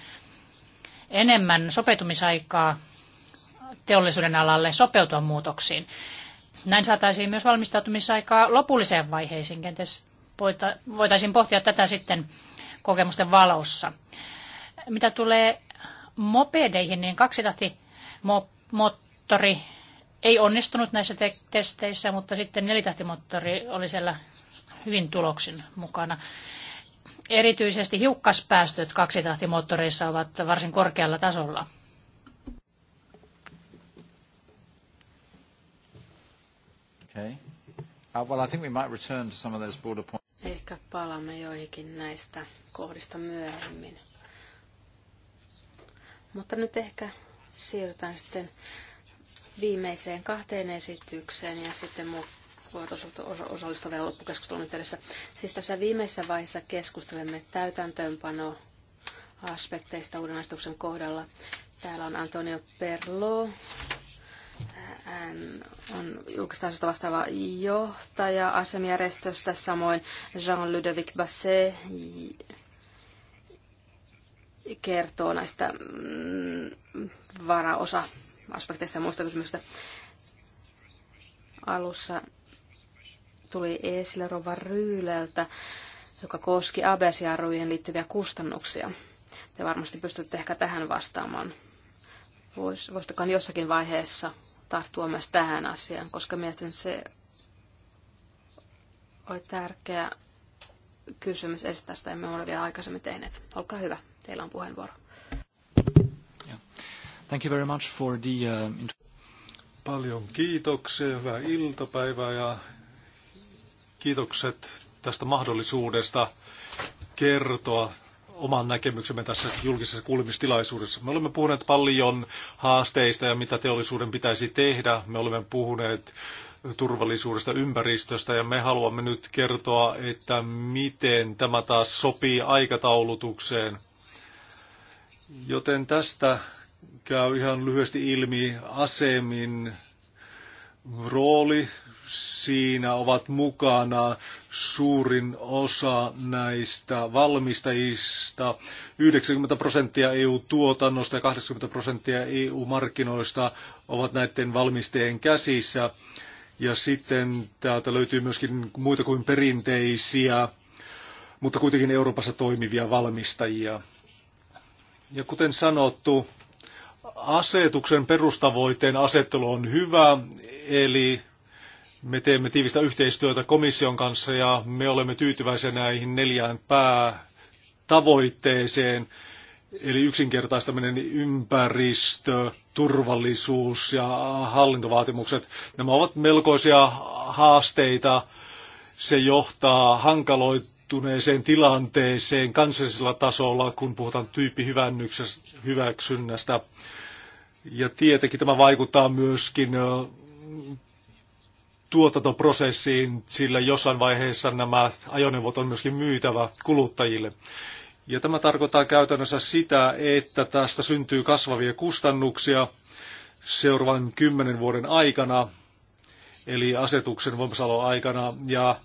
enemmän sopeutumisaikaa teollisuuden alalle sopeutua muutoksiin. Näin saataisiin myös valmistautumisaikaa lopulliseen vaiheisiin, Kenties voitaisiin pohtia tätä sitten kokemusten valossa. Mitä tulee mopedeihin, niin kaksitahti moottori ei onnistunut näissä te- testeissä, mutta sitten nelitahtimoottori oli siellä hyvin tuloksin mukana. Erityisesti hiukkaspäästöt kaksitahtimoottoreissa ovat varsin korkealla tasolla. Okay. Uh, well, I think we might return to some of those border points. Ehkä palaamme joihinkin näistä kohdista myöhemmin. Mutta nyt ehkä siirrytään sitten viimeiseen kahteen esitykseen ja sitten muut voit osallistua vielä loppukeskustelun yhteydessä. Siis tässä viimeisessä vaiheessa keskustelemme täytäntöönpano aspekteista uudennastuksen kohdalla. Täällä on Antonio Perlo. Hän on julkista asioista vastaava johtaja asemjärjestöstä, samoin Jean-Ludovic Basset kertoo näistä mm, varaosa-aspekteista ja muista kysymyksistä. Alussa tuli esille Rova Ryyleltä, joka koski abesiarujen liittyviä kustannuksia. Te varmasti pystytte ehkä tähän vastaamaan. Voisitko jossakin vaiheessa tarttua myös tähän asiaan, koska mielestäni se oli tärkeä kysymys esittää sitä, emme ole vielä aikaisemmin tehneet. Olkaa hyvä, teillä on puheenvuoro. Thank you very much for the, uh... Paljon kiitoksia, hyvää iltapäivää ja kiitokset tästä mahdollisuudesta kertoa oman näkemyksemme tässä julkisessa kuulemistilaisuudessa. Me olemme puhuneet paljon haasteista ja mitä teollisuuden pitäisi tehdä. Me olemme puhuneet turvallisuudesta, ympäristöstä ja me haluamme nyt kertoa, että miten tämä taas sopii aikataulutukseen. Joten tästä käy ihan lyhyesti ilmi asemin rooli siinä ovat mukana suurin osa näistä valmistajista. 90 prosenttia EU-tuotannosta ja 80 prosenttia EU-markkinoista ovat näiden valmistajien käsissä. Ja sitten täältä löytyy myöskin muita kuin perinteisiä, mutta kuitenkin Euroopassa toimivia valmistajia. Ja kuten sanottu, asetuksen perustavoitteen asettelu on hyvä, eli me teemme tiivistä yhteistyötä komission kanssa ja me olemme tyytyväisiä näihin neljään päätavoitteeseen, eli yksinkertaistaminen, ympäristö, turvallisuus ja hallintovaatimukset. Nämä ovat melkoisia haasteita. Se johtaa hankaloituneeseen tilanteeseen kansallisella tasolla, kun puhutaan tyyppihyväksynnästä. Ja tietenkin tämä vaikuttaa myöskin tuotantoprosessiin, sillä jossain vaiheessa nämä ajoneuvot on myöskin myytävä kuluttajille. Ja tämä tarkoittaa käytännössä sitä, että tästä syntyy kasvavia kustannuksia seuraavan kymmenen vuoden aikana, eli asetuksen voimassaolon aikana, ja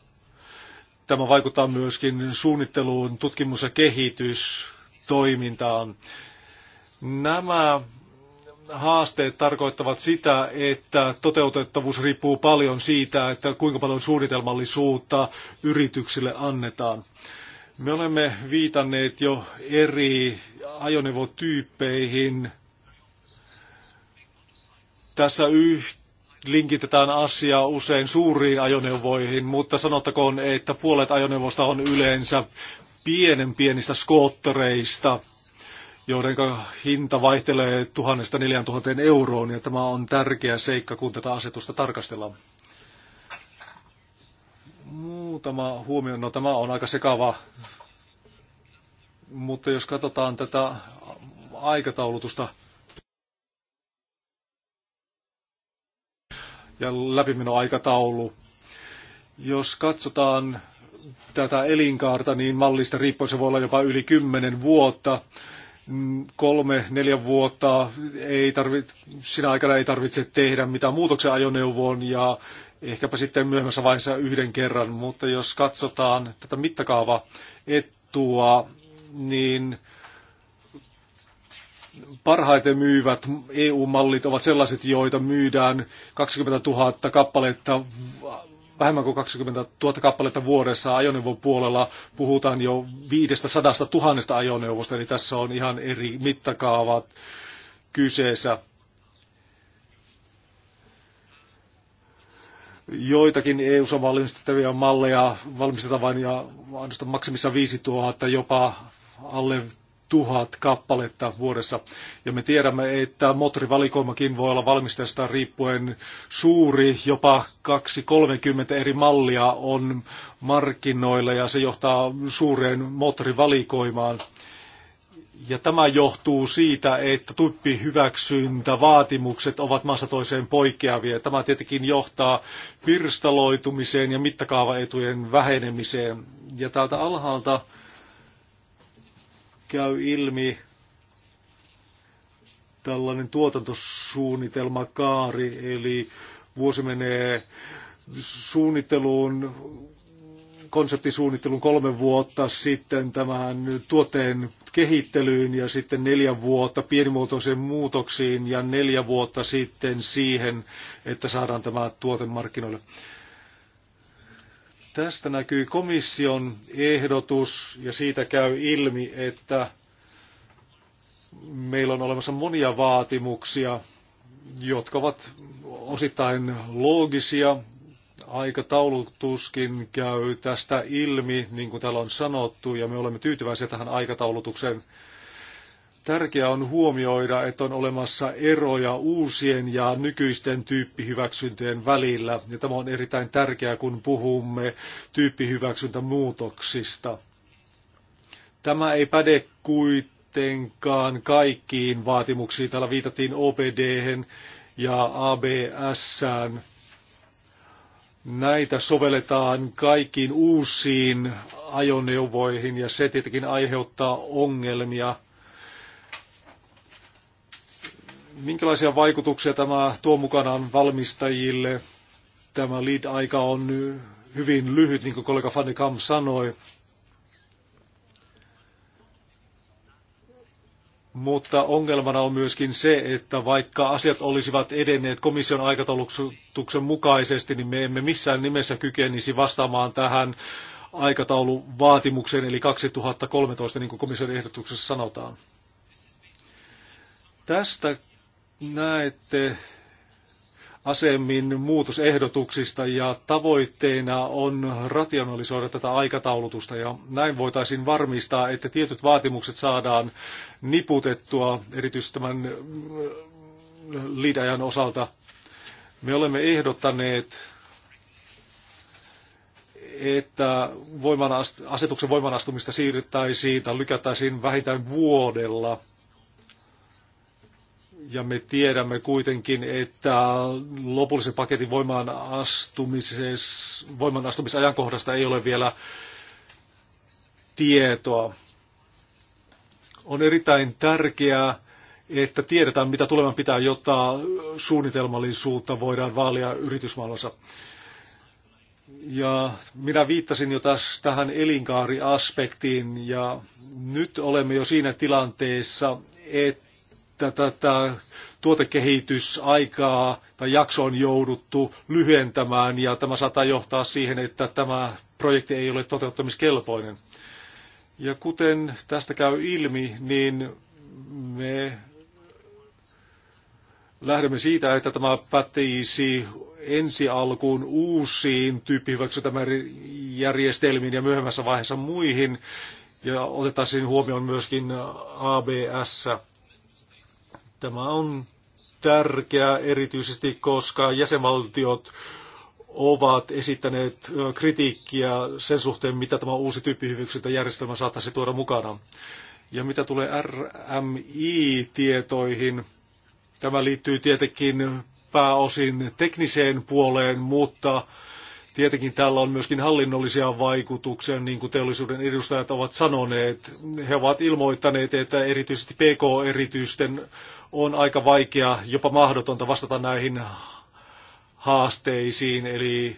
tämä vaikuttaa myöskin suunnitteluun, tutkimus- ja kehitystoimintaan. Nämä haasteet tarkoittavat sitä, että toteutettavuus riippuu paljon siitä, että kuinka paljon suunnitelmallisuutta yrityksille annetaan. Me olemme viitanneet jo eri ajoneuvotyyppeihin. Tässä yhteydessä linkitetään asia usein suuriin ajoneuvoihin, mutta sanottakoon, että puolet ajoneuvosta on yleensä pienen pienistä skoottereista – joiden hinta vaihtelee 1000-4000 euroon, ja tämä on tärkeä seikka, kun tätä asetusta tarkastellaan. Muutama huomio, no tämä on aika sekava, mutta jos katsotaan tätä aikataulutusta ja läpimenoaikataulu, jos katsotaan tätä elinkaarta, niin mallista riippuen se voi olla jopa yli 10 vuotta. Mm, kolme, neljä vuotta, ei tarvit, sinä aikana ei tarvitse tehdä mitään muutoksia ajoneuvoon ja ehkäpä sitten myöhemmässä vaiheessa yhden kerran, mutta jos katsotaan tätä mittakaava etua, niin parhaiten myyvät EU-mallit ovat sellaiset, joita myydään 20 000 kappaletta vähemmän kuin 20 000 kappaletta vuodessa. puolella puhutaan jo 500 000 ajoneuvosta, eli tässä on ihan eri mittakaavat kyseessä. joitakin EU-ssa valmistettavia malleja valmistetaan vain ja ainoastaan maksimissa 5000, jopa alle tuhat kappaletta vuodessa. Ja me tiedämme, että moottorivalikoimakin voi olla valmistajasta riippuen suuri, jopa 2-30 eri mallia on markkinoilla ja se johtaa suureen moottorivalikoimaan. Ja tämä johtuu siitä, että vaatimukset ovat maassa toiseen poikkeavia. Tämä tietenkin johtaa pirstaloitumiseen ja mittakaavaetujen vähenemiseen. Ja täältä alhaalta käy ilmi tällainen tuotantosuunnitelmakaari, eli vuosi menee suunnitteluun, konseptisuunnitteluun kolme vuotta, sitten tämän tuotteen kehittelyyn ja sitten neljä vuotta pienimuotoisiin muutoksiin ja neljä vuotta sitten siihen, että saadaan tämä tuote markkinoille. Tästä näkyy komission ehdotus ja siitä käy ilmi, että meillä on olemassa monia vaatimuksia, jotka ovat osittain loogisia. Aikataulutuskin käy tästä ilmi, niin kuin täällä on sanottu, ja me olemme tyytyväisiä tähän aikataulutukseen Tärkeää on huomioida, että on olemassa eroja uusien ja nykyisten tyyppihyväksyntöjen välillä, ja tämä on erittäin tärkeää, kun puhumme tyyppihyväksyntämuutoksista. Tämä ei päde kuitenkaan kaikkiin vaatimuksiin. Täällä viitattiin opd hen ja abs -ään. Näitä sovelletaan kaikkiin uusiin ajoneuvoihin, ja se tietenkin aiheuttaa ongelmia – Minkälaisia vaikutuksia tämä tuo mukanaan valmistajille? Tämä lead-aika on hyvin lyhyt, niin kuin kollega Fanny Kam sanoi. Mutta ongelmana on myöskin se, että vaikka asiat olisivat edenneet komission aikataulutuksen mukaisesti, niin me emme missään nimessä kykenisi vastaamaan tähän aikatauluvaatimukseen, eli 2013, niin kuin komission ehdotuksessa sanotaan. Tästä näette asemin muutosehdotuksista ja tavoitteena on rationalisoida tätä aikataulutusta ja näin voitaisiin varmistaa, että tietyt vaatimukset saadaan niputettua erityisesti tämän äh, liidajan osalta. Me olemme ehdottaneet että voimana asetuksen voimanastumista siirrettäisiin tai lykätäisiin vähintään vuodella – ja me tiedämme kuitenkin, että lopullisen paketin voimaan, voimaan astumisajankohdasta ei ole vielä tietoa. On erittäin tärkeää, että tiedetään, mitä tulevan pitää, jotta suunnitelmallisuutta voidaan vaalia yritysmaailmassa. Ja minä viittasin jo tässä tähän elinkaariaspektiin ja nyt olemme jo siinä tilanteessa, että että tätä tuotekehitysaikaa tai jakso on jouduttu lyhentämään ja tämä saattaa johtaa siihen, että tämä projekti ei ole toteuttamiskelpoinen. Ja kuten tästä käy ilmi, niin me lähdemme siitä, että tämä pätisi ensi alkuun uusiin tyyppihyväksytämäjärjestelmiin ja myöhemmässä vaiheessa muihin, ja siinä huomioon myöskin ABS. Tämä on tärkeää erityisesti, koska jäsenvaltiot ovat esittäneet kritiikkiä sen suhteen, mitä tämä uusi tyyppihyväksyntäjärjestelmä saattaisi tuoda mukana. Ja mitä tulee RMI-tietoihin, tämä liittyy tietenkin pääosin tekniseen puoleen, mutta Tietenkin tällä on myöskin hallinnollisia vaikutuksia, niin kuin teollisuuden edustajat ovat sanoneet. He ovat ilmoittaneet, että erityisesti PK-erityisten on aika vaikea, jopa mahdotonta vastata näihin haasteisiin, eli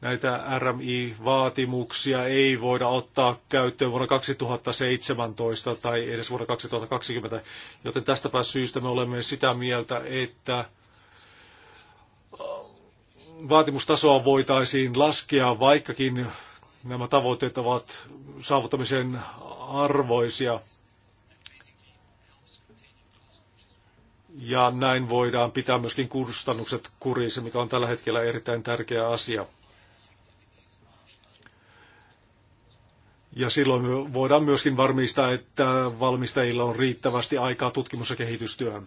näitä RMI-vaatimuksia ei voida ottaa käyttöön vuonna 2017 tai edes vuonna 2020, joten tästäpä syystä me olemme sitä mieltä, että vaatimustasoa voitaisiin laskea, vaikkakin nämä tavoitteet ovat saavuttamisen arvoisia. Ja näin voidaan pitää myöskin kustannukset kurissa, mikä on tällä hetkellä erittäin tärkeä asia. Ja silloin voidaan myöskin varmistaa, että valmistajilla on riittävästi aikaa tutkimus- ja kehitystyöhön.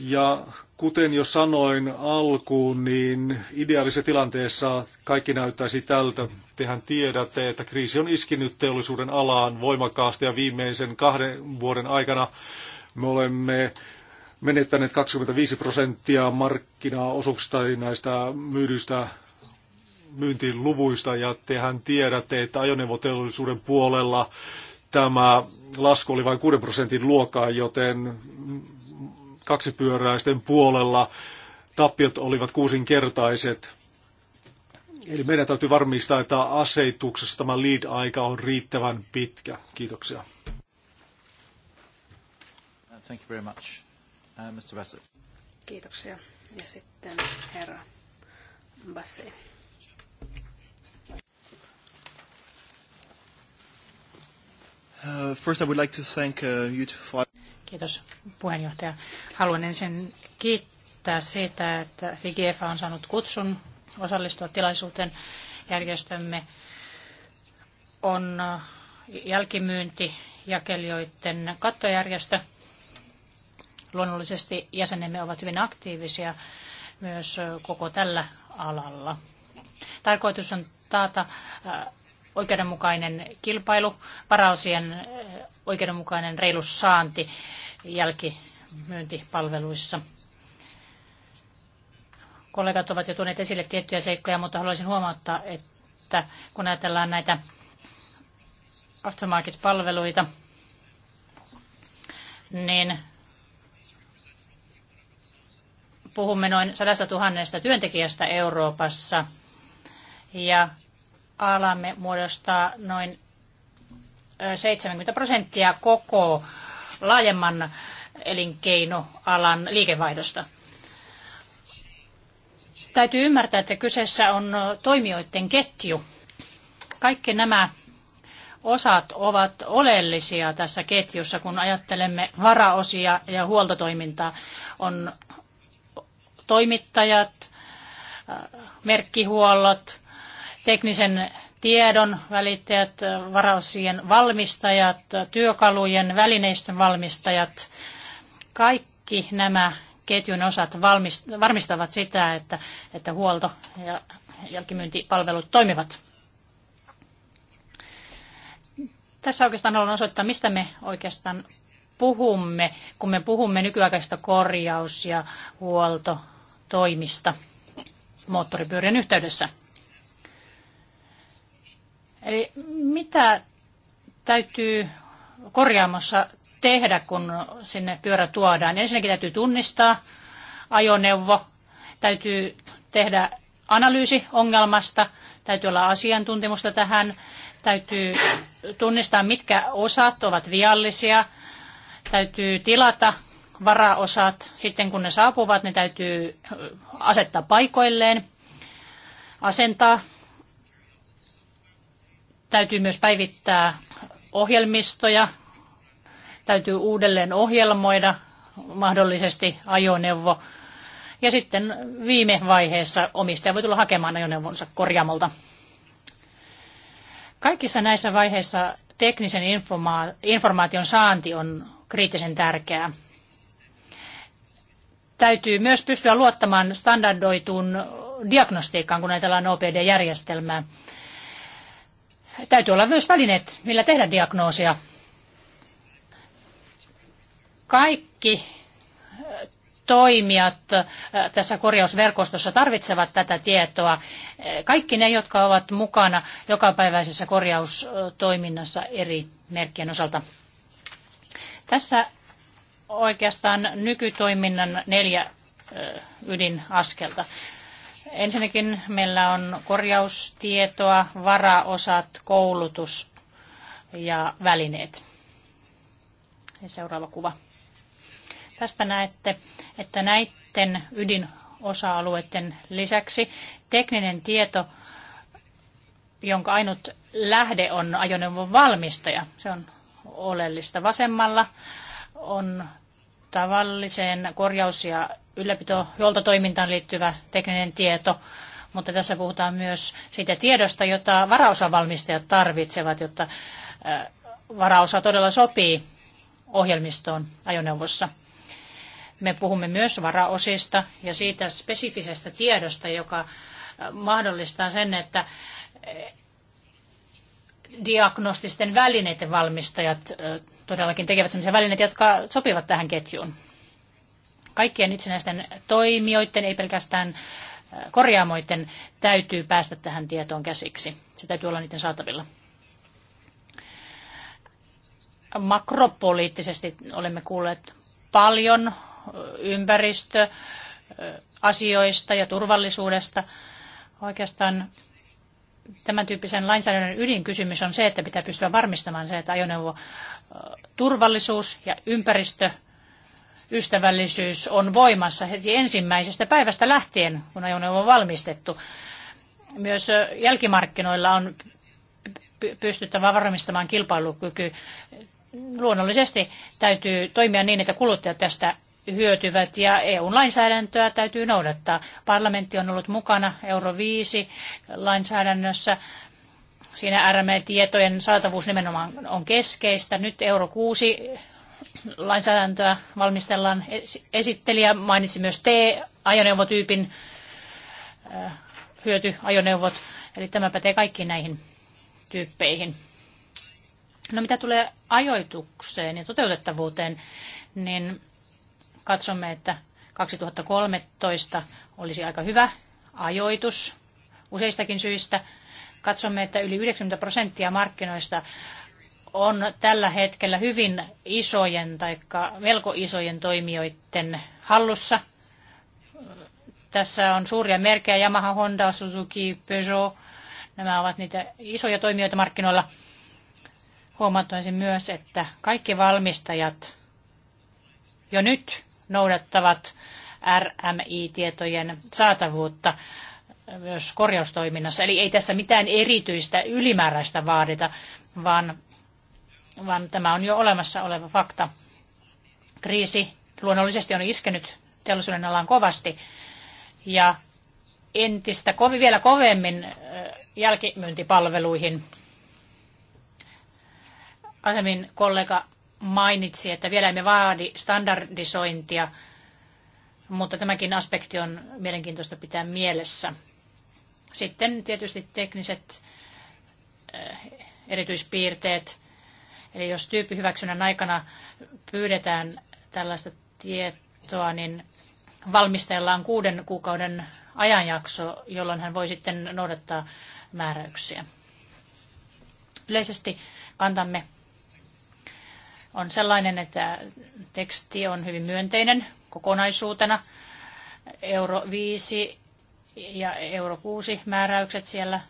Ja kuten jo sanoin alkuun, niin ideaalisessa tilanteessa kaikki näyttäisi tältä. Tehän tiedätte, että kriisi on iskinyt teollisuuden alaan voimakkaasti ja viimeisen kahden vuoden aikana me olemme menettäneet 25 prosenttia markkinaosuuksista näistä myydyistä myyntiluvuista ja tehän tiedätte, että ajoneuvoteollisuuden puolella tämä lasku oli vain 6 prosentin luokkaa, joten kaksipyöräisten puolella tappiot olivat kuusinkertaiset. Eli meidän täytyy varmistaa, että aseituksessa tämä lead-aika on riittävän pitkä. Kiitoksia. Thank you very much. Uh, Mr. Kiitoksia. Ja sitten herra Bassi. Uh, first I would like to thank uh, you two for Kiitos puheenjohtaja. Haluan ensin kiittää siitä, että FIGEFA on saanut kutsun osallistua tilaisuuteen. Järjestömme on äh, jälkimyynti jakelijoiden kattojärjestö. Luonnollisesti jäsenemme ovat hyvin aktiivisia myös äh, koko tällä alalla. Tarkoitus on taata äh, oikeudenmukainen kilpailu, varaosien oikeudenmukainen reilu saanti jälkimyyntipalveluissa. Kollegat ovat jo tuoneet esille tiettyjä seikkoja, mutta haluaisin huomauttaa, että kun ajatellaan näitä aftermarket-palveluita, niin puhumme noin 100 000 työntekijästä Euroopassa ja alamme muodostaa noin 70 prosenttia koko laajemman elinkeinoalan liikevaihdosta. Täytyy ymmärtää, että kyseessä on toimijoiden ketju. Kaikki nämä osat ovat oleellisia tässä ketjussa, kun ajattelemme varaosia ja huoltotoimintaa. On toimittajat, merkkihuollot, teknisen tiedon välittäjät, varausien valmistajat, työkalujen, välineistön valmistajat, kaikki nämä ketjun osat valmist- varmistavat sitä, että, että huolto- ja jälkimyyntipalvelut toimivat. Tässä oikeastaan haluan osoittaa, mistä me oikeastaan puhumme, kun me puhumme nykyaikaista korjaus- ja huoltotoimista moottoripyörien yhteydessä. Eli mitä täytyy korjaamossa tehdä, kun sinne pyörä tuodaan? Ensinnäkin täytyy tunnistaa ajoneuvo, täytyy tehdä analyysi ongelmasta, täytyy olla asiantuntemusta tähän, täytyy tunnistaa, mitkä osat ovat viallisia, täytyy tilata varaosat, sitten kun ne saapuvat, ne täytyy asettaa paikoilleen, asentaa Täytyy myös päivittää ohjelmistoja, täytyy uudelleen ohjelmoida mahdollisesti ajoneuvo. Ja sitten viime vaiheessa omistaja voi tulla hakemaan ajoneuvonsa korjaamolta. Kaikissa näissä vaiheissa teknisen informa- informaation saanti on kriittisen tärkeää. Täytyy myös pystyä luottamaan standardoituun diagnostiikkaan, kun ajatellaan OPD-järjestelmää täytyy olla myös välineet, millä tehdä diagnoosia. Kaikki eh, toimijat eh, tässä korjausverkostossa tarvitsevat tätä tietoa. Eh, kaikki ne, jotka ovat mukana jokapäiväisessä korjaustoiminnassa eri merkkien osalta. Tässä oikeastaan nykytoiminnan neljä ydinaskelta. Ensinnäkin meillä on korjaustietoa, varaosat, koulutus ja välineet. Ja seuraava kuva. Tästä näette, että näiden ydinosa-alueiden lisäksi tekninen tieto, jonka ainut lähde on ajoneuvon valmistaja. Se on oleellista. Vasemmalla on tavalliseen korjaus- ja ylläpitohuoltotoimintaan liittyvä tekninen tieto, mutta tässä puhutaan myös siitä tiedosta, jota varaosavalmistajat tarvitsevat, jotta äh, varaosa todella sopii ohjelmistoon ajoneuvossa. Me puhumme myös varaosista ja siitä spesifisestä tiedosta, joka äh, mahdollistaa sen, että diagnostisten välineiden valmistajat todellakin tekevät sellaisia välineitä, jotka sopivat tähän ketjuun. Kaikkien itsenäisten toimijoiden, ei pelkästään korjaamoiden, täytyy päästä tähän tietoon käsiksi. Se täytyy olla niiden saatavilla. Makropoliittisesti olemme kuulleet paljon ympäristöasioista ja turvallisuudesta. Oikeastaan tämän tyyppisen lainsäädännön ydinkysymys on se, että pitää pystyä varmistamaan se, että ajoneuvo turvallisuus ja ympäristö ystävällisyys on voimassa heti ensimmäisestä päivästä lähtien, kun ajoneuvo on valmistettu. Myös jälkimarkkinoilla on pystyttävä varmistamaan kilpailukyky. Luonnollisesti täytyy toimia niin, että kuluttajat tästä hyötyvät ja EU-lainsäädäntöä täytyy noudattaa. Parlamentti on ollut mukana Euro 5 lainsäädännössä. Siinä RME-tietojen saatavuus nimenomaan on keskeistä. Nyt Euro 6 lainsäädäntöä valmistellaan. Esittelijä mainitsi myös T-ajoneuvotyypin äh, hyötyajoneuvot. Eli tämä pätee kaikkiin näihin tyyppeihin. No mitä tulee ajoitukseen ja toteutettavuuteen, niin Katsomme, että 2013 olisi aika hyvä ajoitus useistakin syistä. Katsomme, että yli 90 prosenttia markkinoista on tällä hetkellä hyvin isojen tai melko isojen toimijoiden hallussa. Tässä on suuria merkkejä Yamaha, Honda, Suzuki, Peugeot. Nämä ovat niitä isoja toimijoita markkinoilla. Huomattaisin myös, että kaikki valmistajat jo nyt noudattavat RMI-tietojen saatavuutta myös korjaustoiminnassa. Eli ei tässä mitään erityistä ylimääräistä vaadita, vaan, vaan tämä on jo olemassa oleva fakta. Kriisi luonnollisesti on iskenyt teollisuuden alaan kovasti ja entistä kovi, vielä kovemmin jälkimyyntipalveluihin. Asemin kollega mainitsi, että vielä emme vaadi standardisointia, mutta tämäkin aspekti on mielenkiintoista pitää mielessä. Sitten tietysti tekniset eh, erityispiirteet. Eli jos tyyppihyväksynnän aikana pyydetään tällaista tietoa, niin valmistellaan on kuuden kuukauden ajanjakso, jolloin hän voi sitten noudattaa määräyksiä. Yleisesti kantamme on sellainen, että teksti on hyvin myönteinen kokonaisuutena. Euro 5 ja euro 6 määräykset siellä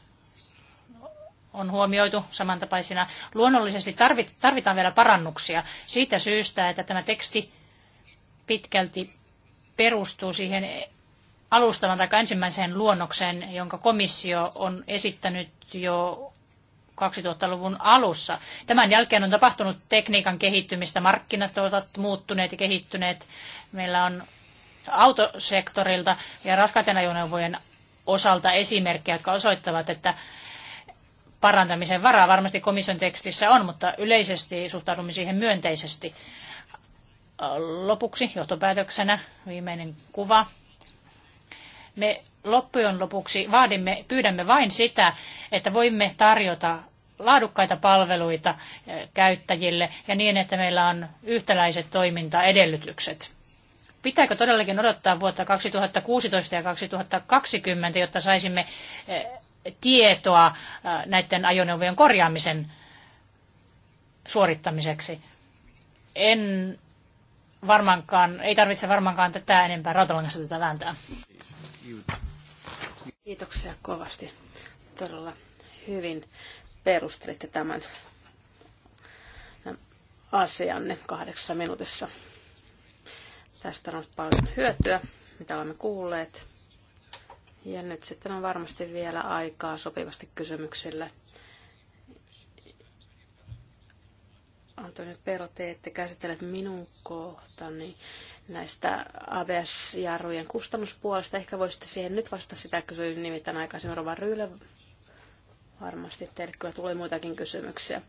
on huomioitu samantapaisina. Luonnollisesti tarvitaan vielä parannuksia siitä syystä, että tämä teksti pitkälti perustuu siihen alustavan tai ensimmäiseen luonnokseen, jonka komissio on esittänyt jo 2000-luvun alussa. Tämän jälkeen on tapahtunut tekniikan kehittymistä, markkinat ovat muuttuneet ja kehittyneet. Meillä on autosektorilta ja raskaiden ajoneuvojen osalta esimerkkejä, jotka osoittavat, että parantamisen varaa varmasti komission tekstissä on, mutta yleisesti suhtaudumme siihen myönteisesti. Lopuksi johtopäätöksenä viimeinen kuva. Me loppujen lopuksi vaadimme, pyydämme vain sitä, että voimme tarjota laadukkaita palveluita eh, käyttäjille ja niin, että meillä on yhtäläiset toimintaedellytykset. Pitääkö todellakin odottaa vuotta 2016 ja 2020, jotta saisimme eh, tietoa eh, näiden ajoneuvojen korjaamisen suorittamiseksi? En varmaankaan, ei tarvitse varmaankaan tätä enempää rautalangasta tätä vääntää. Kiitoksia kovasti. Todella hyvin perustelitte tämän asianne kahdeksassa minuutissa. Tästä on paljon hyötyä, mitä olemme kuulleet. Ja nyt sitten on varmasti vielä aikaa sopivasti kysymyksille. Antoni Pero, te ette käsitelle minun kohtani näistä ABS-jarrujen kustannuspuolesta. Ehkä voisitte siihen nyt vastata sitä, kysyä nimittäin aikaisemmin Rova Ryyle Varmasti teille kyllä tulee muitakin kysymyksiä.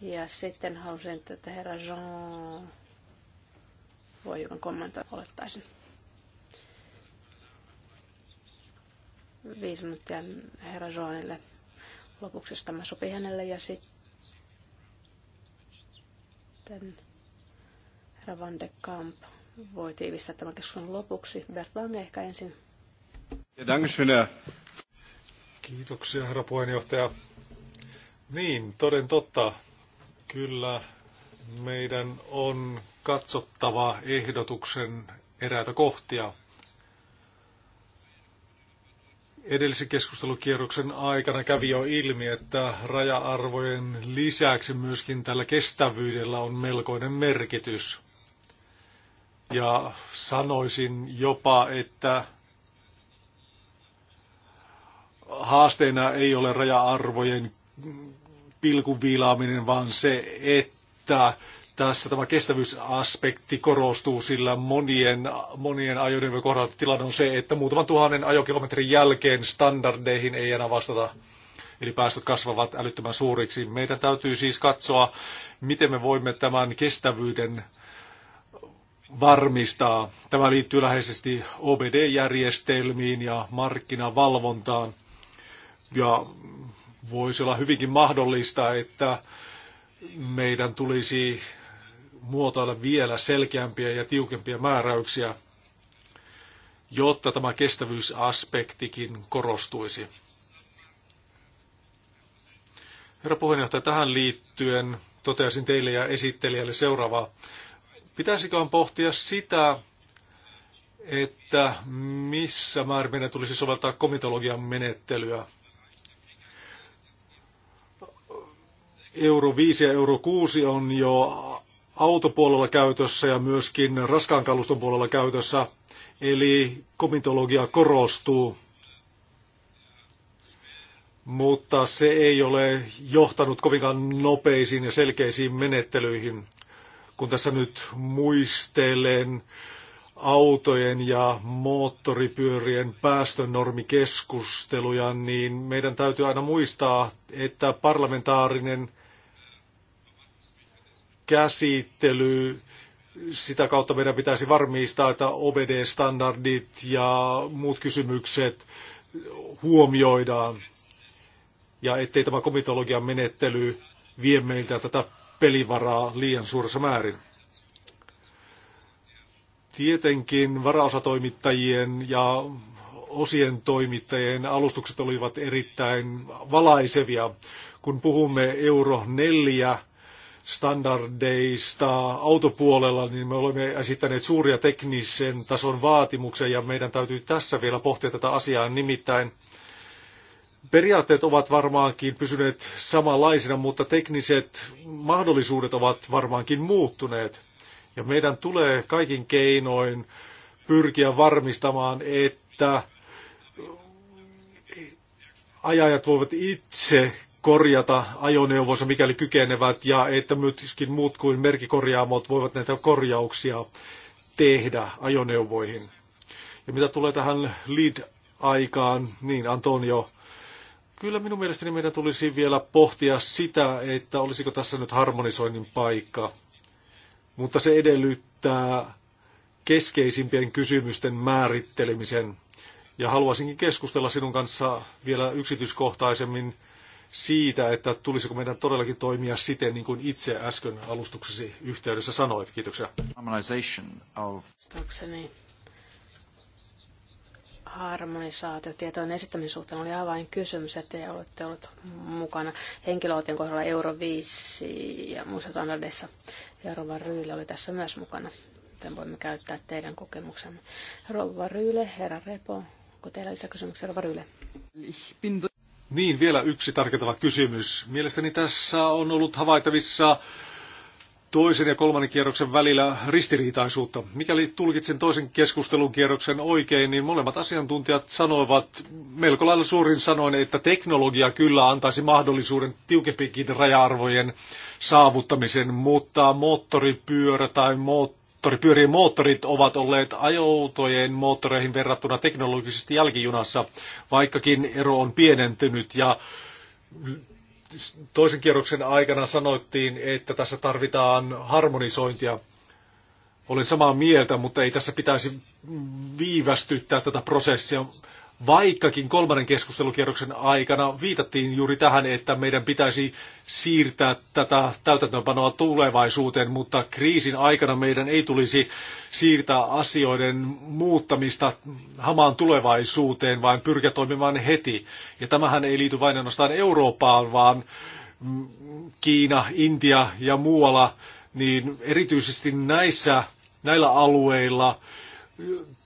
Ja sitten halusin, että herra Jean voi jokin kommentoida, olettaisin. Viisi minuuttia herra Jeanille. Lopuksi tämä sopii hänelle ja sitten herra Van de Kamp voi tiivistää tämän keskustelun lopuksi. Bertlange ehkä ensin. Ja, danke schön, Kiitoksia, herra puheenjohtaja. Niin, toden totta. Kyllä meidän on katsottava ehdotuksen eräitä kohtia. Edellisen keskustelukierroksen aikana kävi jo ilmi, että raja-arvojen lisäksi myöskin tällä kestävyydellä on melkoinen merkitys. Ja sanoisin jopa, että haasteena ei ole raja-arvojen pilkun vaan se, että tässä tämä kestävyysaspekti korostuu, sillä monien, monien ajoneuvojen kohdalla tilanne on se, että muutaman tuhannen ajokilometrin jälkeen standardeihin ei enää vastata. Eli päästöt kasvavat älyttömän suuriksi. Meidän täytyy siis katsoa, miten me voimme tämän kestävyyden varmistaa. Tämä liittyy läheisesti OBD-järjestelmiin ja markkinavalvontaan. Ja voisi olla hyvinkin mahdollista, että meidän tulisi muotoilla vielä selkeämpiä ja tiukempia määräyksiä, jotta tämä kestävyysaspektikin korostuisi. Herra puheenjohtaja, tähän liittyen toteaisin teille ja esittelijälle seuraavaa. on pohtia sitä, että missä määrin meidän tulisi soveltaa komitologian menettelyä – Euro 5 ja Euro 6 on jo autopuolella käytössä ja myöskin raskaan kaluston puolella käytössä, eli komitologia korostuu, mutta se ei ole johtanut kovinkaan nopeisiin ja selkeisiin menettelyihin. Kun tässä nyt muistelen autojen ja moottoripyörien päästönormikeskusteluja, niin meidän täytyy aina muistaa, että parlamentaarinen – käsittely, sitä kautta meidän pitäisi varmistaa, että OBD-standardit ja muut kysymykset huomioidaan ja ettei tämä komitologian menettely vie meiltä tätä pelivaraa liian suuressa määrin. Tietenkin varaosatoimittajien ja osien toimittajien alustukset olivat erittäin valaisevia. Kun puhumme Euro 4 standardeista autopuolella, niin me olemme esittäneet suuria teknisen tason vaatimuksia ja meidän täytyy tässä vielä pohtia tätä asiaa. Nimittäin periaatteet ovat varmaankin pysyneet samanlaisina, mutta tekniset mahdollisuudet ovat varmaankin muuttuneet. Ja meidän tulee kaikin keinoin pyrkiä varmistamaan, että ajajat voivat itse korjata ajoneuvonsa, mikäli kykenevät, ja että myöskin muut kuin merkikorjaamot voivat näitä korjauksia tehdä ajoneuvoihin. Ja mitä tulee tähän lead-aikaan, niin Antonio, kyllä minun mielestäni meidän tulisi vielä pohtia sitä, että olisiko tässä nyt harmonisoinnin paikka. Mutta se edellyttää keskeisimpien kysymysten määrittelemisen. Ja haluaisinkin keskustella sinun kanssa vielä yksityiskohtaisemmin siitä, että tulisiko meidän todellakin toimia siten, niin kuin itse äsken alustuksesi yhteydessä sanoit. Kiitoksia. Of... Harmonisaatiotietojen esittämisen suhteen oli avain kysymys, että te olette olleet mukana henkilöautojen kohdalla Euro 5 ja muissa standardeissa. Jarova Ryyli oli tässä myös mukana, joten voimme käyttää teidän kokemuksenne. Rova Ryyle, herra Repo, onko teillä lisäkysymyksiä? Rova Ryyle. Ich bin niin, vielä yksi tarkentava kysymys. Mielestäni tässä on ollut havaittavissa toisen ja kolmannen kierroksen välillä ristiriitaisuutta. Mikäli tulkitsen toisen keskustelun kierroksen oikein, niin molemmat asiantuntijat sanoivat melko lailla suurin sanoin, että teknologia kyllä antaisi mahdollisuuden tiukempikin raja-arvojen saavuttamisen, mutta moottoripyörä tai moottori moottoripyörien moottorit ovat olleet ajoutojen moottoreihin verrattuna teknologisesti jälkijunassa, vaikkakin ero on pienentynyt ja toisen kierroksen aikana sanoittiin, että tässä tarvitaan harmonisointia. Olen samaa mieltä, mutta ei tässä pitäisi viivästyttää tätä prosessia. Vaikkakin kolmannen keskustelukierroksen aikana viitattiin juuri tähän, että meidän pitäisi siirtää tätä täytäntöönpanoa tulevaisuuteen, mutta kriisin aikana meidän ei tulisi siirtää asioiden muuttamista hamaan tulevaisuuteen, vaan pyrkiä toimimaan heti. Ja tämähän ei liity vain ainoastaan Eurooppaan, vaan Kiina, Intia ja muualla, niin erityisesti näissä, näillä alueilla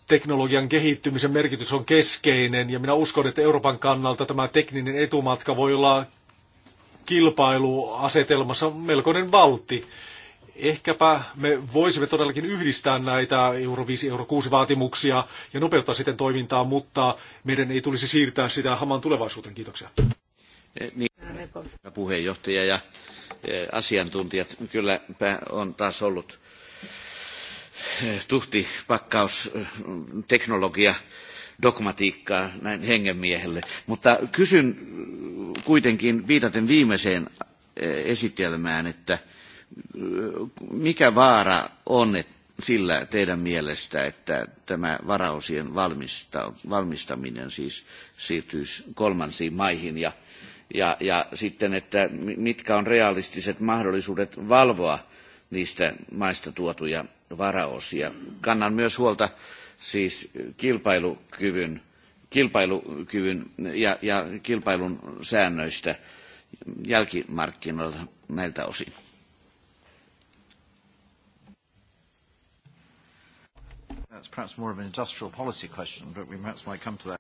teknologian kehittymisen merkitys on keskeinen ja minä uskon, että Euroopan kannalta tämä tekninen etumatka voi olla kilpailuasetelmassa melkoinen valtti. Ehkäpä me voisimme todellakin yhdistää näitä euro 5, euro 6 vaatimuksia ja nopeuttaa sitten toimintaa, mutta meidän ei tulisi siirtää sitä hamaan tulevaisuuteen. Kiitoksia. Eh, niin, puheenjohtaja ja eh, asiantuntijat kyllä on taas ollut tuhtipakkausteknologia dogmatiikkaa näin hengenmiehelle. Mutta kysyn kuitenkin viitaten viimeiseen esitelmään, että mikä vaara on sillä teidän mielestä, että tämä varausien valmista, valmistaminen siis siirtyisi kolmansiin maihin ja, ja, ja sitten, että mitkä on realistiset mahdollisuudet valvoa niistä maista tuotuja varaosia. Kannan myös huolta siis kilpailukyvyn, kilpailukyvyn ja, ja kilpailun säännöistä jälkimarkkinoilla näiltä osin.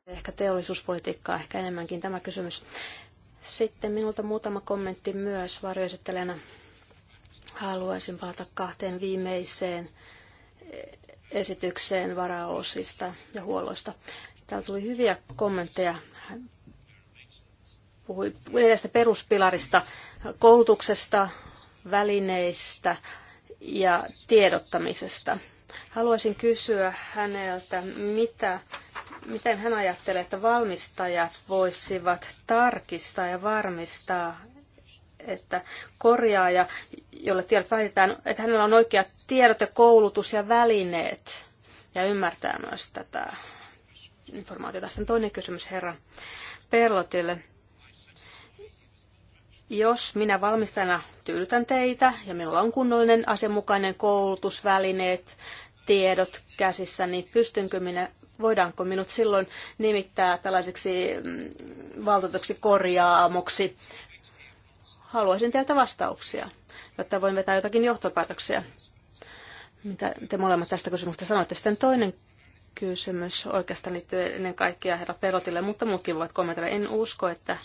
Ehkä teollisuuspolitiikkaa, ehkä enemmänkin tämä kysymys. Sitten minulta muutama kommentti myös varjoesittelijänä Haluaisin palata kahteen viimeiseen esitykseen varaosista ja huolloista. Täällä tuli hyviä kommentteja. Hän puhui edestä peruspilarista, koulutuksesta, välineistä ja tiedottamisesta. Haluaisin kysyä häneltä, mitä, miten hän ajattelee, että valmistajat voisivat tarkistaa ja varmistaa, että korjaaja, jolle tiedot välitetään, että hänellä on oikeat tiedot ja koulutus ja välineet ja ymmärtää myös tätä informaatiota. Sitten toinen kysymys herra Perlotille. Jos minä valmistajana tyydytän teitä ja minulla on kunnollinen asianmukainen koulutus, välineet, tiedot käsissä, niin pystynkö minä, voidaanko minut silloin nimittää tällaiseksi mm, valtuutuksi korjaamoksi Haluaisin teiltä vastauksia, jotta voin vetää jotakin johtopäätöksiä. Mitä te molemmat tästä kysymyksestä sanoitte? Sitten toinen kysymys oikeastaan liittyy ennen kaikkea herra Perotille, mutta muutkin voivat kommentoida. En usko, että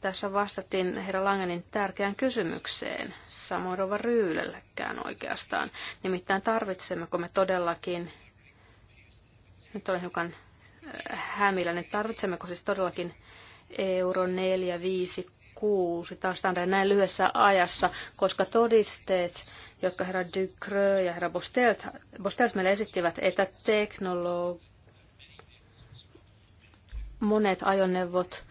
tässä vastattiin herra Langenin tärkeään kysymykseen, samoin Rova Ryylellekään oikeastaan. Nimittäin tarvitsemmeko me todellakin, nyt olen hiukan äh, hämilläinen, tarvitsemmeko siis todellakin euro 4, 5, kuusi taas näin lyhyessä ajassa, koska todisteet, jotka herra Ducre ja herra Bostelt, Bostelt meille esittivät, että teknologi- monet ajoneuvot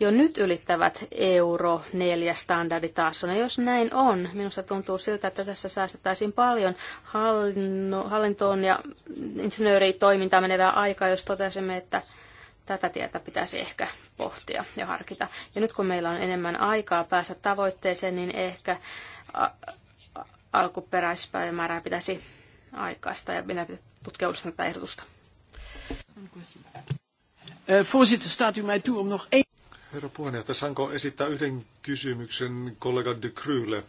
jo nyt ylittävät euro 4 standarditason. Ja jos näin on, minusta tuntuu siltä, että tässä säästettäisiin paljon hallintoon ja insinööritoimintaan menevää aikaa, jos totesimme, että Tätä tietä pitäisi ehkä pohtia ja harkita. Ja nyt kun meillä on enemmän aikaa päästä tavoitteeseen, niin ehkä alkuperäispäivämäärää pitäisi aikaista ja minä tutkia tätä ehdotusta. Herra puheenjohtaja, saanko esittää yhden kysymyksen kollega de Krylle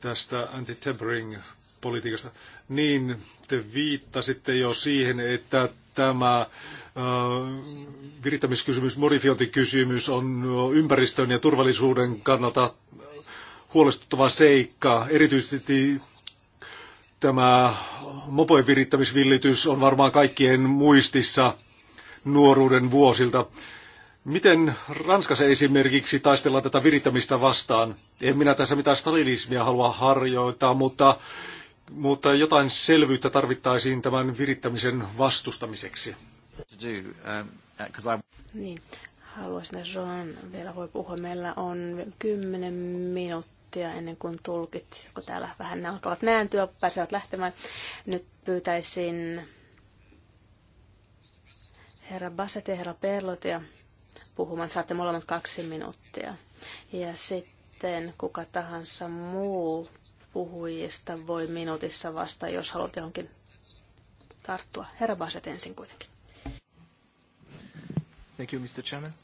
tästä anti-tempering politiikasta. Niin, te viittasitte jo siihen, että tämä äh, virittämiskysymys, modifiointikysymys on ympäristön ja turvallisuuden kannalta huolestuttava seikka. Erityisesti tämä mopojen virittämisvillitys on varmaan kaikkien muistissa nuoruuden vuosilta. Miten Ranskassa esimerkiksi taistellaan tätä virittämistä vastaan? En minä tässä mitään stalinismia halua harjoittaa, mutta mutta jotain selvyyttä tarvittaisiin tämän virittämisen vastustamiseksi. Um, uh, niin, haluaisin, että Jean vielä voi puhua. Meillä on kymmenen minuuttia ennen kuin tulkit, kun täällä vähän ne alkavat nääntyä, pääsevät lähtemään. Nyt pyytäisin herra Basset ja herra Perlot ja puhumaan. Saatte molemmat kaksi minuuttia. Ja sitten kuka tahansa muu puhujista voi minuutissa vasta, jos haluat johonkin tarttua. Herra Baset ensin kuitenkin. Thank you, Mr. Chairman.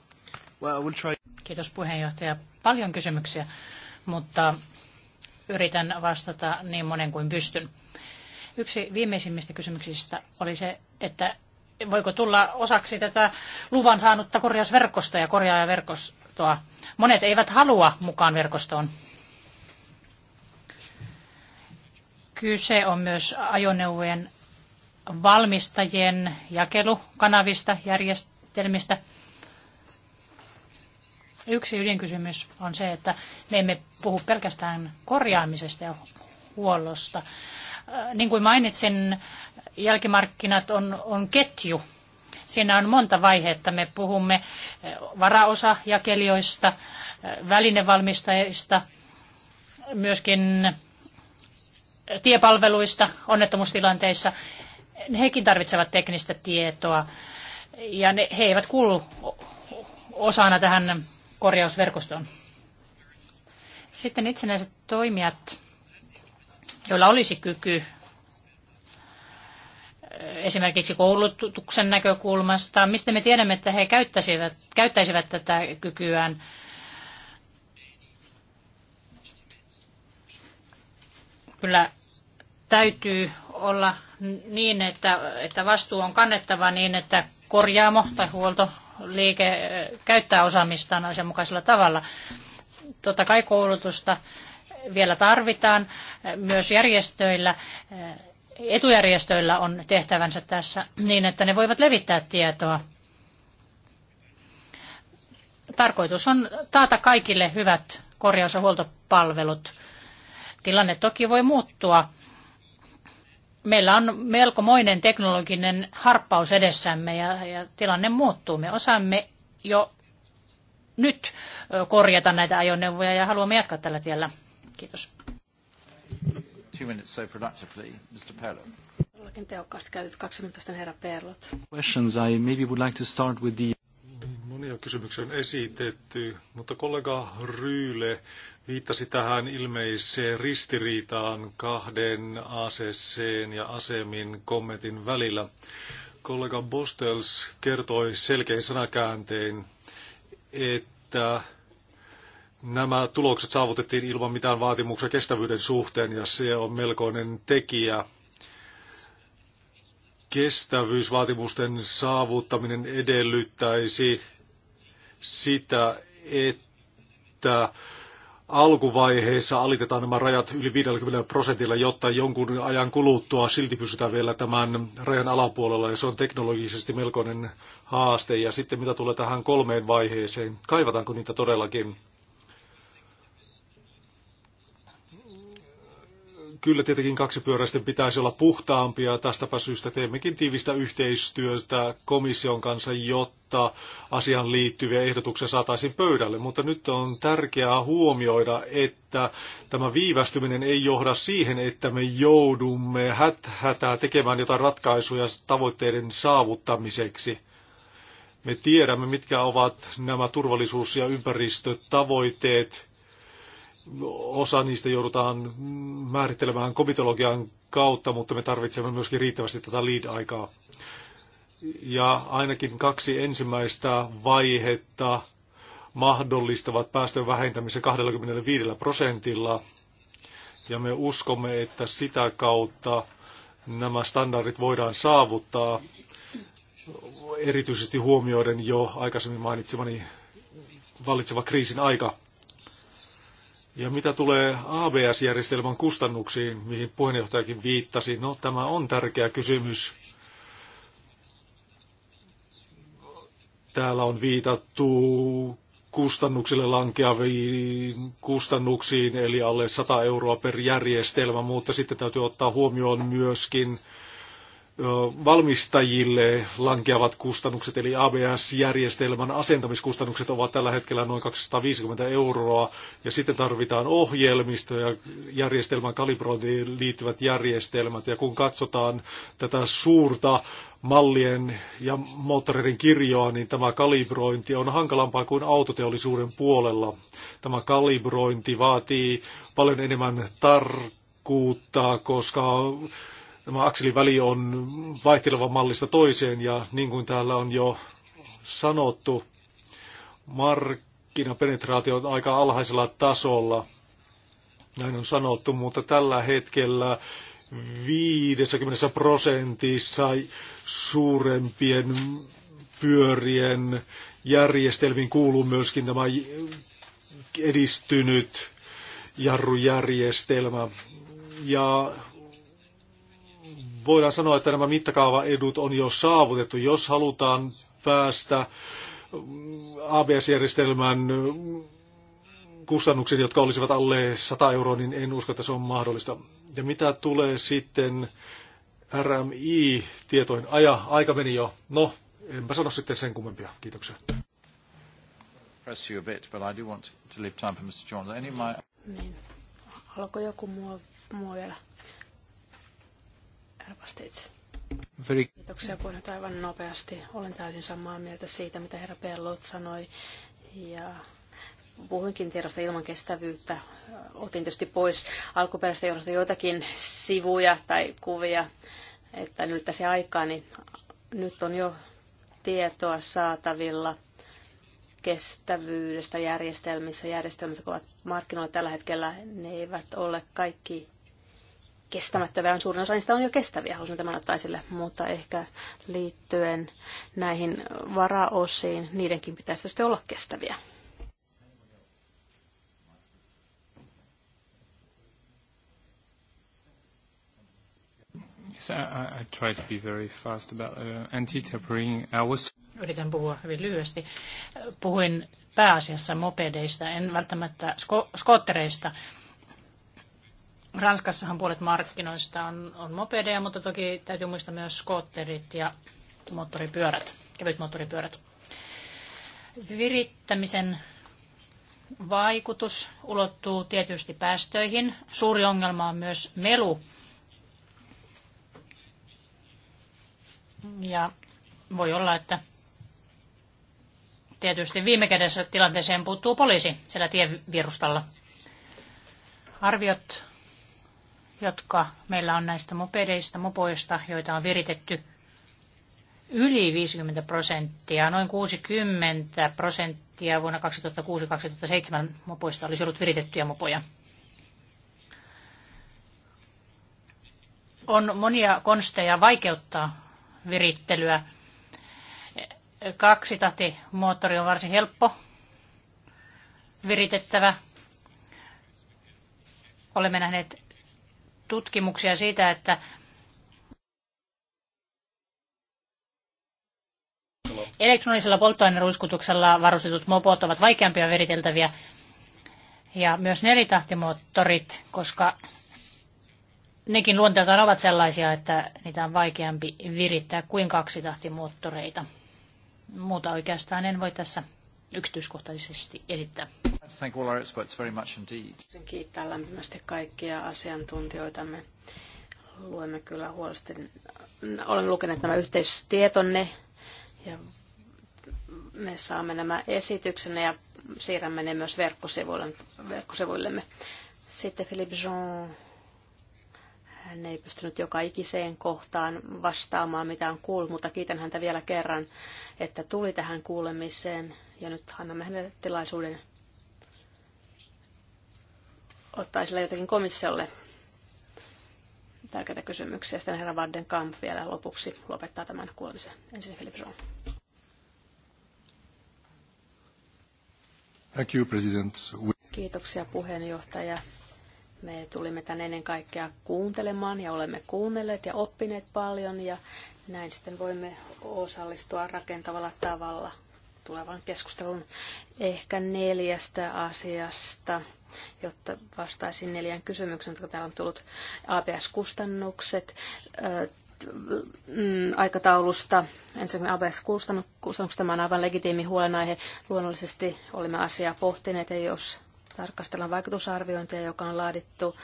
Well, I will try... Kiitos puheenjohtaja. Paljon kysymyksiä, mutta yritän vastata niin monen kuin pystyn. Yksi viimeisimmistä kysymyksistä oli se, että voiko tulla osaksi tätä luvan saanutta korjausverkostoa ja korjaajaverkostoa. Monet eivät halua mukaan verkostoon. Kyse on myös ajoneuvojen valmistajien jakelukanavista, järjestelmistä. Yksi ydinkysymys on se, että me emme puhu pelkästään korjaamisesta ja huollosta. Äh, niin kuin mainitsin, jälkimarkkinat on, on ketju. Siinä on monta vaihetta. Me puhumme äh, varaosajakelijoista, äh, välinevalmistajista, myöskin tiepalveluista onnettomuustilanteissa, hekin tarvitsevat teknistä tietoa ja ne, he eivät kuulu osana tähän korjausverkostoon. Sitten itsenäiset toimijat, joilla olisi kyky esimerkiksi koulutuksen näkökulmasta, mistä me tiedämme, että he käyttäisivät, käyttäisivät tätä kykyään. Kyllä täytyy olla niin, että, että vastuu on kannettava niin, että korjaamo tai huoltoliike käyttää osaamistaan asianmukaisella tavalla. Totta kai koulutusta vielä tarvitaan. Myös järjestöillä, etujärjestöillä on tehtävänsä tässä niin, että ne voivat levittää tietoa. Tarkoitus on taata kaikille hyvät korjaus- ja huoltopalvelut. Tilanne toki voi muuttua meillä on melkomoinen teknologinen harppaus edessämme ja, ja tilanne muuttuu. Me osaamme jo nyt korjata näitä ajoneuvoja ja haluamme jatkaa tällä tiellä. Kiitos. Two minutes so productively, Mr. Perlot. Todellakin tehokkaasti käytetyt kaksi herra Perlot. Questions I maybe would like to start with the... Monia kysymyksiä on esitetty, mutta kollega Ryyle viittasi tähän ilmeiseen ristiriitaan kahden ACC ja asemin kommentin välillä. Kollega Bostels kertoi selkein sanakääntein, että nämä tulokset saavutettiin ilman mitään vaatimuksia kestävyyden suhteen ja se on melkoinen tekijä. Kestävyysvaatimusten saavuttaminen edellyttäisi sitä, että että alkuvaiheessa alitetaan nämä rajat yli 50 prosentilla, jotta jonkun ajan kuluttua silti pysytään vielä tämän rajan alapuolella, ja se on teknologisesti melkoinen haaste. Ja sitten mitä tulee tähän kolmeen vaiheeseen, kaivataanko niitä todellakin? Kyllä tietenkin kaksipyöräisten pitäisi olla puhtaampia. Tästäpä syystä teemmekin tiivistä yhteistyötä komission kanssa, jotta asian liittyviä ehdotuksia saataisiin pöydälle. Mutta nyt on tärkeää huomioida, että tämä viivästyminen ei johda siihen, että me joudumme hätää tekemään jotain ratkaisuja tavoitteiden saavuttamiseksi. Me tiedämme, mitkä ovat nämä turvallisuus- ja ympäristötavoitteet – osa niistä joudutaan määrittelemään komitologian kautta, mutta me tarvitsemme myöskin riittävästi tätä lead-aikaa. Ja ainakin kaksi ensimmäistä vaihetta mahdollistavat päästön vähentämisen 25 prosentilla. Ja me uskomme, että sitä kautta nämä standardit voidaan saavuttaa, erityisesti huomioiden jo aikaisemmin mainitsemani vallitseva kriisin aika. Ja mitä tulee ABS-järjestelmän kustannuksiin, mihin puheenjohtajakin viittasi, no tämä on tärkeä kysymys. Täällä on viitattu kustannuksille lankeaviin kustannuksiin, eli alle 100 euroa per järjestelmä, mutta sitten täytyy ottaa huomioon myöskin valmistajille lankeavat kustannukset, eli ABS-järjestelmän asentamiskustannukset ovat tällä hetkellä noin 250 euroa, ja sitten tarvitaan ohjelmisto ja järjestelmän kalibrointiin liittyvät järjestelmät, ja kun katsotaan tätä suurta mallien ja moottoreiden kirjoa, niin tämä kalibrointi on hankalampaa kuin autoteollisuuden puolella. Tämä kalibrointi vaatii paljon enemmän tarkkuutta, koska Tämä akseliväli on vaihteleva mallista toiseen ja niin kuin täällä on jo sanottu, markkinapenetraatio on aika alhaisella tasolla, näin on sanottu, mutta tällä hetkellä 50 prosentissa suurempien pyörien järjestelmiin kuuluu myöskin tämä edistynyt jarrujärjestelmä. Ja voidaan sanoa, että nämä mittakaavaedut on jo saavutettu. Jos halutaan päästä mm, ABS-järjestelmän mm, kustannuksiin, jotka olisivat alle 100 euroa, niin en usko, että se on mahdollista. Ja mitä tulee sitten RMI-tietoihin? Aja, aika meni jo. No, enpä sano sitten sen kummempia. Kiitoksia. Niin. Haluatko joku mua, mua vielä? Herra Stits. Very... Kiitoksia aivan nopeasti. Olen täysin samaa mieltä siitä, mitä herra Pellot sanoi. Ja puhuinkin tiedosta ilman kestävyyttä. Otin tietysti pois alkuperäistä johdosta joitakin sivuja tai kuvia, että nyt tässä aikaa, niin nyt on jo tietoa saatavilla kestävyydestä järjestelmissä. Järjestelmät, jotka ovat markkinoilla tällä hetkellä, ne eivät ole kaikki kestämättömiä on suurin osa niistä on jo kestäviä, haluaisin tämän ottaa esille, mutta ehkä liittyen näihin varaosiin, niidenkin pitäisi tietysti olla kestäviä. Uh, Yritän puhua hyvin lyhyesti. Puhuin pääasiassa mopedeista, en välttämättä sko- skoottereista. Ranskassahan puolet markkinoista on, on mopedeja, mutta toki täytyy muistaa myös skootterit ja moottoripyörät, moottoripyörät. Virittämisen vaikutus ulottuu tietysti päästöihin. Suuri ongelma on myös melu. Ja voi olla, että tietysti viime kädessä tilanteeseen puuttuu poliisi siellä tievirustalla. Arviot jotka meillä on näistä mopedeista, mopoista, joita on viritetty yli 50 prosenttia, noin 60 prosenttia vuonna 2006-2007 mopoista olisi ollut viritettyjä mopoja. On monia konsteja vaikeuttaa virittelyä. moottori on varsin helppo viritettävä. Olemme nähneet tutkimuksia siitä, että elektronisella polttoaineruiskutuksella varustetut mopot ovat vaikeampia veriteltäviä ja myös nelitahtimoottorit, koska nekin luonteeltaan ovat sellaisia, että niitä on vaikeampi virittää kuin kaksitahtimoottoreita. Muuta oikeastaan en voi tässä yksityiskohtaisesti esittää thank all our experts very much indeed. Kiittää lämpimästi kaikkia asiantuntijoitamme. Luemme kyllä huolesti, olemme lukeneet nämä yhteistietonne ja me saamme nämä esityksenne ja siirrämme ne myös verkkosivuillemme. Sitten Philippe Jean, hän ei pystynyt joka ikiseen kohtaan vastaamaan, mitä on kuullut, mutta kiitän häntä vielä kerran, että tuli tähän kuulemiseen. Ja nyt annamme hänelle tilaisuuden ottaa sille jotenkin komissiolle tärkeitä kysymyksiä. Sitten herra Varden Kamp vielä lopuksi lopettaa tämän kuulemisen. Ensin Philip Rohn. Thank you, President. Kiitoksia puheenjohtaja. Me tulimme tänne ennen kaikkea kuuntelemaan ja olemme kuunnelleet ja oppineet paljon ja näin sitten voimme osallistua rakentavalla tavalla tulevan keskustelun ehkä neljästä asiasta, jotta vastaisin neljän kysymyksen, jotka täällä on tullut ABS-kustannukset, mm, aikataulusta. Ensinnäkin ABS-kustannukset, tämä on aivan legitiimi huolenaihe. Luonnollisesti olimme asiaa pohtineet ja jos tarkastellaan vaikutusarviointia, joka on laadittu,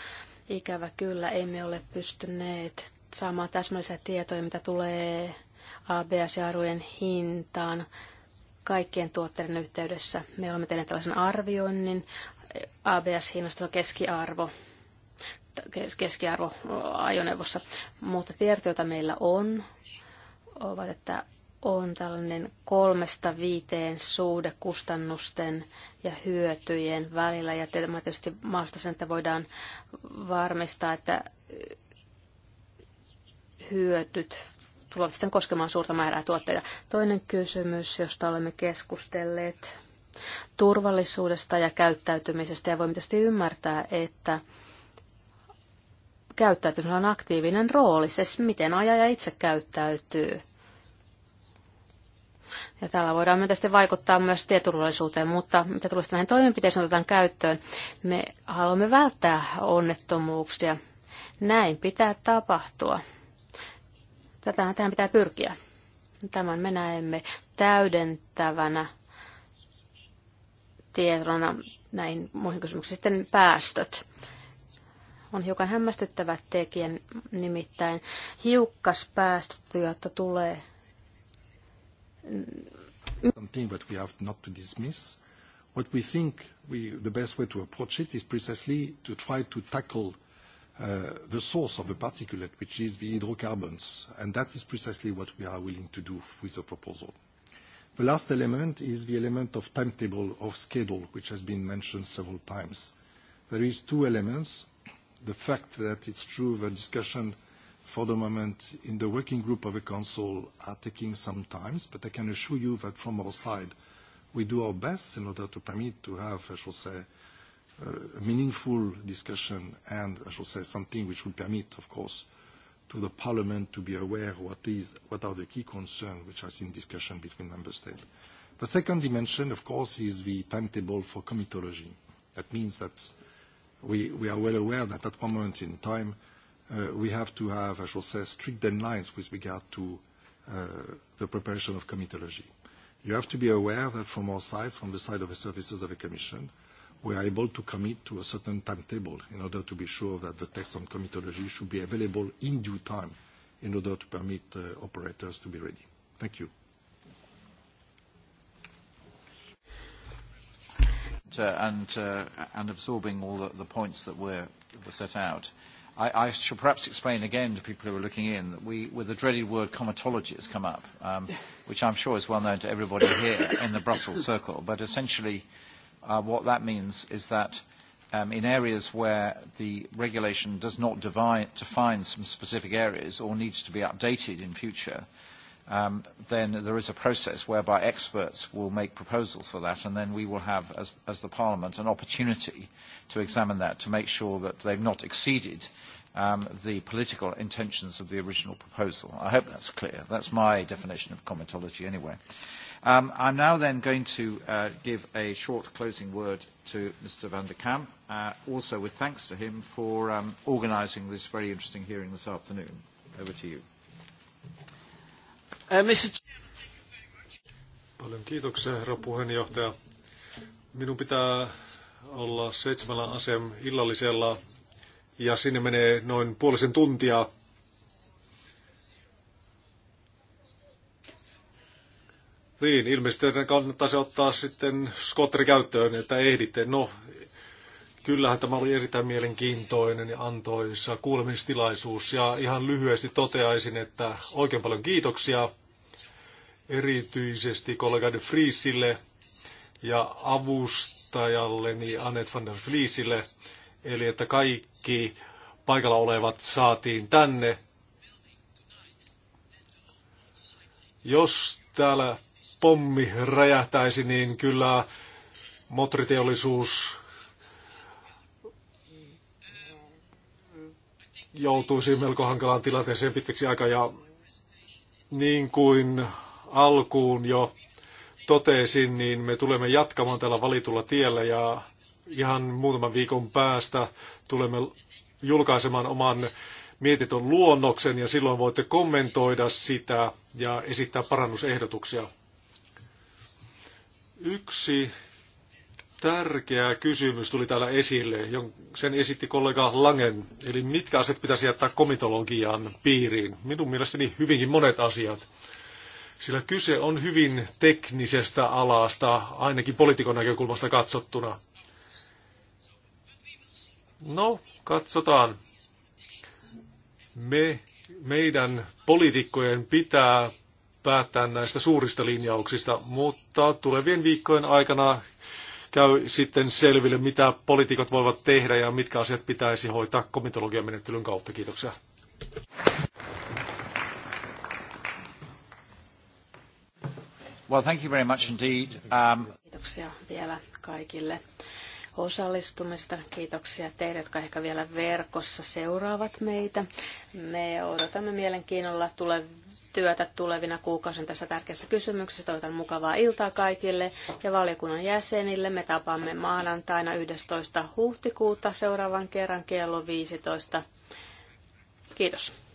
ikävä kyllä emme ole pystyneet saamaan täsmällisiä tietoja, mitä tulee ABS-jarujen hintaan kaikkien tuotteiden yhteydessä. Me olemme tehneet tällaisen arvioinnin abs hinnastolla keskiarvo keskiarvo ajoneuvossa. Mutta tieto, joita meillä on, ovat, että on tällainen kolmesta viiteen suhde kustannusten ja hyötyjen välillä. Ja tietysti maasta sen, että voidaan varmistaa, että hyötyt tulevat sitten koskemaan suurta määrää tuotteita. Toinen kysymys, josta olemme keskustelleet, turvallisuudesta ja käyttäytymisestä. Ja voimme tietysti ymmärtää, että käyttäytymisellä on aktiivinen rooli, siis miten ajaja itse käyttäytyy. Ja tällä voidaan myös vaikuttaa myös tieturvallisuuteen, mutta mitä tulee näihin toimenpiteisiin otetaan käyttöön, me haluamme välttää onnettomuuksia. Näin pitää tapahtua. Tätä, tähän pitää pyrkiä. Tämän me näemme täydentävänä tietona näin muihin kysymyksiin. Sitten päästöt on hiukan hämmästyttävä tekijä, nimittäin hiukkaspäästöt, jotta tulee something that we have not to dismiss. What we think we, the best way to approach it is precisely to try to tackle uh, the source of the particulate, which is the hydrocarbons, and that is precisely what we are willing to do with the proposal. The last element is the element of timetable, of schedule, which has been mentioned several times. There is two elements. The fact that it's true the discussion for the moment in the working group of the council are taking some time, but I can assure you that from our side, we do our best in order to permit to have, I shall say, uh, a meaningful discussion and, I shall say, something which will permit, of course, to the Parliament to be aware what, is, what are the key concerns which are in discussion between Member States. The second dimension, of course, is the timetable for comitology. That means that we, we are well aware that at one moment in time, uh, we have to have, I shall say, strict deadlines with regard to uh, the preparation of comitology. You have to be aware that from our side, from the side of the services of the Commission, uh, we are able to commit to a certain timetable in order to be sure that the text on comitology should be available in due time in order to permit uh, operators to be ready. Thank you. And, uh, and absorbing all the, the points that were, were set out. I, I should perhaps explain again to people who are looking in that we, with the dreaded word comitology has come up, um, which I'm sure is well known to everybody here in the Brussels circle. But essentially, Uh, what that means is that um, in areas where the regulation does not divide, define some specific areas or needs to be updated in future, um, then there is a process whereby experts will make proposals for that, and then we will have, as, as the Parliament, an opportunity to examine that to make sure that they've not exceeded um, the political intentions of the original proposal. I hope that's clear. That's my definition of comitology anyway. Um, I'm now then going to uh, give a short closing word to Mr. van der Kamp, uh, also with thanks to him for um, organising this very interesting hearing this afternoon. Over to you. Uh, Mr. Paljon kiitoksia, herra puheenjohtaja. Minun pitää olla seitsemällä asian illallisella ja sinne menee noin puolisen tuntia Niin, ilmeisesti teidän kannattaisi ottaa sitten skotteri käyttöön, että ehditte. No, kyllähän tämä oli erittäin mielenkiintoinen ja antoisa kuulemistilaisuus. Ja ihan lyhyesti toteaisin, että oikein paljon kiitoksia erityisesti kollega de Friisille ja avustajalleni Annette van der Friisille. Eli että kaikki paikalla olevat saatiin tänne. Jos täällä pommi räjähtäisi, niin kyllä motriteollisuus joutuisi melko hankalaan tilanteeseen pitkäksi aikaa. Ja niin kuin alkuun jo totesin, niin me tulemme jatkamaan tällä valitulla tiellä ja ihan muutaman viikon päästä tulemme julkaisemaan oman mietitön luonnoksen ja silloin voitte kommentoida sitä ja esittää parannusehdotuksia. Yksi tärkeä kysymys tuli täällä esille, sen esitti kollega Langen, eli mitkä asiat pitäisi jättää komitologian piiriin. Minun mielestäni hyvinkin monet asiat, sillä kyse on hyvin teknisestä alasta, ainakin poliitikon näkökulmasta katsottuna. No, katsotaan. Me, meidän poliitikkojen pitää päättää näistä suurista linjauksista, mutta tulevien viikkojen aikana käy sitten selville, mitä poliitikot voivat tehdä ja mitkä asiat pitäisi hoitaa komitologiamenettelyn kautta. Kiitoksia. Well, thank you very much indeed. Um... Kiitoksia vielä kaikille osallistumista. Kiitoksia teille, jotka ehkä vielä verkossa seuraavat meitä. Me odotamme mielenkiinnolla tulevia työtä tulevina kuukausina tässä tärkeässä kysymyksessä. Toivotan mukavaa iltaa kaikille ja valiokunnan jäsenille. Me tapaamme maanantaina 11. huhtikuuta seuraavan kerran kello 15. Kiitos.